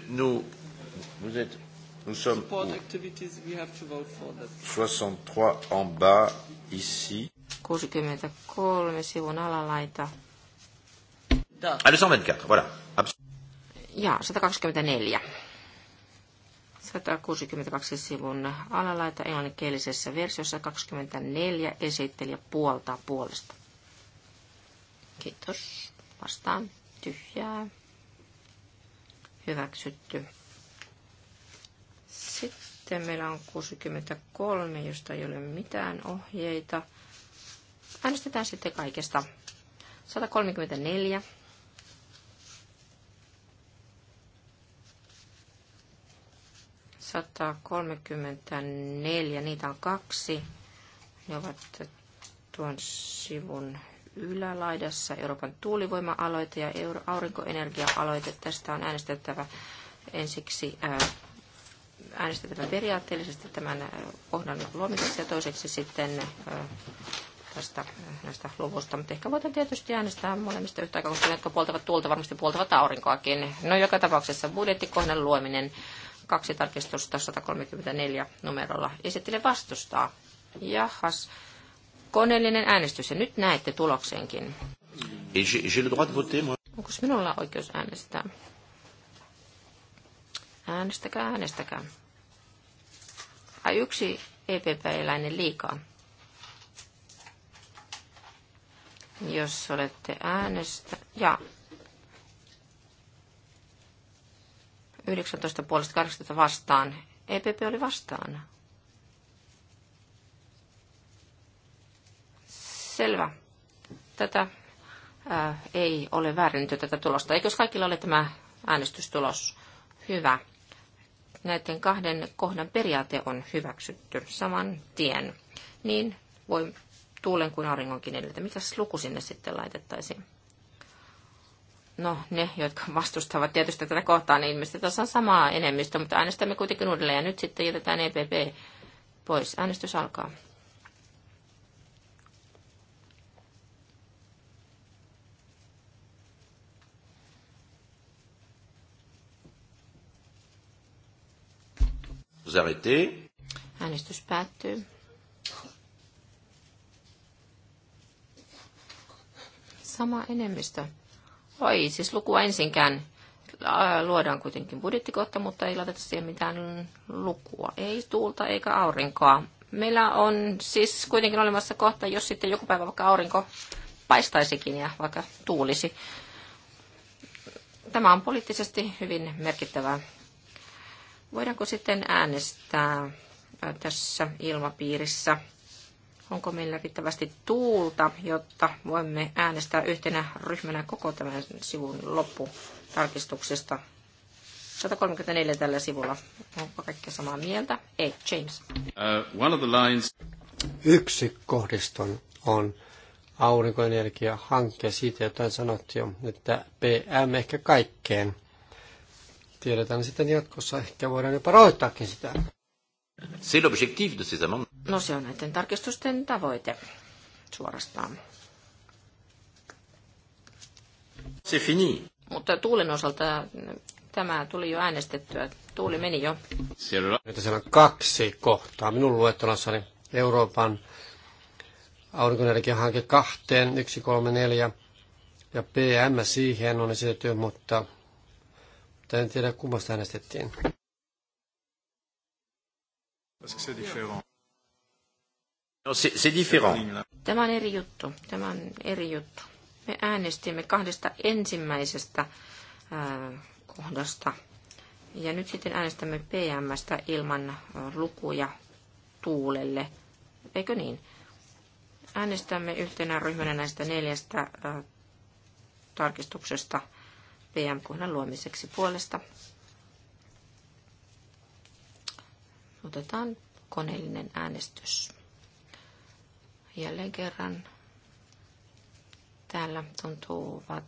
Nous, vous êtes, nous sommes 63 en bas, ici. 63 sivun alalaita. Ah, 124, voilà. Abs- ja, 124. 162 sivun alalaita englanninkielisessä versiossa 24 esittelijä puolta puolesta. Kiitos. Vastaan tyhjää hyväksytty. Sitten meillä on 63, josta ei ole mitään ohjeita. Äänestetään sitten kaikesta. 134. Sata kolmekymmentäneljä, niitä on kaksi. Ne ovat tuon sivun ylälaidassa Euroopan tuulivoima-aloite ja aurinkoenergia-aloite. Tästä on äänestettävä ensiksi äh, äänestettävä periaatteellisesti tämän äh, kohdan luomisessa ja toiseksi sitten äh, tästä näistä luvusta, mutta ehkä voitan tietysti äänestää molemmista yhtä aikaa, koska ne, jotka puoltavat tuulta, varmasti puoltavat aurinkoakin. No joka tapauksessa budjettikohdan luominen, kaksi tarkistusta 134 numerolla. Esittele vastustaa. Jahas, koneellinen äänestys ja nyt näette tuloksenkin. Onko minulla oikeus äänestää? Äänestäkää, äänestäkää. Ai yksi EPP-eläinen liikaa. Jos olette äänestä... Ja 19 puolesta 18 vastaan. EPP oli vastaan. Selvä. Tätä ää, ei ole väärinnyt tätä tulosta. Eikös kaikilla ole tämä äänestystulos hyvä? Näiden kahden kohdan periaate on hyväksytty saman tien. Niin voi tuulen kuin auringonkin edeltä. mitäs luku sinne sitten laitettaisiin? no ne, jotka vastustavat tietysti tätä kohtaa, niin ilmeisesti tässä on samaa enemmistö, mutta äänestämme kuitenkin uudelleen ja nyt sitten jätetään EPP pois. Äänestys alkaa. Vous arrêtez. Äänestys päättyy. Sama enemmistö. Oi, siis lukua ensinkään luodaan kuitenkin budjettikohta, mutta ei laiteta siihen mitään lukua. Ei tuulta eikä aurinkoa. Meillä on siis kuitenkin olemassa kohta, jos sitten joku päivä vaikka aurinko paistaisikin ja vaikka tuulisi. Tämä on poliittisesti hyvin merkittävä. Voidaanko sitten äänestää äh, tässä ilmapiirissä? Onko meillä riittävästi tuulta, jotta voimme äänestää yhtenä ryhmänä koko tämän sivun lopputarkistuksesta? 134 tällä sivulla. Onko kaikki samaa mieltä? Ei, James. Uh, one of the lines... Yksi kohdiston on aurinkoenergiahanke. Siitä jotain sanottiin, että PM ehkä kaikkeen tiedetään, niin sitten jatkossa ehkä voidaan jopa rahoittaakin sitä. C'est l'objectif de ces amendements. No se on näiden tarkistusten tavoite suorastaan. C'est fini. Mutta tuulen osalta tämä tuli jo äänestettyä. Tuuli meni jo. Siellä on kaksi kohtaa minun luettelossani Euroopan aurinkoenergiahanke kahteen, yksi, kolme, neljä ja PM siihen on esitetty, mutta tai en tiedä, kummasta äänestettiin. No, Tämä on eri juttu. Tämä on eri juttu. Me äänestimme kahdesta ensimmäisestä kohdasta. Ja nyt sitten äänestämme PMstä ilman lukuja tuulelle. Eikö niin? Äänestämme yhtenä ryhmänä näistä neljästä tarkistuksesta – PM-kohdan luomiseksi puolesta. Otetaan koneellinen äänestys. Jälleen kerran täällä tuntuvat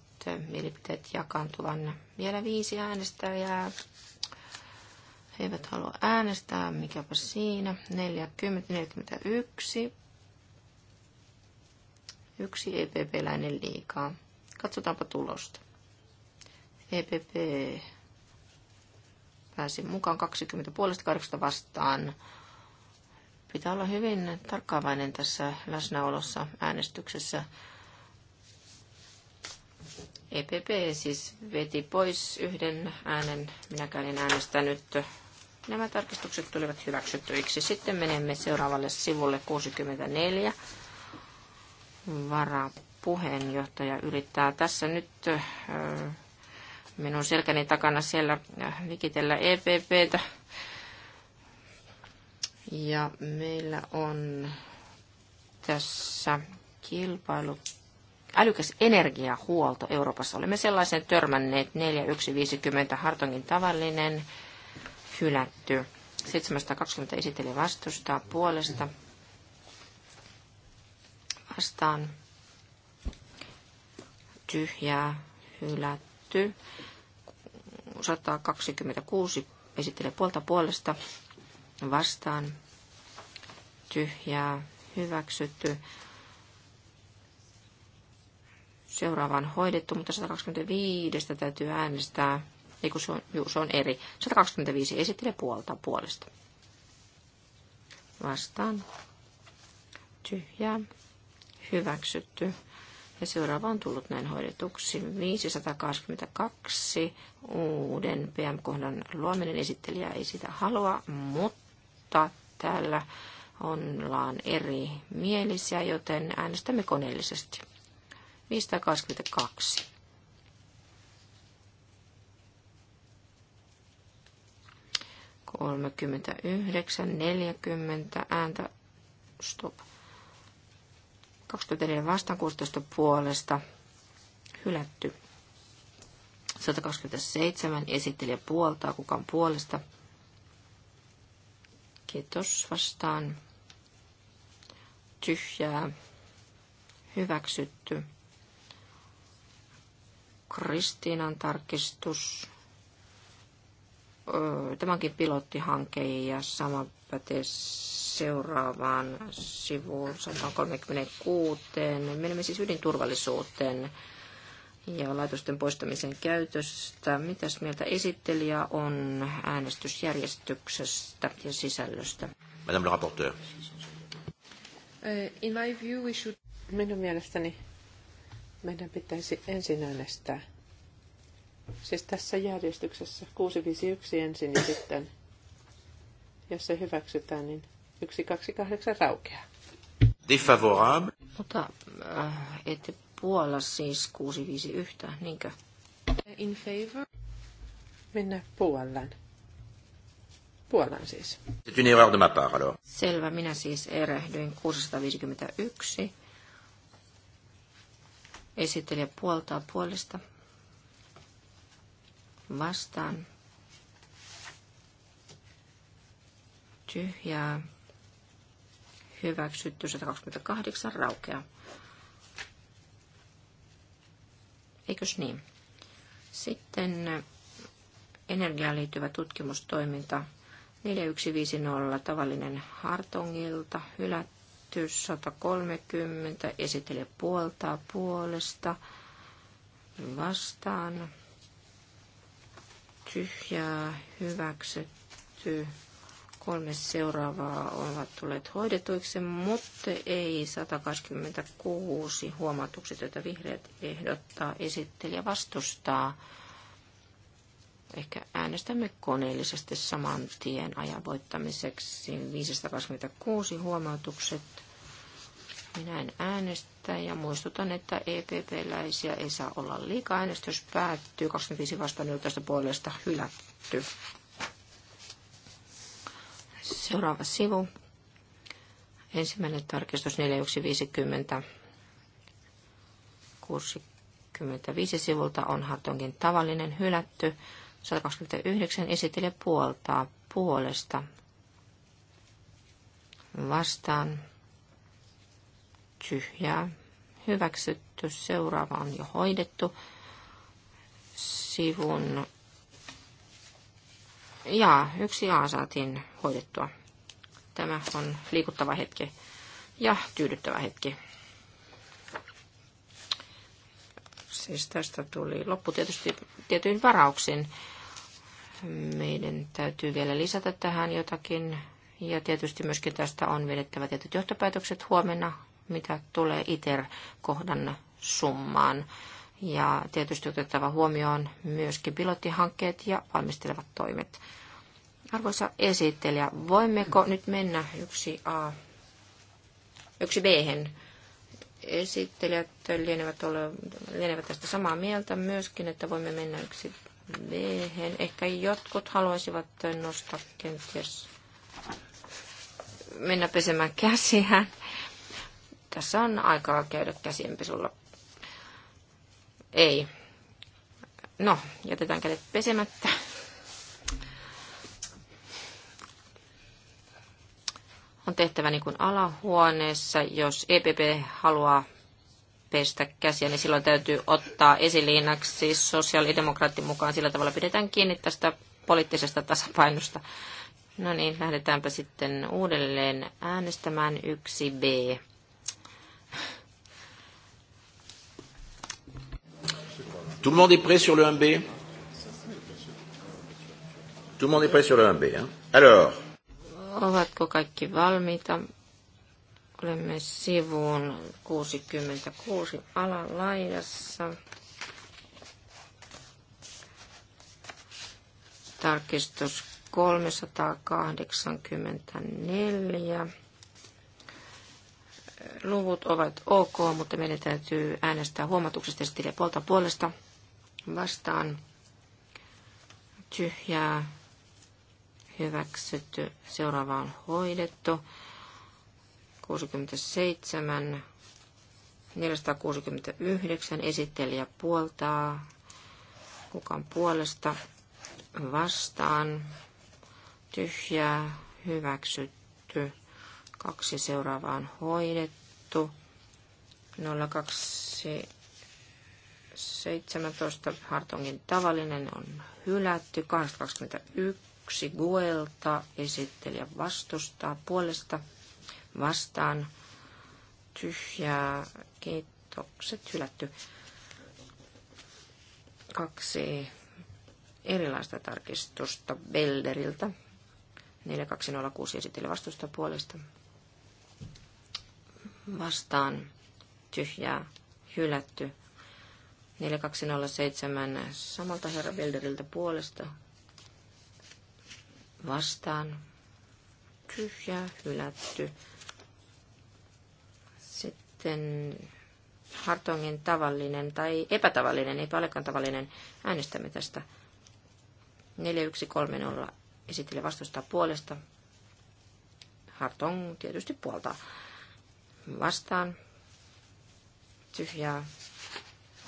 mielipiteet jakaantuvan. Vielä viisi äänestäjää. He eivät halua äänestää, mikäpä siinä. 40, 41. Yksi EPP-läinen liikaa. Katsotaanpa tulosta. EPP pääsi mukaan 20 puolesta 80 vastaan. Pitää olla hyvin tarkkaavainen tässä läsnäolossa äänestyksessä. EPP siis veti pois yhden äänen. Minäkään en äänestänyt. Nämä tarkistukset tulivat hyväksyttyiksi. Sitten menemme seuraavalle sivulle 64. Varapuheenjohtaja yrittää tässä nyt minun selkäni takana siellä vikitellä äh, EPPtä. Ja meillä on tässä kilpailu älykäs energiahuolto Euroopassa. Olemme sellaisen törmänneet 4150 Hartongin tavallinen hylätty. 720 esiteli vastustaa puolesta vastaan tyhjää hylätty. 126 esittelee puolta puolesta vastaan tyhjää hyväksytty. Seuraavaan hoidettu, mutta 125 täytyy äänestää. Ei kun se on, juu, se on eri. 125 esittelee puolta puolesta. Vastaan. Tyhjää. Hyväksytty. Ja seuraava on tullut näin hoidetuksi. 582 uuden PM-kohdan luominen esittelijä ei sitä halua, mutta täällä ollaan eri mielisiä, joten äänestämme koneellisesti. 522. Kolmekymmentä yhdeksän, neljäkymmentä ääntä, stop, 24 vastaan 16 puolesta hylätty. 127 esittelijä puoltaa, kukaan puolesta. Kiitos vastaan. Tyhjää. Hyväksytty. Kristiinan tarkistus tämä onkin pilottihanke ja sama pätee seuraavaan sivuun 136. Menemme siis ydinturvallisuuteen ja laitosten poistamisen käytöstä. Mitäs mieltä esittelijä on äänestysjärjestyksestä ja sisällöstä? Madame le rapporteur. Uh, in my view we should... Minun mielestäni meidän pitäisi ensin äänestää Siis tässä järjestyksessä 651 ensin ja sitten, jos se hyväksytään, niin 128 raukeaa. Défavorable. Mutta äh, ette puolla siis 651, niinkö? In favor. Minä puolan. Puolan siis. C'est une erreur de ma part, alors. Selvä, minä siis erehdyin 651. Esittelijä puoltaa puolesta vastaan. Tyhjää. Hyväksytty 128 raukea. Eikös niin? Sitten energiaan liittyvä tutkimustoiminta 4150 tavallinen Hartongilta hylätty 130 esittelijä puolta puolesta vastaan tyhjää hyväksytty. Kolme seuraavaa ovat tulleet hoidetuiksi, mutta ei 126 huomautukset, joita vihreät ehdottaa esittelijä vastustaa. Ehkä äänestämme koneellisesti saman tien ajan voittamiseksi. 526 huomautukset minä en äänestä ja muistutan, että EPP-läisiä ei saa olla liikaa. Äänestys päättyy 25 vastaan 14 puolesta hylätty. Seuraava sivu. Ensimmäinen tarkistus 4150. 65 sivulta on Hartonkin tavallinen hylätty. 129 esitille puoltaa puolesta vastaan tyhjää hyväksytty. Seuraava on jo hoidettu. Sivun ja yksi A saatiin hoidettua. Tämä on liikuttava hetki ja tyydyttävä hetki. Siis tästä tuli loppu tietysti tietyin varauksin. Meidän täytyy vielä lisätä tähän jotakin. Ja tietysti myöskin tästä on vedettävä tietyt johtopäätökset huomenna mitä tulee ITER-kohdan summaan. Ja tietysti otettava huomioon myöskin pilottihankkeet ja valmistelevat toimet. Arvoisa esittelijä, voimmeko nyt mennä yksi A, yksi b -hen? Esittelijät lienevät, ole, lienevät tästä samaa mieltä myöskin, että voimme mennä yksi b -hen. Ehkä jotkut haluaisivat nostaa kenties mennä pesemään käsiään. Tässä on aikaa käydä käsienpesulla. Ei. No, jätetään kädet pesemättä. On tehtävä niin kuin alahuoneessa. Jos EPP haluaa pestä käsiä, niin silloin täytyy ottaa esiliinaksi sosiaalidemokraatti mukaan. Sillä tavalla pidetään kiinni tästä poliittisesta tasapainosta. No niin, lähdetäänpä sitten uudelleen äänestämään 1b. Tout le monde est prêt sur le 1B Tout le monde est prêt sur le 1B. Hein? Alors. Ovatko kaikki valmiita? Olemme sivuun 66 alalaidassa. Tarkistus 384. Luvut ovat ok, mutta meidän täytyy äänestää huomatuksesta ja puolta puolesta vastaan tyhjää hyväksytty. Seuraava on hoidettu. 67, 469 esittelijä puoltaa. kukaan puolesta vastaan tyhjää hyväksytty. Kaksi seuraavaan hoidettu. 02 17 Hartongin tavallinen on hylätty. 21 Guelta esittelijä vastustaa puolesta vastaan. Tyhjää. Kiitokset. Hylätty. Kaksi erilaista tarkistusta Belderiltä. 4206 esittelijä vastustaa puolesta vastaan. Tyhjää. Hylätty. 4207 samalta herra Bilderiltä puolesta vastaan. Tyhjä, hylätty. Sitten Hartongin tavallinen tai epätavallinen, ei olekaan tavallinen, äänestämme tästä. 4130 esittelee vastustaa puolesta. Hartong tietysti puolta vastaan. Tyhjää,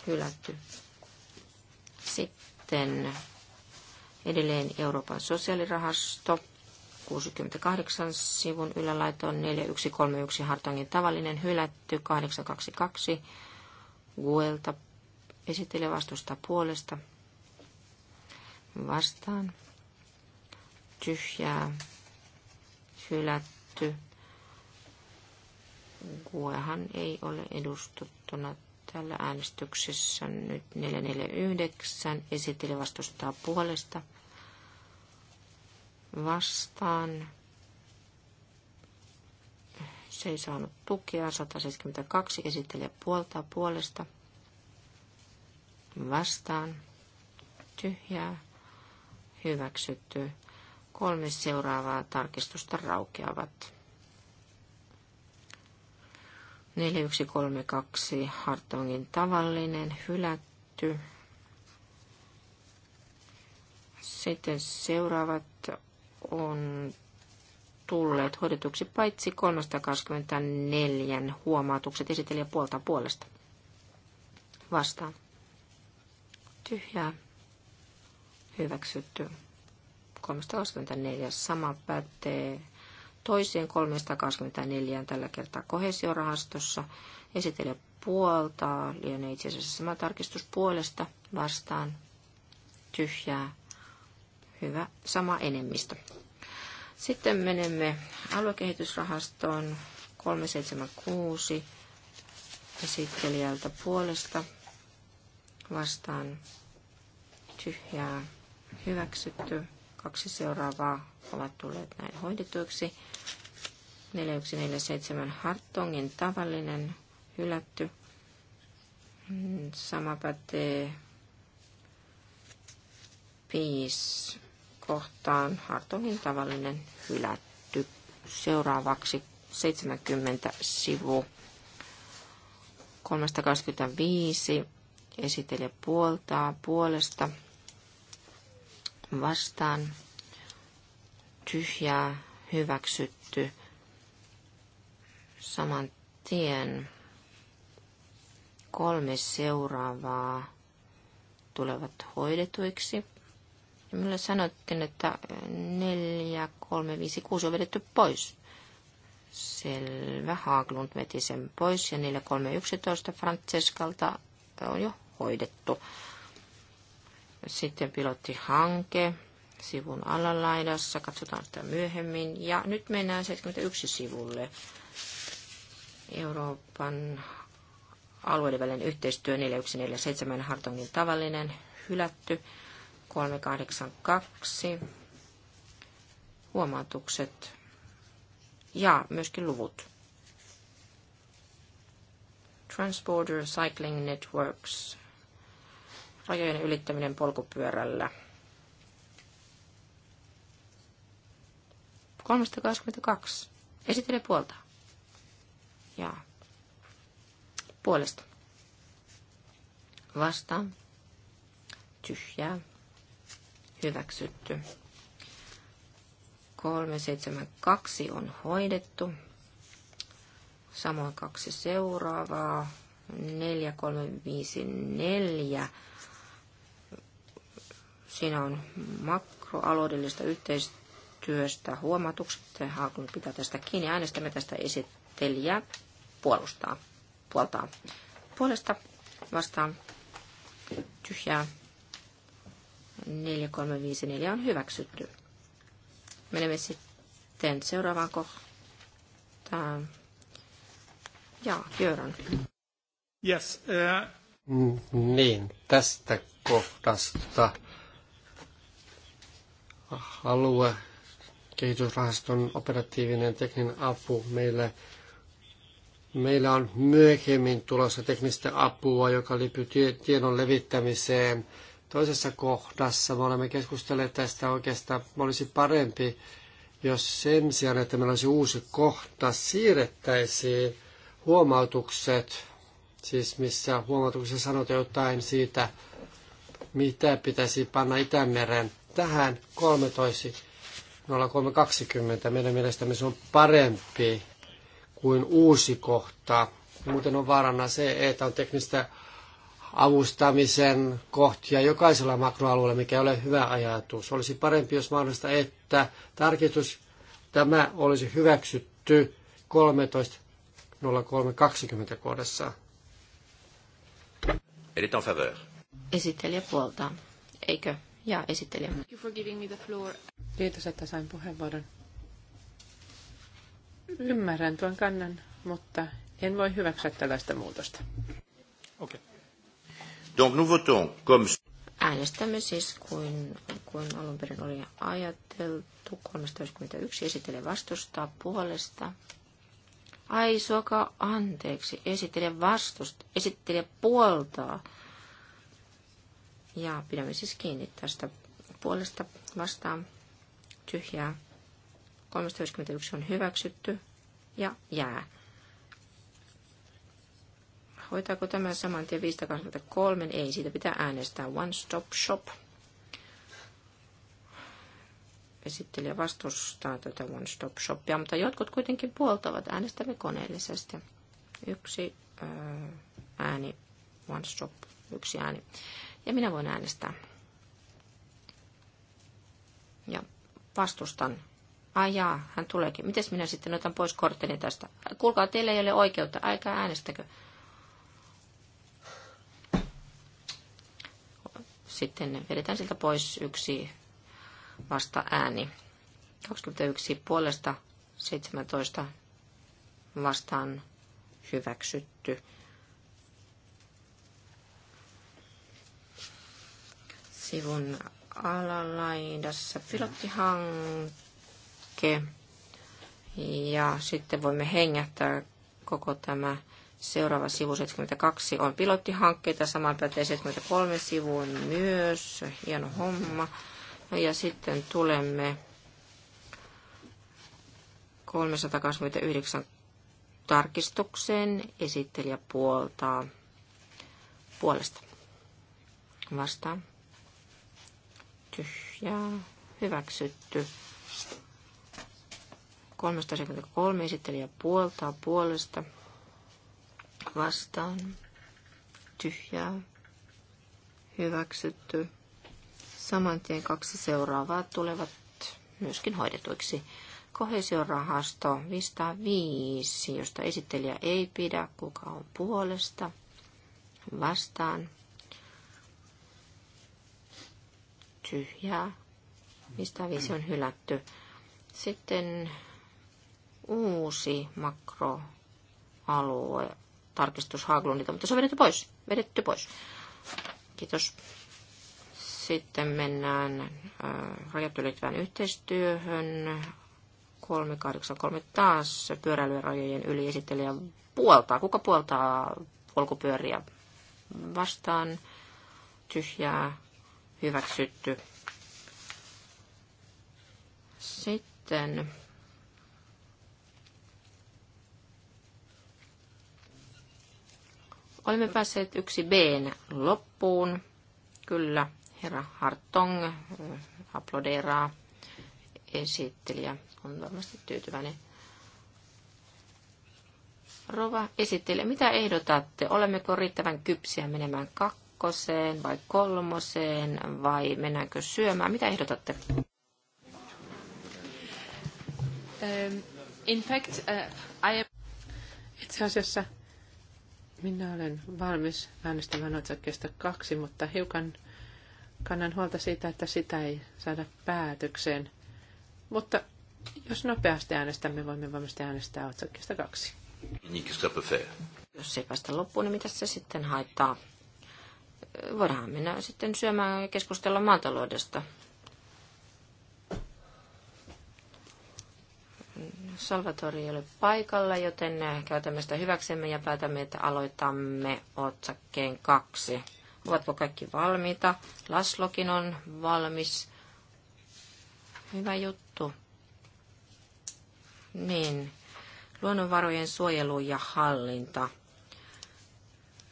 hylätty. Sitten edelleen Euroopan sosiaalirahasto, 68 sivun ylälaitoon 4131 Hartongin tavallinen hylätty, 822 Guelta esittele vastusta puolesta vastaan. Tyhjää, hylätty. Guehan ei ole edustettuna Tällä äänestyksessä nyt 449 esitteli vastustaa puolesta. Vastaan. Se ei saanut tukea. 172 esitteli puoltaa puolesta. Vastaan. Tyhjää. Hyväksytty. Kolme seuraavaa tarkistusta raukeavat. 4132 Hartongin tavallinen hylätty. Sitten seuraavat on tulleet hoidetuksi paitsi 324 huomautukset esitelijä puolta puolesta. Vastaan. Tyhjää. Hyväksytty. 324. Sama pätee toiseen 324 tällä kertaa kohesiorahastossa. Esitelle puolta lienee itse asiassa sama tarkistus puolesta vastaan, tyhjää, hyvä, sama enemmistö. Sitten menemme aluekehitysrahastoon 376 esittelijältä puolesta vastaan tyhjää hyväksytty. Kaksi seuraavaa ovat tulleet näin hoidetuiksi. 4147 hartongin tavallinen hylätty. Sama pätee piis kohtaan Hartongin tavallinen hylätty. Seuraavaksi 70 sivu 325 esitelijä puoltaa puolesta vastaan tyhjää hyväksytty saman tien. Kolme seuraavaa tulevat hoidetuiksi. Ja minulle sanottiin, että neljä, kolme, viisi, kuusi on vedetty pois. Selvä. Haaglund veti sen pois ja 4, kolme yksitoista Franceskalta on jo hoidettu. Sitten pilottihanke sivun alalaidassa, katsotaan sitä myöhemmin. Ja nyt mennään 71 sivulle. Euroopan alueiden välinen yhteistyö 4147 Hartongin tavallinen, hylätty, 382, huomautukset ja myöskin luvut. Transborder Cycling Networks, rajojen ylittäminen polkupyörällä. 322. Esittele puolta ja puolesta. vasta tyhjää hyväksytty. 372 on hoidettu. Samoin kaksi seuraavaa. 4354. Siinä on makroaloudellista yhteistyöstä huomatukset. Haakun pitää tästä kiinni. Äänestämme tästä esittelijää puolustaa, puoltaa puolesta vastaan tyhjää. 4354 on hyväksytty. Menemme sitten seuraavaan kohtaan. Ja, Jöran. Yes, uh... Niin, tästä kohdasta halua kehitysrahaston operatiivinen tekninen apu meille Meillä on myöhemmin tulossa teknistä apua, joka liittyy tiedon levittämiseen. Toisessa kohdassa me olemme keskustelleet tästä oikeastaan, olisi parempi, jos sen sijaan, että meillä olisi uusi kohta, siirrettäisiin huomautukset, siis missä huomautuksessa sanotaan jotain siitä, mitä pitäisi panna Itämeren tähän 13.03.20. Meidän mielestämme se on parempi kuin uusi kohta. Muuten on vaarana se, että on teknistä avustamisen kohtia jokaisella makroalueella, mikä ei ole hyvä ajatus. Olisi parempi, jos mahdollista, että tarkistus tämä olisi hyväksytty 13.03.20 kohdassa. Esittelijä puoltaa, eikö? Ja esittelijä. Kiitos, että sain puheenvuoron. Ymmärrän tuon kannan, mutta en voi hyväksyä tällaista muutosta. Okay. Donc nous votons comme... Äänestämme siis kuin, kuin alun perin oli ajateltu. 31 esittelee vastustaa puolesta. Ai suoka anteeksi. esittelee vastusta, esittelee puoltaa. Ja pidämme siis kiinni tästä puolesta vastaan tyhjää 391 on hyväksytty ja jää. Hoitaako tämä saman tien 523? Ei, siitä pitää äänestää One Stop Shop. Esittelijä vastustaa tätä One Stop Shopia, mutta jotkut kuitenkin puoltavat. Äänestämme koneellisesti. Yksi ää, äh, ääni, One Stop, yksi ääni. Ja minä voin äänestää. Ja vastustan Ai jaa, hän tuleekin. Mites minä sitten otan pois kortteni tästä? Kuulkaa, teillä ei ole oikeutta, älkää äänestäkö. Sitten vedetään siltä pois yksi vasta ääni. 21 puolesta 17 vastaan hyväksytty. Sivun alalaidassa pilottihanke iskee. Ja sitten voimme hengättää koko tämä seuraava sivu 72 on pilottihankkeita, saman pätee 73 sivuun myös, hieno homma. Ja sitten tulemme 329 tarkistukseen esittelijä puoltaa puolesta. Vastaan. Tyhjää. Hyväksytty. 373 esittelijä puoltaa puolesta vastaan. Tyhjää. Hyväksytty. Samantien kaksi seuraavaa tulevat myöskin hoidetuiksi. Kohesiorahasto 505, josta esittelijä ei pidä, kuka on puolesta, vastaan, tyhjää, 505 on hylätty. Sitten uusi makroalue, tarkistus Haglundilta, mutta se on vedetty pois. Vedetty pois. Kiitos. Sitten mennään äh, rajat ylittävään yhteistyöhön. 383 taas pyöräilyrajojen yli esittelijä puoltaa. Kuka puoltaa polkupyöriä vastaan? Tyhjää, hyväksytty. Sitten Olemme päässeet yksi b loppuun. Kyllä, herra Hartong eh, aplodeeraa. Esittelijä on varmasti tyytyväinen. Rova esittelijä, mitä ehdotatte? Olemmeko riittävän kypsiä menemään kakkoseen vai kolmoseen vai mennäänkö syömään? Mitä ehdotatte? Um, in fact, uh, I am... Itse asiassa minä olen valmis äänestämään otsakkeesta kaksi, mutta hiukan kannan huolta siitä, että sitä ei saada päätökseen. Mutta jos nopeasti äänestämme, voimme varmasti äänestää otsakkeesta kaksi. Niin, jos ei päästä loppuun, niin mitä se sitten haittaa? Voidaan mennä sitten syömään ja keskustella maataloudesta. Salvatori ei ole paikalla, joten käytämme sitä hyväksemme ja päätämme, että aloitamme otsakkeen kaksi. Ovatko kaikki valmiita? Laslokin on valmis. Hyvä juttu. Niin. Luonnonvarojen suojelu ja hallinta.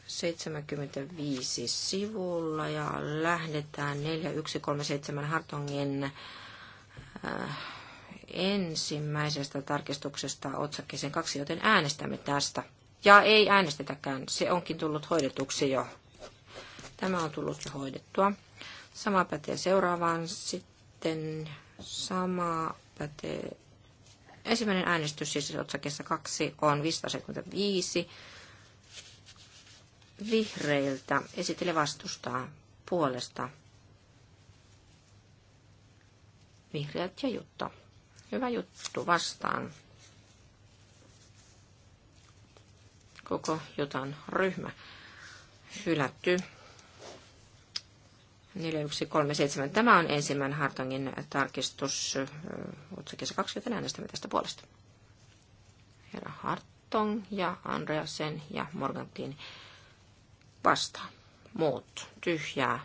75 sivulla ja lähdetään 4137 Hartongin äh, ensimmäisestä tarkistuksesta otsakkeeseen kaksi, joten äänestämme tästä. Ja ei äänestetäkään, se onkin tullut hoidetuksi jo. Tämä on tullut jo hoidettua. Sama pätee seuraavaan. Sitten sama pätee. Ensimmäinen äänestys siis otsakkeessa kaksi on 575 vihreiltä. Esitele vastustaa puolesta. Vihreät ja Jutta. Hyvä juttu vastaan. Koko jotain ryhmä hylätty. 4137. Tämä on ensimmäinen Hartongin tarkistus. Otsikissa 20 äänestämme tästä puolesta. Herra Hartong ja Andreasen ja Morgantin vastaan. Muut tyhjää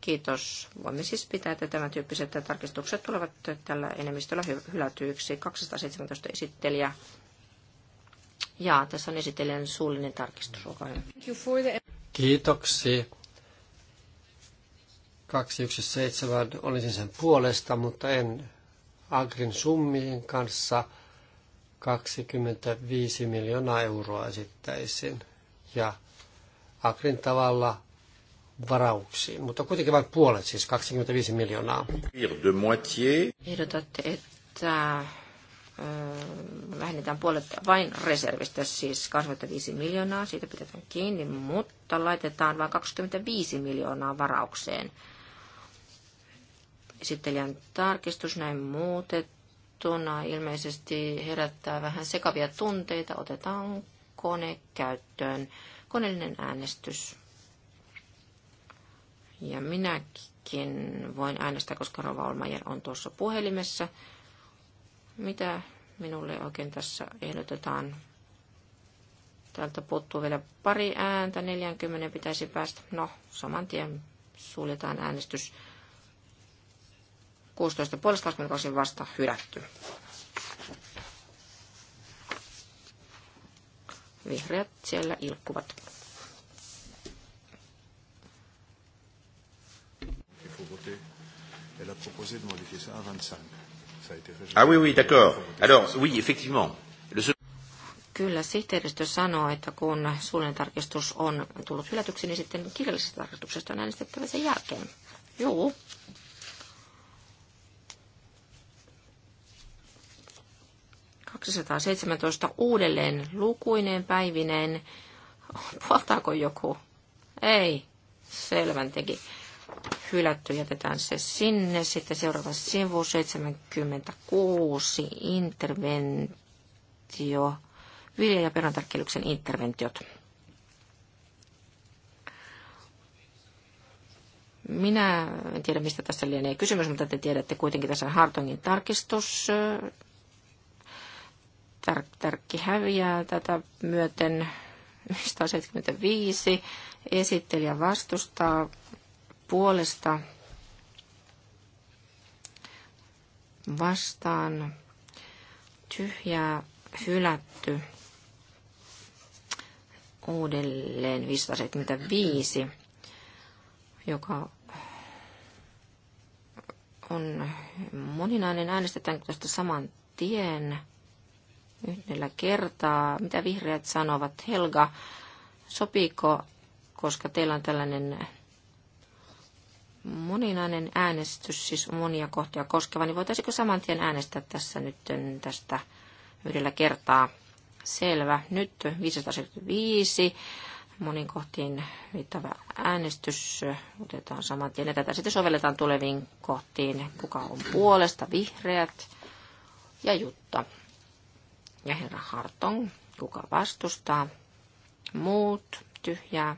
Kiitos. Voimme siis pitää, että tämän tyyppiset tarkistukset tulevat tällä enemmistöllä hylätyiksi. 217 esittelijä. Ja tässä on esittelijän suullinen tarkistus. Kiitoksia. 217 olisin sen puolesta, mutta en Agrin summiin kanssa 25 miljoonaa euroa esittäisin. Ja Agrin tavalla varauksiin, mutta kuitenkin vain puolet, siis 25 miljoonaa. Ehdotatte, että vähennetään puolet vain reservistä, siis 25 miljoonaa, siitä pidetään kiinni, mutta laitetaan vain 25 miljoonaa varaukseen. Esittelijän tarkistus näin muutettuna ilmeisesti herättää vähän sekavia tunteita. Otetaan kone käyttöön. Koneellinen äänestys. Ja minäkin voin äänestää, koska Rova Olmajer on tuossa puhelimessa. Mitä minulle oikein tässä ehdotetaan? Täältä puuttuu vielä pari ääntä, 40 pitäisi päästä. No, saman tien suljetaan äänestys. 16.5.22 vasta hylätty. Vihreät siellä ilkkuvat. Elle a proposé de modifier ça à 25. Ça a été rejeté. Ah oui, oui, d'accord. Alors, oui, effectivement. Le... Kyllä, sihteeristö sanoo, että kun suullinen tarkistus on tullut hylätyksi, niin sitten kirjallisesta tarkistuksesta on äänestettävä sen jälkeen. Joo. uudelleen lukuineen päivineen. Puoltaako joku? Ei. Selvän teki hylätty, jätetään se sinne. Sitten seuraava sivu, 76, interventio, vilja- ja peruntarkkelyksen interventiot. Minä en tiedä, mistä tässä lienee kysymys, mutta te tiedätte kuitenkin tässä Hartongin tarkistus. Tär, tärkki häviää tätä myöten 175. Esittelijä vastustaa puolesta vastaan tyhjää hylätty uudelleen 575, joka on moninainen. Äänestetäänkö tästä saman tien yhdellä kertaa? Mitä vihreät sanovat? Helga, sopiiko, koska teillä on tällainen moninainen äänestys, siis monia kohtia koskeva, niin voitaisiko saman tien äänestää tässä nyt tästä yhdellä kertaa? Selvä. Nyt 575 monin kohtiin viittava äänestys otetaan saman tien. tätä sitten sovelletaan tuleviin kohtiin, kuka on puolesta, vihreät ja Jutta. Ja herra Hartong, kuka vastustaa, muut, tyhjää,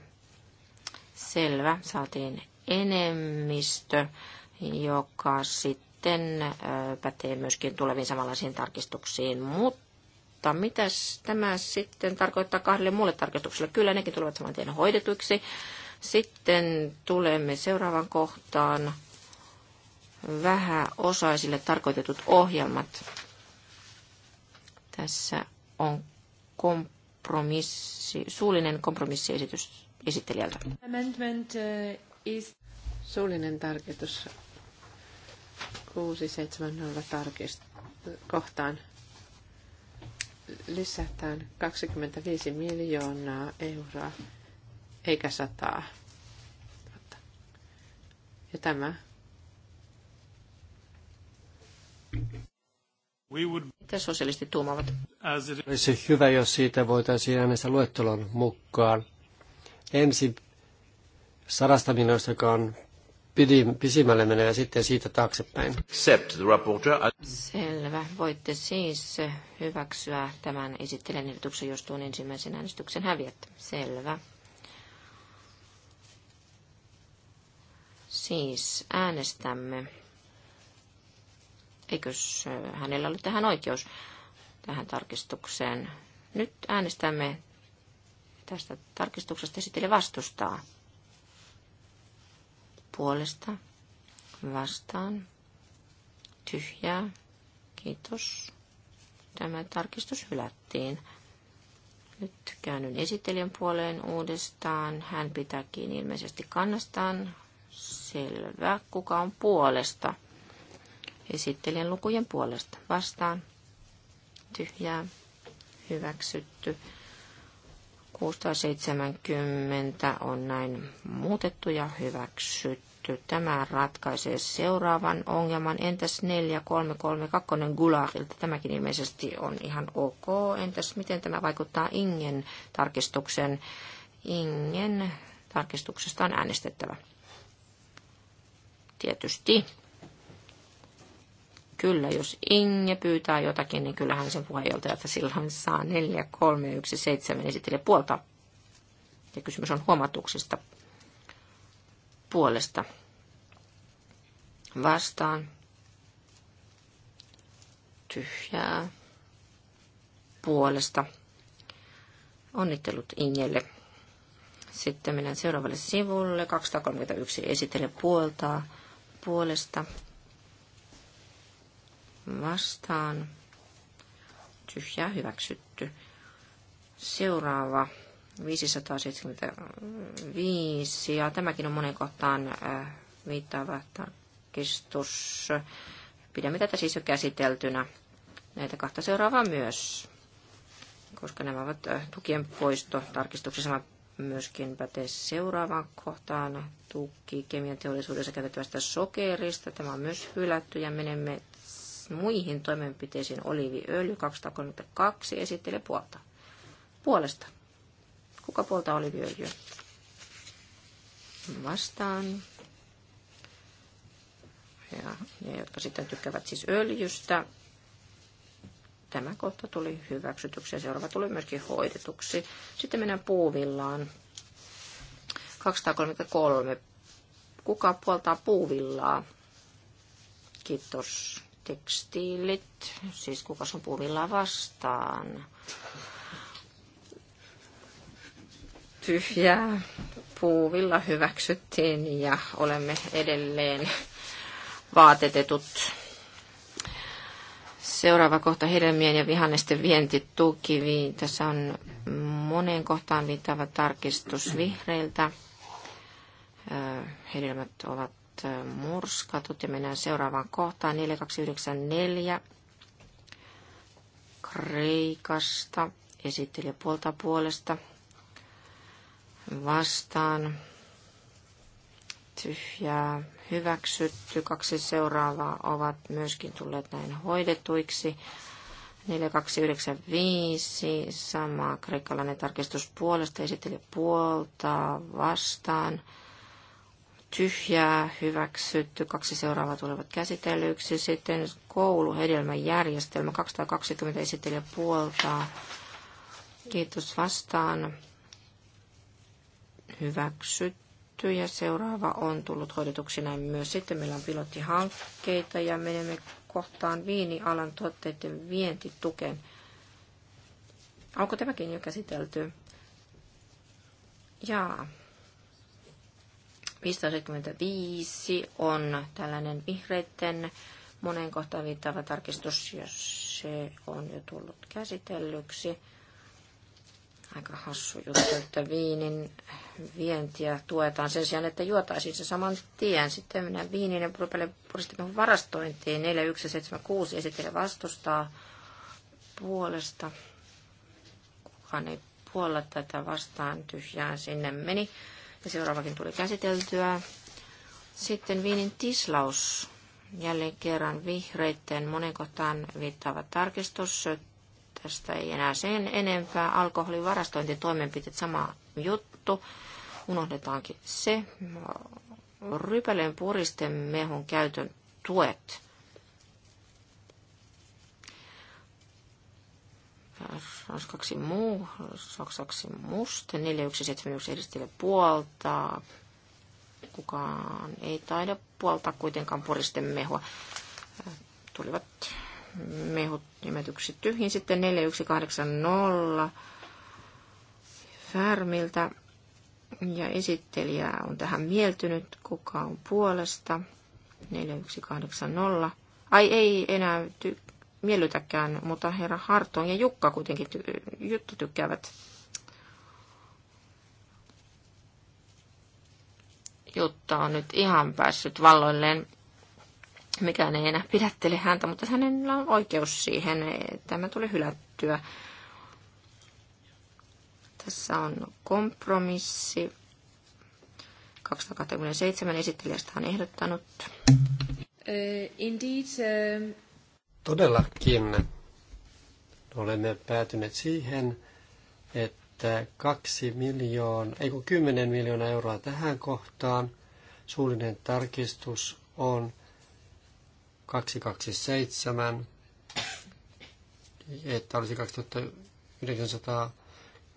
selvä, saatiin enemmistö, joka sitten pätee myöskin tuleviin samanlaisiin tarkistuksiin, mutta mitä tämä sitten tarkoittaa kahdelle muulle tarkistukselle? Kyllä nekin tulevat saman tien hoidetuiksi. Sitten tulemme seuraavan kohtaan. Vähäosaisille tarkoitetut ohjelmat. Tässä on kompromissi, suullinen kompromissiesitys esittelijältä. Amendment is... Suullinen tarkistus 670 tarkist kohtaan lisätään 25 miljoonaa euroa, eikä sataa. Ja tämä Mitä sosialistit tuumavat? Olisi hyvä, jos siitä voitaisiin äänestä luettelon mukaan. Ensin sadasta miljoonasta, joka on pisimmälle menee ja sitten siitä taaksepäin. Selvä. Voitte siis hyväksyä tämän esittelen ehdotuksen, jos tuon ensimmäisen äänestyksen häviät. Selvä. Siis äänestämme. Eikös äh, hänellä ole tähän oikeus tähän tarkistukseen? Nyt äänestämme tästä tarkistuksesta esitelle vastustaa puolesta vastaan tyhjää. Kiitos. Tämä tarkistus hylättiin. Nyt käännyn esittelijän puoleen uudestaan. Hän pitääkin ilmeisesti kannastaan. Selvä. Kuka on puolesta? Esittelijän lukujen puolesta. Vastaan. Tyhjää. Hyväksytty. 670 on näin muutettu ja hyväksytty. Tämä ratkaisee seuraavan ongelman. Entäs 4332 Gulagilta? Tämäkin ilmeisesti on ihan ok. Entäs miten tämä vaikuttaa Ingen tarkistuksen? Ingen tarkistuksesta on äänestettävä. Tietysti. Kyllä, jos Inge pyytää jotakin, niin kyllähän sen puheenjohtajalta silloin saa 4, 3, 1, 7 esittelee puolta. Ja kysymys on huomatuksista puolesta vastaan. Tyhjää puolesta. Onnittelut Ingelle. Sitten mennään seuraavalle sivulle. 231 esittele puolta puolesta vastaan. Tyhjää hyväksytty. Seuraava 575. Ja tämäkin on monen kohtaan äh, viittaava tarkistus. Pidämme tätä siis jo käsiteltynä. Näitä kahta seuraavaa myös, koska nämä ovat äh, tukien poisto tarkistuksessa myöskin pätee seuraavaan kohtaan. Tukki kemian teollisuudessa käytettävästä sokerista. Tämä on myös hylätty ja menemme muihin toimenpiteisiin oliiviöljy 232 esittelee puolta. Puolesta. Kuka puolta oliiviöljyä? Vastaan. Ja ne, jotka sitten tykkävät siis öljystä, tämä kohta tuli hyväksytyksi ja seuraava tuli myöskin hoidetuksi. Sitten mennään puuvillaan. 233. Kuka puoltaa puuvillaa? Kiitos tekstiilit, siis kuka on puuvilla vastaan. Tyhjää puuvilla hyväksyttiin ja olemme edelleen vaatetetut. Seuraava kohta hedelmien ja vihannesten vientituki. Tässä on moneen kohtaan viittaava tarkistus vihreiltä. Hedelmät ovat murskatut ja mennään seuraavaan kohtaan 4294 Kreikasta esitteli puolta puolesta vastaan tyhjää hyväksytty. Kaksi seuraavaa ovat myöskin tulleet näin hoidetuiksi. 4295, sama kreikkalainen tarkistus puolesta, esitteli puolta vastaan, tyhjää hyväksytty, kaksi seuraavaa tulevat käsitellyksi. Sitten kouluhedelmän järjestelmä 220 esittelijä puoltaa. Kiitos vastaan. Hyväksytty ja seuraava on tullut hoidetuksi näin myös. Sitten meillä on pilottihankkeita ja menemme kohtaan viinialan tuotteiden vientitukeen. Onko tämäkin jo käsitelty? Jaa. 575 on tällainen vihreiden monen kohtaan viittaava tarkistus, jos se on jo tullut käsitellyksi. Aika hassu juttu, että viinin vientiä tuetaan sen sijaan, että juotaisiin se saman tien. Sitten mennään viinin ja puristamme varastointiin. 4176 esittelee vastustaa puolesta. Kukaan ei puolla tätä vastaan tyhjään sinne meni ja seuraavakin tuli käsiteltyä. Sitten Viinin tislaus. Jälleen kerran vihreitten monen kohtaan viittaava tarkistus. Tästä ei enää sen enempää. Alkoholin varastointitoimenpiteet sama juttu. Unohdetaankin se. Rypäleen puristen mehun käytön tuet Ranskaksi muu, saksaksi musta, 4171 edistille puoltaa. Kukaan ei taida puoltaa kuitenkaan poristen mehua. Tulivat mehut nimetyksi tyhjin. Sitten 4180 Färmiltä. Ja esittelijä on tähän mieltynyt, kuka on puolesta. 4180. Ai ei enää ty- miellytäkään, mutta herra Harton ja Jukka kuitenkin ty- juttu tykkäävät. Jutta on nyt ihan päässyt valloilleen. Mikään ei enää pidättele häntä, mutta hänellä on oikeus siihen. että Tämä tuli hylättyä. Tässä on kompromissi. 227 esittelijästä on ehdottanut. Uh, indeed, uh... Todellakin olemme päätyneet siihen, että kaksi miljoonaa, ei kun 10 miljoonaa euroa tähän kohtaan. Suullinen tarkistus on 227, että olisi 2900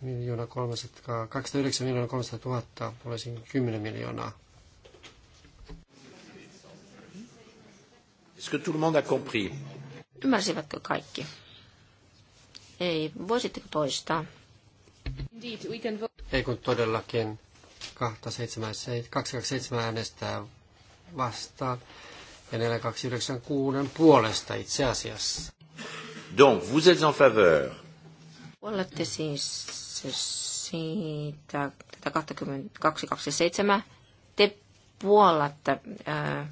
miljoonaa 300, 209 miljoonaa 300 000, olisi 10 miljoonaa. Est-ce que tout le monde a compris? Ymmärsivätkö kaikki? Ei. Voisitteko toistaa? Indeed, we can vote. Ei kun todellakin 27 äänestää vastaan ja 4296 puolesta itse asiassa. Donc, vous êtes en faveur. Olette siis siitä tätä 20, 227. Te puolatte äh,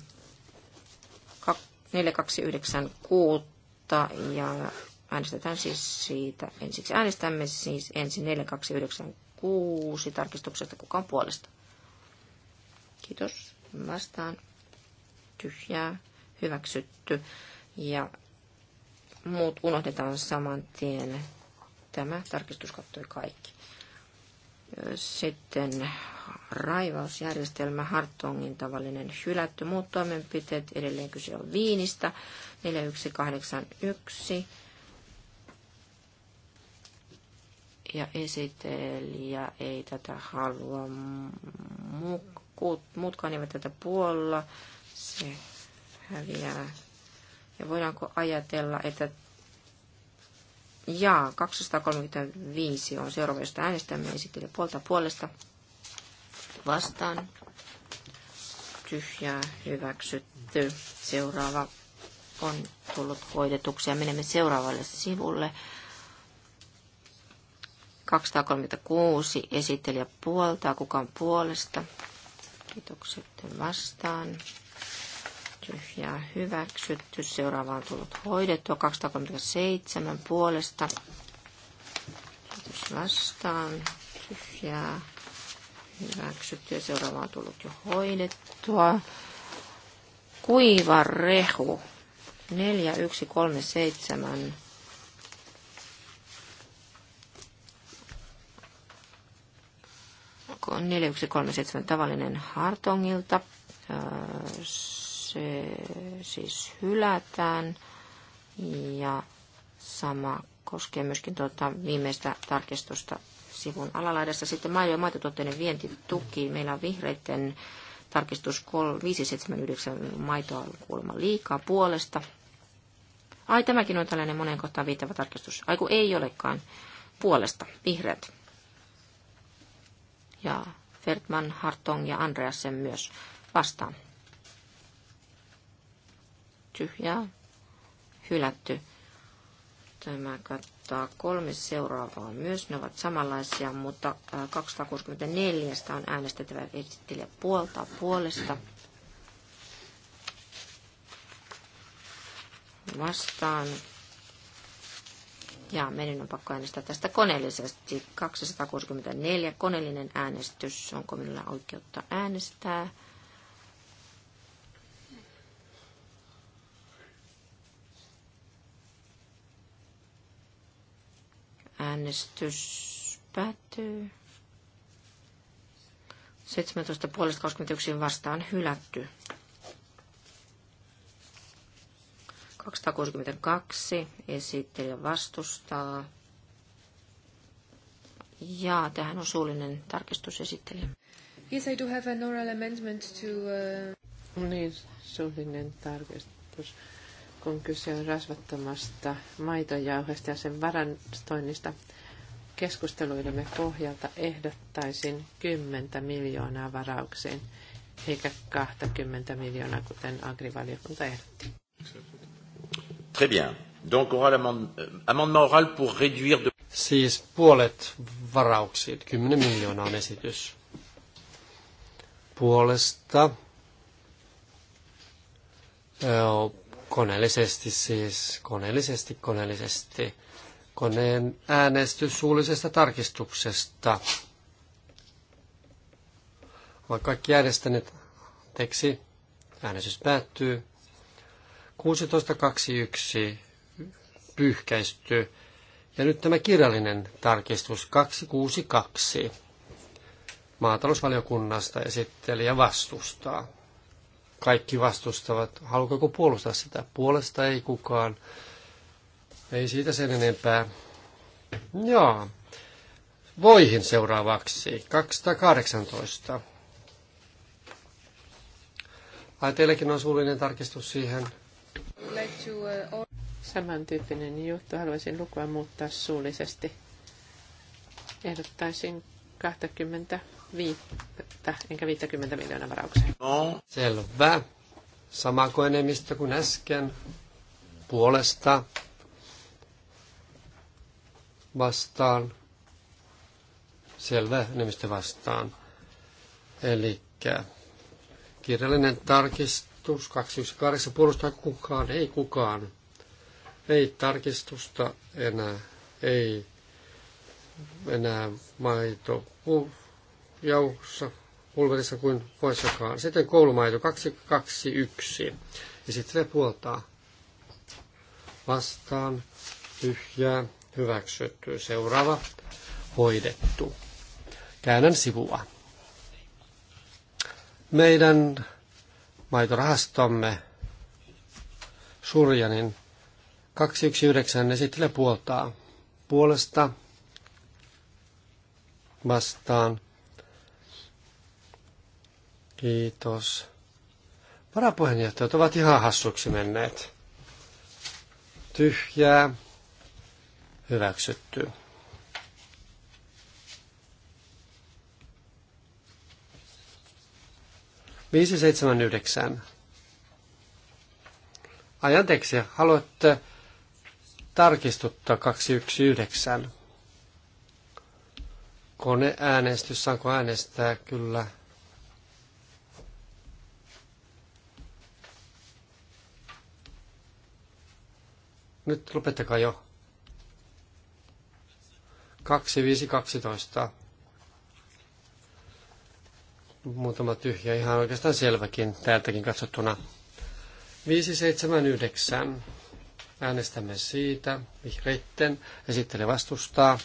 4296 puolesta ja äänestetään siis siitä. Ensiksi äänestämme siis ensin 4296 tarkistuksesta kukaan puolesta. Kiitos. Vastaan. Tyhjää. Hyväksytty. Ja muut unohdetaan saman tien. Tämä tarkistus kattoi kaikki. Sitten raivausjärjestelmä, Hartongin tavallinen hylätty, muut toimenpiteet, edelleen kyse on viinistä, 4181. Ja esittelijä ei tätä halua, muutkaan eivät tätä puolla, se häviää. Ja voidaanko ajatella, että jaa, 235 on seuraava, josta äänestämme esittelijä puolta puolesta vastaan tyhjää hyväksytty. Seuraava on tullut hoidetuksi ja menemme seuraavalle sivulle. 236 esittelijä puoltaa, kukaan puolesta. Kiitokset vastaan. Tyhjää hyväksytty. Seuraava on tullut hoidettua. 237 puolesta. Kiitos vastaan. Tyhjää hyväksytty ja seuraava on tullut jo hoidettua. Kuiva rehu 4137. Neljä yksi kolme seitsemän tavallinen Hartongilta. Öö, se siis hylätään. Ja sama koskee myöskin tuota viimeistä tarkistusta sivun alalaidassa. Sitten maa- ja maitotuotteiden vientituki. Meillä on vihreiden tarkistus 579 maitoa kuulemma liikaa puolesta. Ai, tämäkin on tällainen monen kohtaan viittävä tarkistus. kun ei olekaan. Puolesta. Vihreät. Ja Fertman, Hartong ja sen myös vastaan. Tyhjää. Hylätty. Tämä kattaa kolme seuraavaa myös. Ne ovat samanlaisia, mutta 264 on äänestettävä esittelijä puolta puolesta. Vastaan. Ja meidän on pakko äänestää tästä koneellisesti. 264 koneellinen äänestys. Onko minulla oikeutta äänestää? Äänestys päättyy. 17 puolesta 21 vastaan hylätty. 262 esittelijä vastustaa. Ja tähän on suullinen tarkistus esittelijä. Yes, I do have an oral amendment to... Uh... Niin, suullinen tarkistus kun kyse on rasvattomasta maitojauhesta ja sen varastoinnista. Keskusteluidemme pohjalta ehdottaisin 10 miljoonaa varaukseen, eikä 20 miljoonaa, kuten agrivaliokunta ehdotti. Très bien. Donc oral euh, amendement oral pour réduire de... Siis puolet varauksiin, 10 miljoonaa on esitys. Puolesta. Joo Koneellisesti siis, koneellisesti, koneellisesti. Koneen äänestys suullisesta tarkistuksesta. Ovat kaikki äänestäneet. Teksi. Äänestys päättyy. 16.21 pyyhkäisty. Ja nyt tämä kirjallinen tarkistus 262 maatalousvaliokunnasta ja vastustaa kaikki vastustavat. Haluatko joku puolustaa sitä? Puolesta ei kukaan. Ei siitä sen enempää. Joo. Voihin seuraavaksi. 218. Ai teilläkin on suullinen tarkistus siihen. Samantyyppinen juttu. Haluaisin lukua muuttaa suullisesti. Ehdottaisin 20 viittä, enkä 50 miljoonaa varaukseen. No. Selvä. Sama kuin enemmistö kuin äsken. Puolesta vastaan. Selvä enemmistö vastaan. Eli kirjallinen tarkistus 218 puolustaa kukaan, ei kukaan. Ei tarkistusta enää, ei enää maito jauhossa, pulverissa kuin poissakaan. Sitten koulumaito 221. Ja sitten se puoltaa vastaan tyhjää hyväksytty. Seuraava hoidettu. Käännän sivua. Meidän maitorahastomme Surjanin 219 esittelee puoltaa puolesta vastaan Kiitos. Varapuheenjohtajat ovat ihan hassuksi menneet. Tyhjää. Hyväksytty. Viisi seitsemän yhdeksän. Ajanteeksi, haluatte tarkistuttaa 219. Koneäänestys, saanko äänestää? Kyllä. Nyt lopettakaa jo. 2512. Muutama tyhjä, ihan oikeastaan selväkin täältäkin katsottuna. 579. Äänestämme siitä. Vihreitten esittelee vastustaa.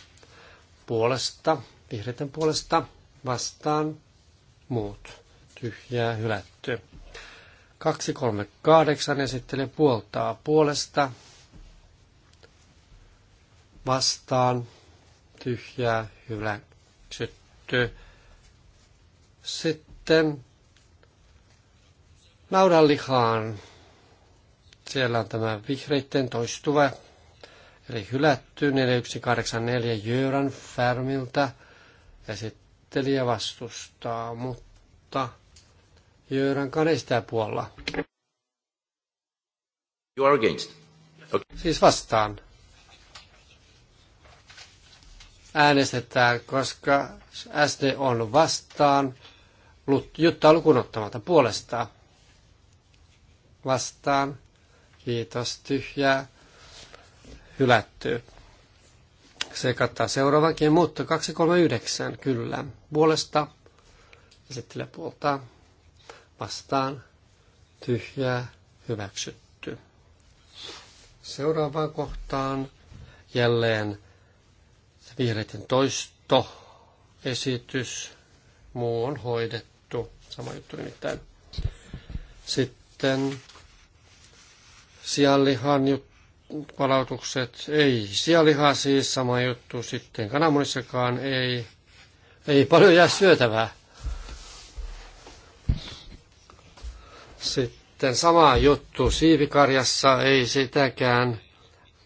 Puolesta. Vihreitten puolesta. Vastaan. Muut. Tyhjää hylätty. 238 esittelee puoltaa puolesta vastaan tyhjää hyväksytty. Sitten naudanlihaan. Siellä on tämä vihreitten toistuva, eli hylätty 4184 Jöran Färmiltä. Esittelijä vastustaa, mutta Jöran kanestää puolella. puolla. You are against. Okay. Siis vastaan. äänestetään, koska SD on vastaan, Jutta lukunottamatta puolesta vastaan. Kiitos, tyhjää, hylätty. Se kattaa seuraavankin, mutta 239 kyllä. Puolesta esittelee puolta vastaan, tyhjää, hyväksytty. Seuraavaan kohtaan jälleen Vihreiden toisto esitys, muu on hoidettu, sama juttu nimittäin. Sitten sijallihan palautukset, ei sianlihaa siis, sama juttu. Sitten kananmunissakaan ei, ei paljon jää syötävää. Sitten sama juttu siivikarjassa, ei sitäkään.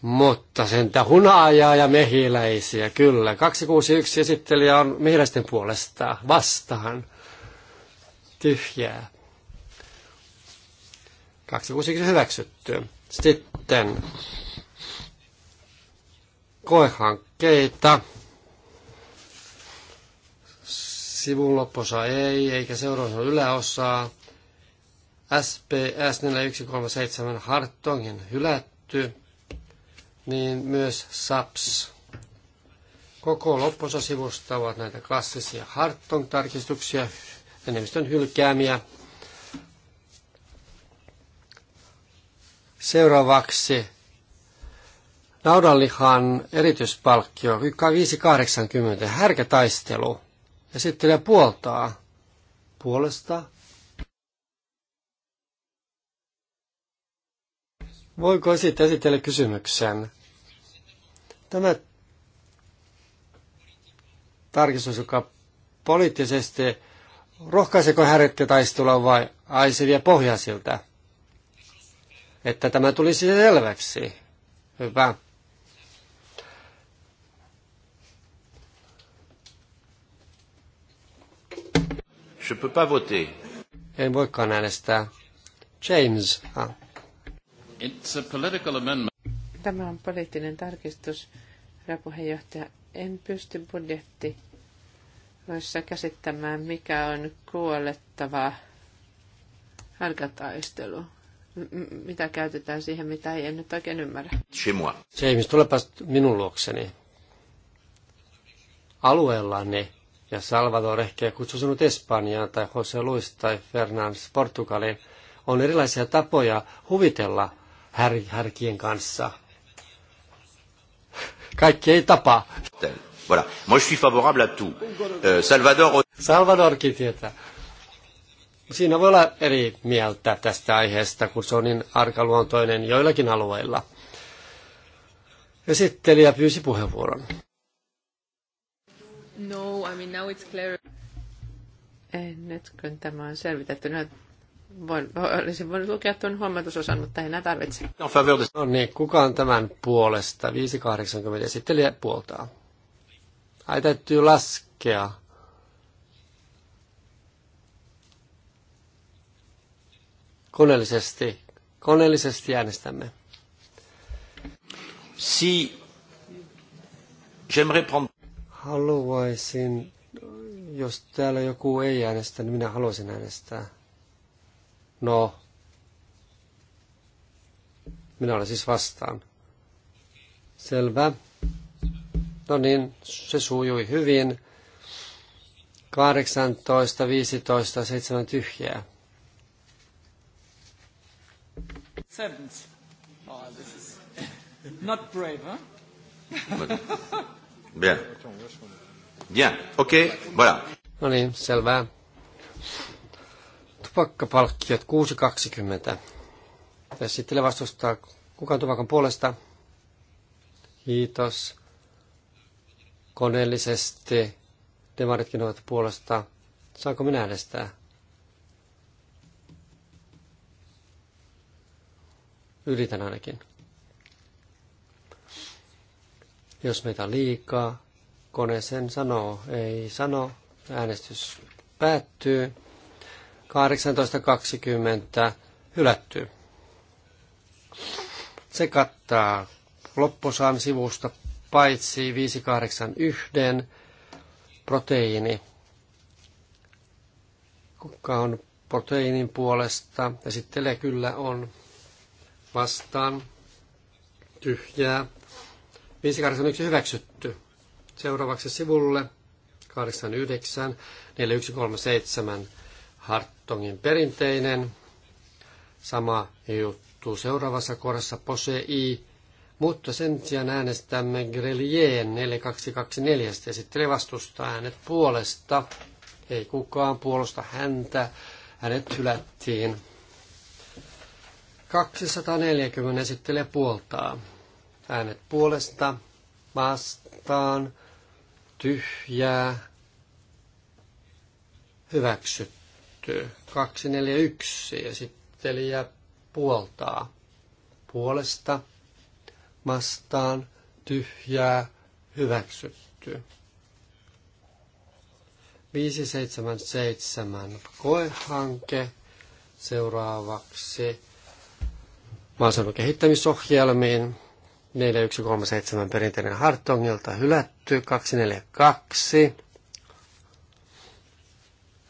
Mutta sentä hunajaa ja mehiläisiä, kyllä. 261 esittelijä on mehiläisten puolesta vastaan. Tyhjää. 261 hyväksytty. Sitten koehankkeita. Sivun lopposa ei, eikä seuraavassa yläosaa. SPS 4137 Hartongin hylätty niin myös SAPS. Koko loppunsa sivusta ovat näitä klassisia Harton-tarkistuksia, enemmistön hylkäämiä. Seuraavaksi naudanlihan erityispalkkio 580, härkätaistelu. sitten puoltaa puolesta Voiko esittää esitellä kysymyksen? Tämä tarkistus, joka poliittisesti rohkaiseko härjettä taistelua vai aisevia pohjaisilta? Että tämä tulisi selväksi. Hyvä. Je peux pas voter. En voikaan äänestää. James. Ah. It's a political amendment. Tämä on poliittinen tarkistus, herra puheenjohtaja. En pysty budjetti noissa käsittämään, mikä on kuolettava härkätaistelu. M- mitä käytetään siihen, mitä ei en nyt oikein ymmärrä. Shimua. James, tulepas minun luokseni. Alueellani ja Salvador ehkä kutsui sinut Espanjaan tai Jose Luis tai Fernandes Portugaliin, on erilaisia tapoja huvitella här, härkien kanssa. Kaikki ei tapa. Voilà. Moi je suis favorable à tout. Euh, Salvador... Salvadorkin tietää. Siinä voi olla eri mieltä tästä aiheesta, kun se on niin arkaluontoinen joillakin alueilla. Esittelijä pyysi puheenvuoron. No, I mean now it's clear. Eh, nyt kun tämä on selvitetty, no, voin, olisin voinut lukea tuon huomautusosan, mutta ei enää tarvitse. No niin, kuka on tämän puolesta? 580 esittelijä puoltaa. Ai täytyy laskea. Koneellisesti, koneellisesti äänestämme. Si Haluaisin, jos täällä joku ei äänestä, niin minä haluaisin äänestää. No, minä olen siis vastaan. Selvä. No niin, se sujui hyvin. 18, 15, 7 tyhjää. Seventh. Oh, this is not brave, huh? Bien. Bien, okei, okay. voilà. No niin, selvä tupakkapalkkiot 6.20. Tässä sitten vastustaa kukaan tupakan puolesta. Kiitos. Koneellisesti demaritkin ovat puolesta. Saanko minä äänestää? Yritän ainakin. Jos meitä on liikaa, kone sen sanoo, ei sano, äänestys päättyy. 18.20 hylätty. Se kattaa loppusaan sivusta paitsi 581 proteiini, kuka on proteiinin puolesta, esittelee kyllä on vastaan tyhjää. 581 hyväksytty. Seuraavaksi sivulle 89 4137 Hartongin perinteinen. Sama juttu seuraavassa kohdassa I. mutta sen sijaan äänestämme Grelien 4224 esittelee vastustaa äänet puolesta. Ei kukaan puolusta häntä. Hänet hylättiin. 240 esittelee puoltaa. Äänet puolesta, vastaan, tyhjää, hyväksyt hyväksytty. 241 esittelijä puoltaa. Puolesta vastaan tyhjää hyväksytty. 577 koehanke. Seuraavaksi maaseudun kehittämisohjelmiin. 4137 perinteinen Hartongilta hylätty, 242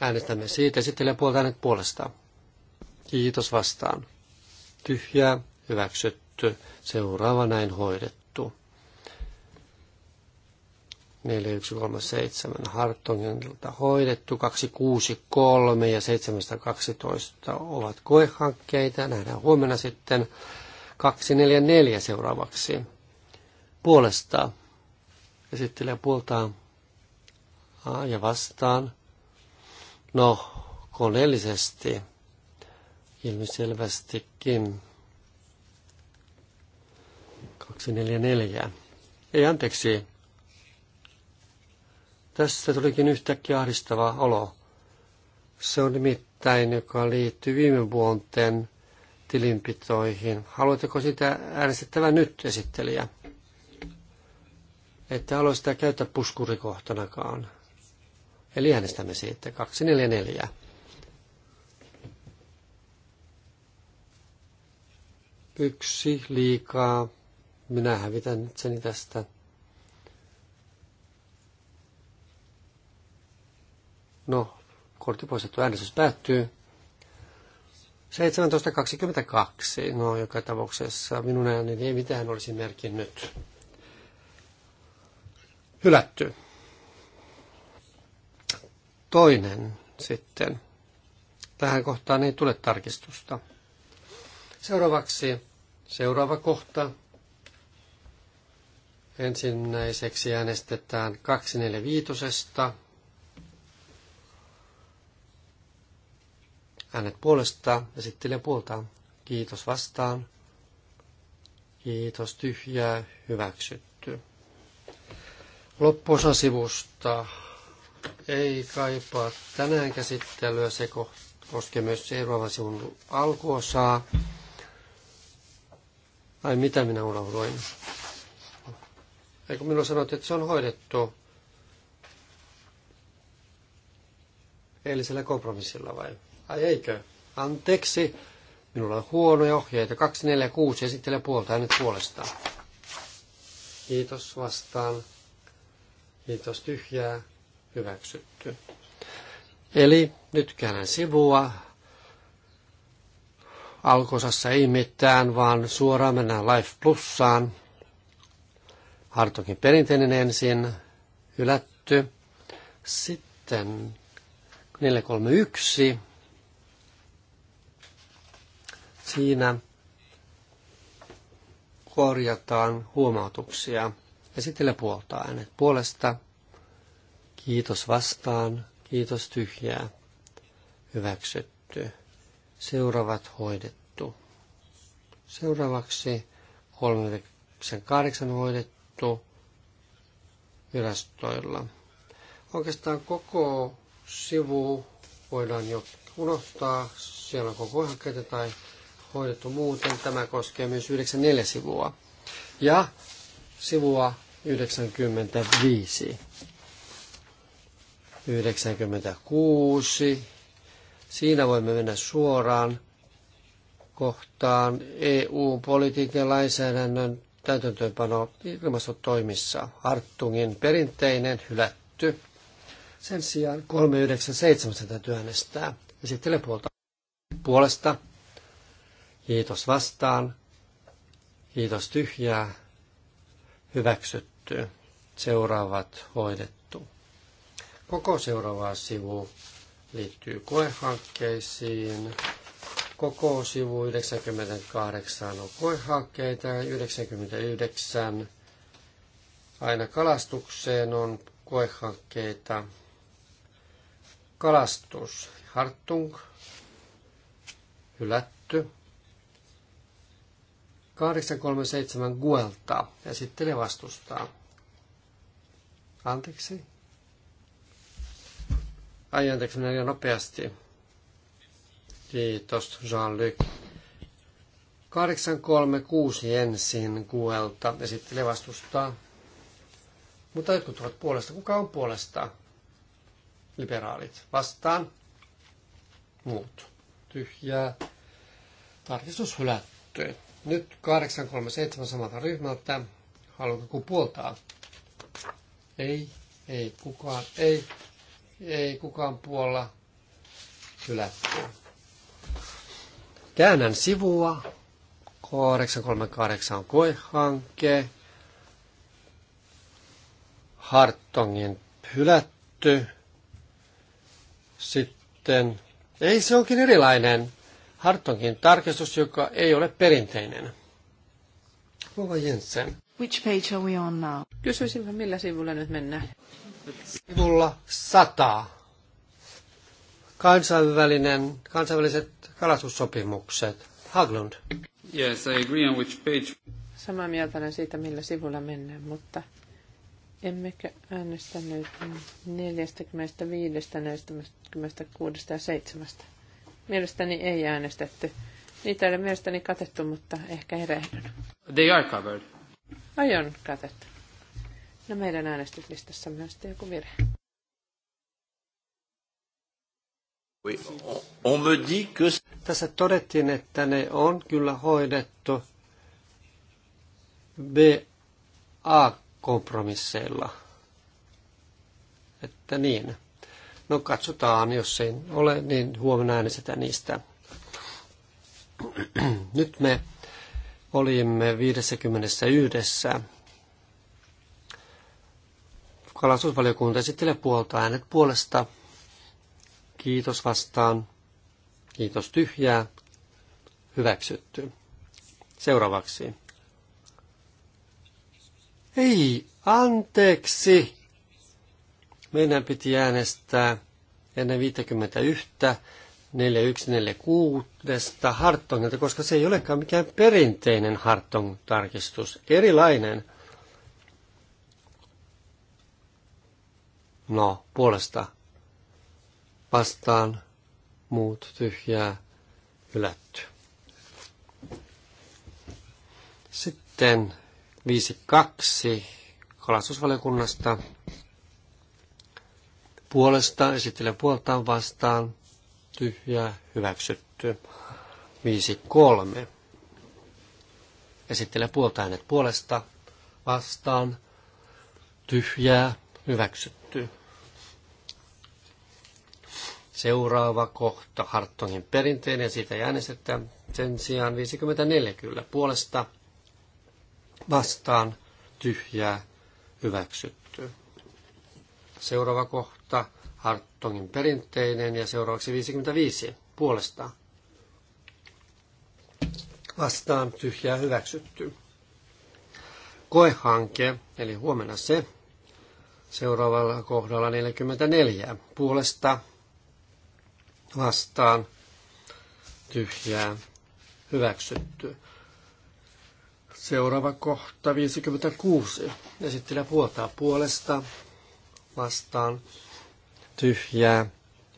Äänestämme siitä esittelijä puolta äänet puolesta. Kiitos vastaan. Tyhjää, hyväksytty. Seuraava näin hoidettu. 4137 Hartongilta hoidettu, 263 ja 712 ovat koehankkeita. Nähdään huomenna sitten 244 seuraavaksi puolesta. Esittelee puoltaan ja vastaan No, koneellisesti ilmiselvästikin 244. Ei anteeksi. Tässä tulikin yhtäkkiä ahdistava olo. Se on nimittäin, joka liittyy viime vuoteen tilinpitoihin. Haluatteko sitä äänestettävä nyt, esittelijä? Että haluaisi sitä käyttää puskurikohtanakaan. Eli äänestämme siitä 244. Yksi liikaa. Minä hävitän itseni tästä. No, kortti poistettu äänestys päättyy. 17.22. No, joka tapauksessa minun ääneni ei mitään olisi merkinnyt. Hylätty toinen sitten. Tähän kohtaan ei tule tarkistusta. Seuraavaksi seuraava kohta. Ensinnäiseksi äänestetään 245. Äänet puolesta, ja sitten puolta Kiitos vastaan. Kiitos tyhjää, hyväksytty. Loppuosa sivusta ei kaipaa tänään käsittelyä. Se koskee myös seuraavan sivun alkuosaa. Ai mitä minä unohduin? Eikö minulla sanottu, että se on hoidettu eilisellä kompromissilla vai? Ai eikö? Anteeksi, minulla on huonoja ohjeita. 246 esittelee puolta nyt puolestaan. Kiitos vastaan. Kiitos tyhjää hyväksytty. Eli nyt käännän sivua. Alkosassa ei mitään, vaan suoraan mennään Life Plussaan. Hartokin perinteinen ensin, hylätty. Sitten 431. Siinä korjataan huomautuksia. Esittele puolta aineet puolesta Kiitos vastaan, kiitos tyhjää. Hyväksytty. Seuraavat hoidettu. Seuraavaksi 38 hoidettu virastoilla. Oikeastaan koko sivu voidaan jo unohtaa. Siellä on koko hankkeita tai hoidettu muuten. Tämä koskee myös 94 sivua. Ja sivua 95. 96. Siinä voimme mennä suoraan kohtaan EU-politiikan ja lainsäädännön täytäntöönpano ilmastotoimissa. Hartungin perinteinen hylätty. Sen sijaan 397 täytyy äänestää. Esittele puolta puolesta. Kiitos vastaan. Kiitos tyhjää. Hyväksytty. Seuraavat hoidettu Koko seuraava sivu liittyy koehankkeisiin. Koko sivu 98 on koehankkeita ja 99 aina kalastukseen on koehankkeita. Kalastus, Hartung, hylätty. 837 Guelta esittelee vastustaa. Anteeksi, Ai anteeksi, meni nopeasti. Kiitos, Jean-Luc. 836 ensin Guelta esittelee vastustaa. Mutta jotkut ovat puolesta. Kuka on puolesta? Liberaalit. Vastaan. Muut. Tyhjää. Tarkistus hylätty. Nyt 837 samalta ryhmältä. Haluatko puoltaa? Ei. Ei kukaan. Ei. Ei kukaan puolla. Hylätty. Käännän sivua. 838 on koehanke. Hartongin hylätty. Sitten, ei se onkin erilainen. Hartongin tarkistus, joka ei ole perinteinen. Kuva Jensen. Which page are we on now? Kysyisimme, millä sivulla nyt mennään. Sivulla 100. Kansainvälinen, kansainväliset kalastussopimukset. Haglund. Yes, I agree on which page. Samaa mieltä olen siitä, millä sivulla mennään, mutta emmekö nyt 45, 46 ja 7. Mielestäni ei äänestetty. Niitä ei ole mielestäni katettu, mutta ehkä erehdyn. They are covered. Aion katettu. No meidän äänestyslistassa on myös joku virhe. Oui, on me dit que... Tässä todettiin, että ne on kyllä hoidettu BA-kompromisseilla. Että niin. No katsotaan, jos ei ole, niin huomenna äänestetään niistä. Nyt me olimme 51 kalastusvaliokunta esittelee puolta äänet puolesta. Kiitos vastaan. Kiitos tyhjää. Hyväksytty. Seuraavaksi. Ei, anteeksi. Meidän piti äänestää ennen 51 4146 Hartongilta, koska se ei olekaan mikään perinteinen Hartong-tarkistus. Erilainen. No, puolesta vastaan muut tyhjää hylätty. Sitten 5.2 kalastusvaliokunnasta puolesta esittelen puoltaan vastaan tyhjää hyväksytty. 5.3 esittelen puoltaan puolesta vastaan tyhjää Hyväksytty. Seuraava kohta Hartongin perinteinen, siitä ei Sen sijaan 54 kyllä puolesta vastaan tyhjää hyväksytty. Seuraava kohta Hartongin perinteinen ja seuraavaksi 55 puolesta vastaan tyhjää hyväksytty. Koehanke, eli huomenna se, Seuraavalla kohdalla 44 puolesta vastaan tyhjää hyväksytty. Seuraava kohta 56. Esittelijä puoltaa puolesta vastaan tyhjää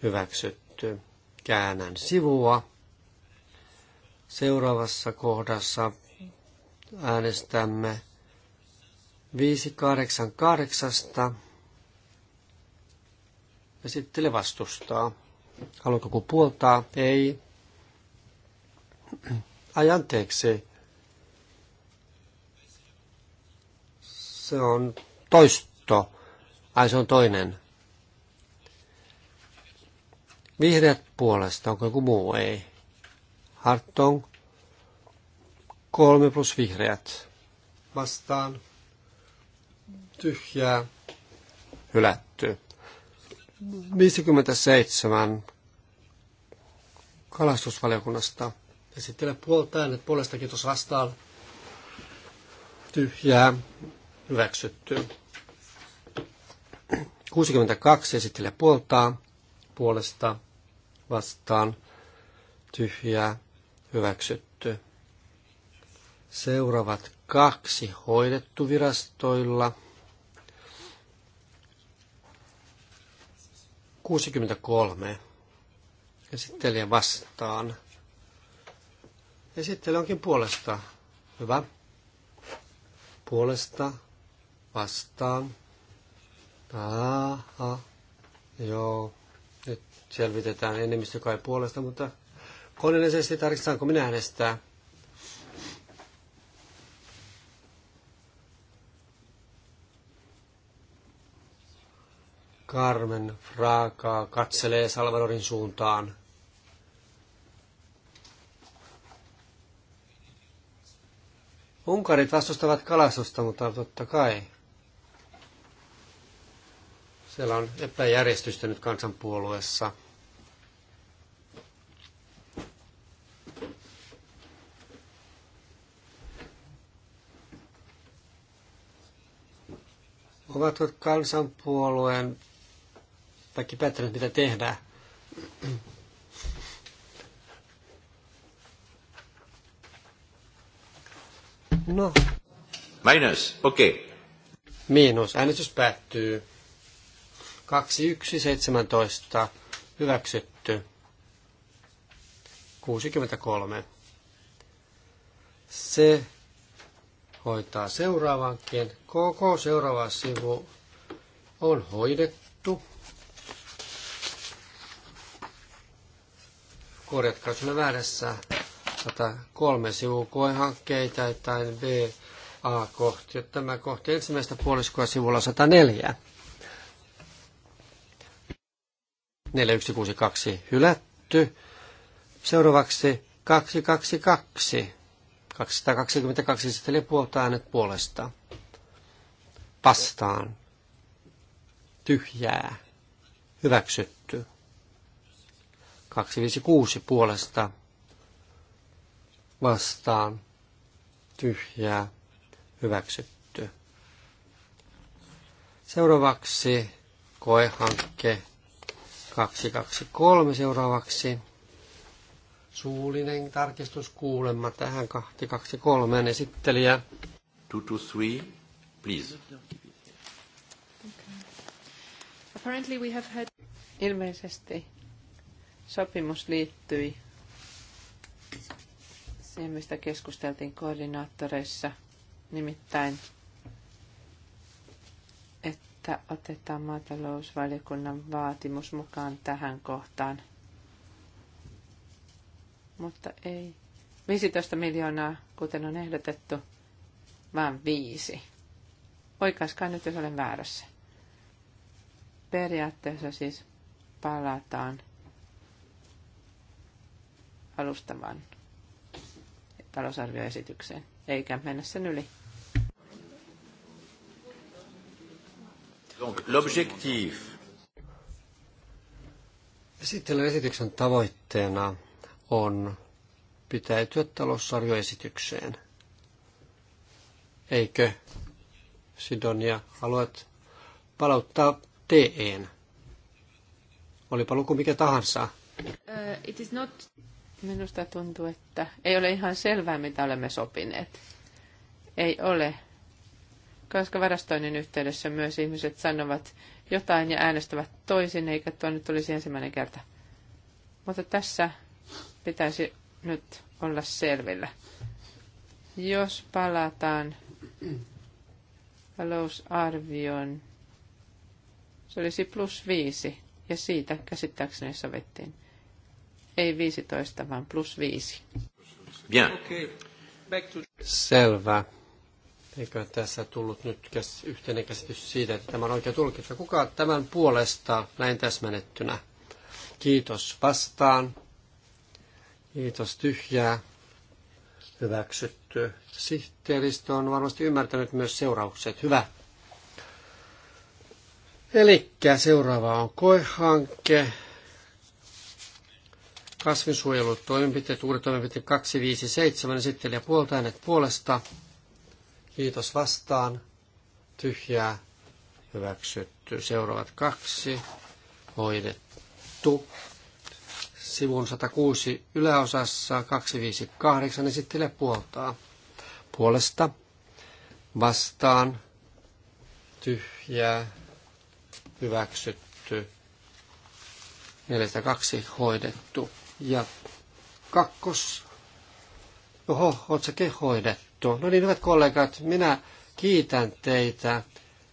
hyväksytty. Käännän sivua. Seuraavassa kohdassa äänestämme 588 Esittele vastustaa. Haluatko kun puoltaa? Ei. anteeksi. Se on toisto. Ai se on toinen. Vihreät puolesta, onko joku muu? Ei. Hartong. Kolme plus vihreät. Vastaan. Tyhjää. Hylätty. 57 kalastusvaliokunnasta. Esittele puolta äänet puolesta kiitos vastaan. Tyhjää. Hyväksytty. 62 esittelee puoltaa puolesta vastaan. Tyhjää. Hyväksytty. Seuraavat kaksi hoidettu virastoilla – 63 esittelijä vastaan. Esittely onkin puolesta. Hyvä. Puolesta vastaan. Aha. Joo. Nyt selvitetään enemmistö kai puolesta, mutta koneellisesti tarkistetaanko minä äänestää. Carmen Fraga katselee Salvadorin suuntaan. Unkarit vastustavat kalastusta, mutta totta kai. Siellä on epäjärjestystä nyt kansanpuolueessa. Ovatko kansanpuolueen kaikki päättäneet, mitä tehdään. No. Minus, okei. Okay. Miinus. Äänestys päättyy. 2117. Hyväksytty. 63. Se hoitaa seuraavankin. Koko seuraava sivu on hoidettu. korjatkaa, jos väärässä 103 sivu koehankkeita tai B A-kohti. Tämä kohti ensimmäistä puoliskoa sivulla 104. 4162 hylätty. Seuraavaksi 222. 222 sitten puolta äänet puolesta. Vastaan. Tyhjää. Hyväksytty. 256 puolesta vastaan tyhjää hyväksytty. Seuraavaksi koehankke 223 seuraavaksi. Suullinen tarkistus kuulemma tähän 223 esittelijä. 223, please. Apparently we have had... Ilmeisesti sopimus liittyi siihen, mistä keskusteltiin koordinaattoreissa, nimittäin, että otetaan maatalousvaliokunnan vaatimus mukaan tähän kohtaan. Mutta ei 15 miljoonaa, kuten on ehdotettu, vaan viisi. Oikaiskaa nyt, jos olen väärässä. Periaatteessa siis palataan alustavaan talousarvioesitykseen, eikä mennä sen yli. L'objectif. esityksen tavoitteena on pitäytyä talousarvioesitykseen. Eikö Sidonia haluat palauttaa TEen? Olipa luku mikä tahansa. Uh, it is not... Minusta tuntuu, että ei ole ihan selvää, mitä olemme sopineet. Ei ole. Koska varastoinnin yhteydessä myös ihmiset sanovat jotain ja äänestävät toisin, eikä tuo nyt olisi ensimmäinen kerta. Mutta tässä pitäisi nyt olla selvillä. Jos palataan talousarvioon, se olisi plus viisi, ja siitä käsittääkseni sovittiin. Ei 15, vaan plus 5. Bien. Selvä. Eikö tässä tullut nyt yhteinen käsitys siitä, että tämä on oikea tulkinta? Kuka tämän puolesta näin täsmennettynä? Kiitos vastaan. Kiitos tyhjää. Hyväksytty. Sihteeristö on varmasti ymmärtänyt myös seuraukset. Hyvä. Eli seuraava on koehanke. Kasvinsuojelutoimenpiteet, uudet toimenpiteet 257, esittelijä puolta äänet puolesta. Kiitos vastaan. Tyhjää. Hyväksytty. Seuraavat kaksi. Hoidettu. Sivun 106 yläosassa 258 esittelijä puoltaa. Puolesta vastaan tyhjää hyväksytty. 42 hoidettu ja kakkos, oho, sä kehoidettu. No niin, hyvät kollegat, minä kiitän teitä.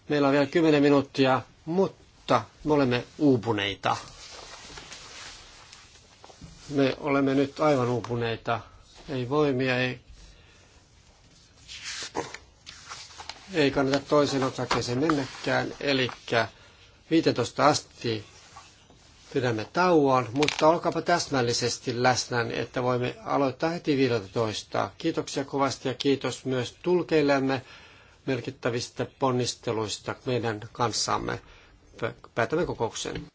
Meillä on vielä 10 minuuttia, mutta me olemme uupuneita. Me olemme nyt aivan uupuneita. Ei voimia, ei, ei kannata toisen otsakeeseen mennäkään. Eli 15 asti pidämme tauon, mutta olkaapa täsmällisesti läsnä, että voimme aloittaa heti 15. Kiitoksia kovasti ja kiitos myös tulkeillemme merkittävistä ponnisteluista meidän kanssamme. Päätämme kokouksen.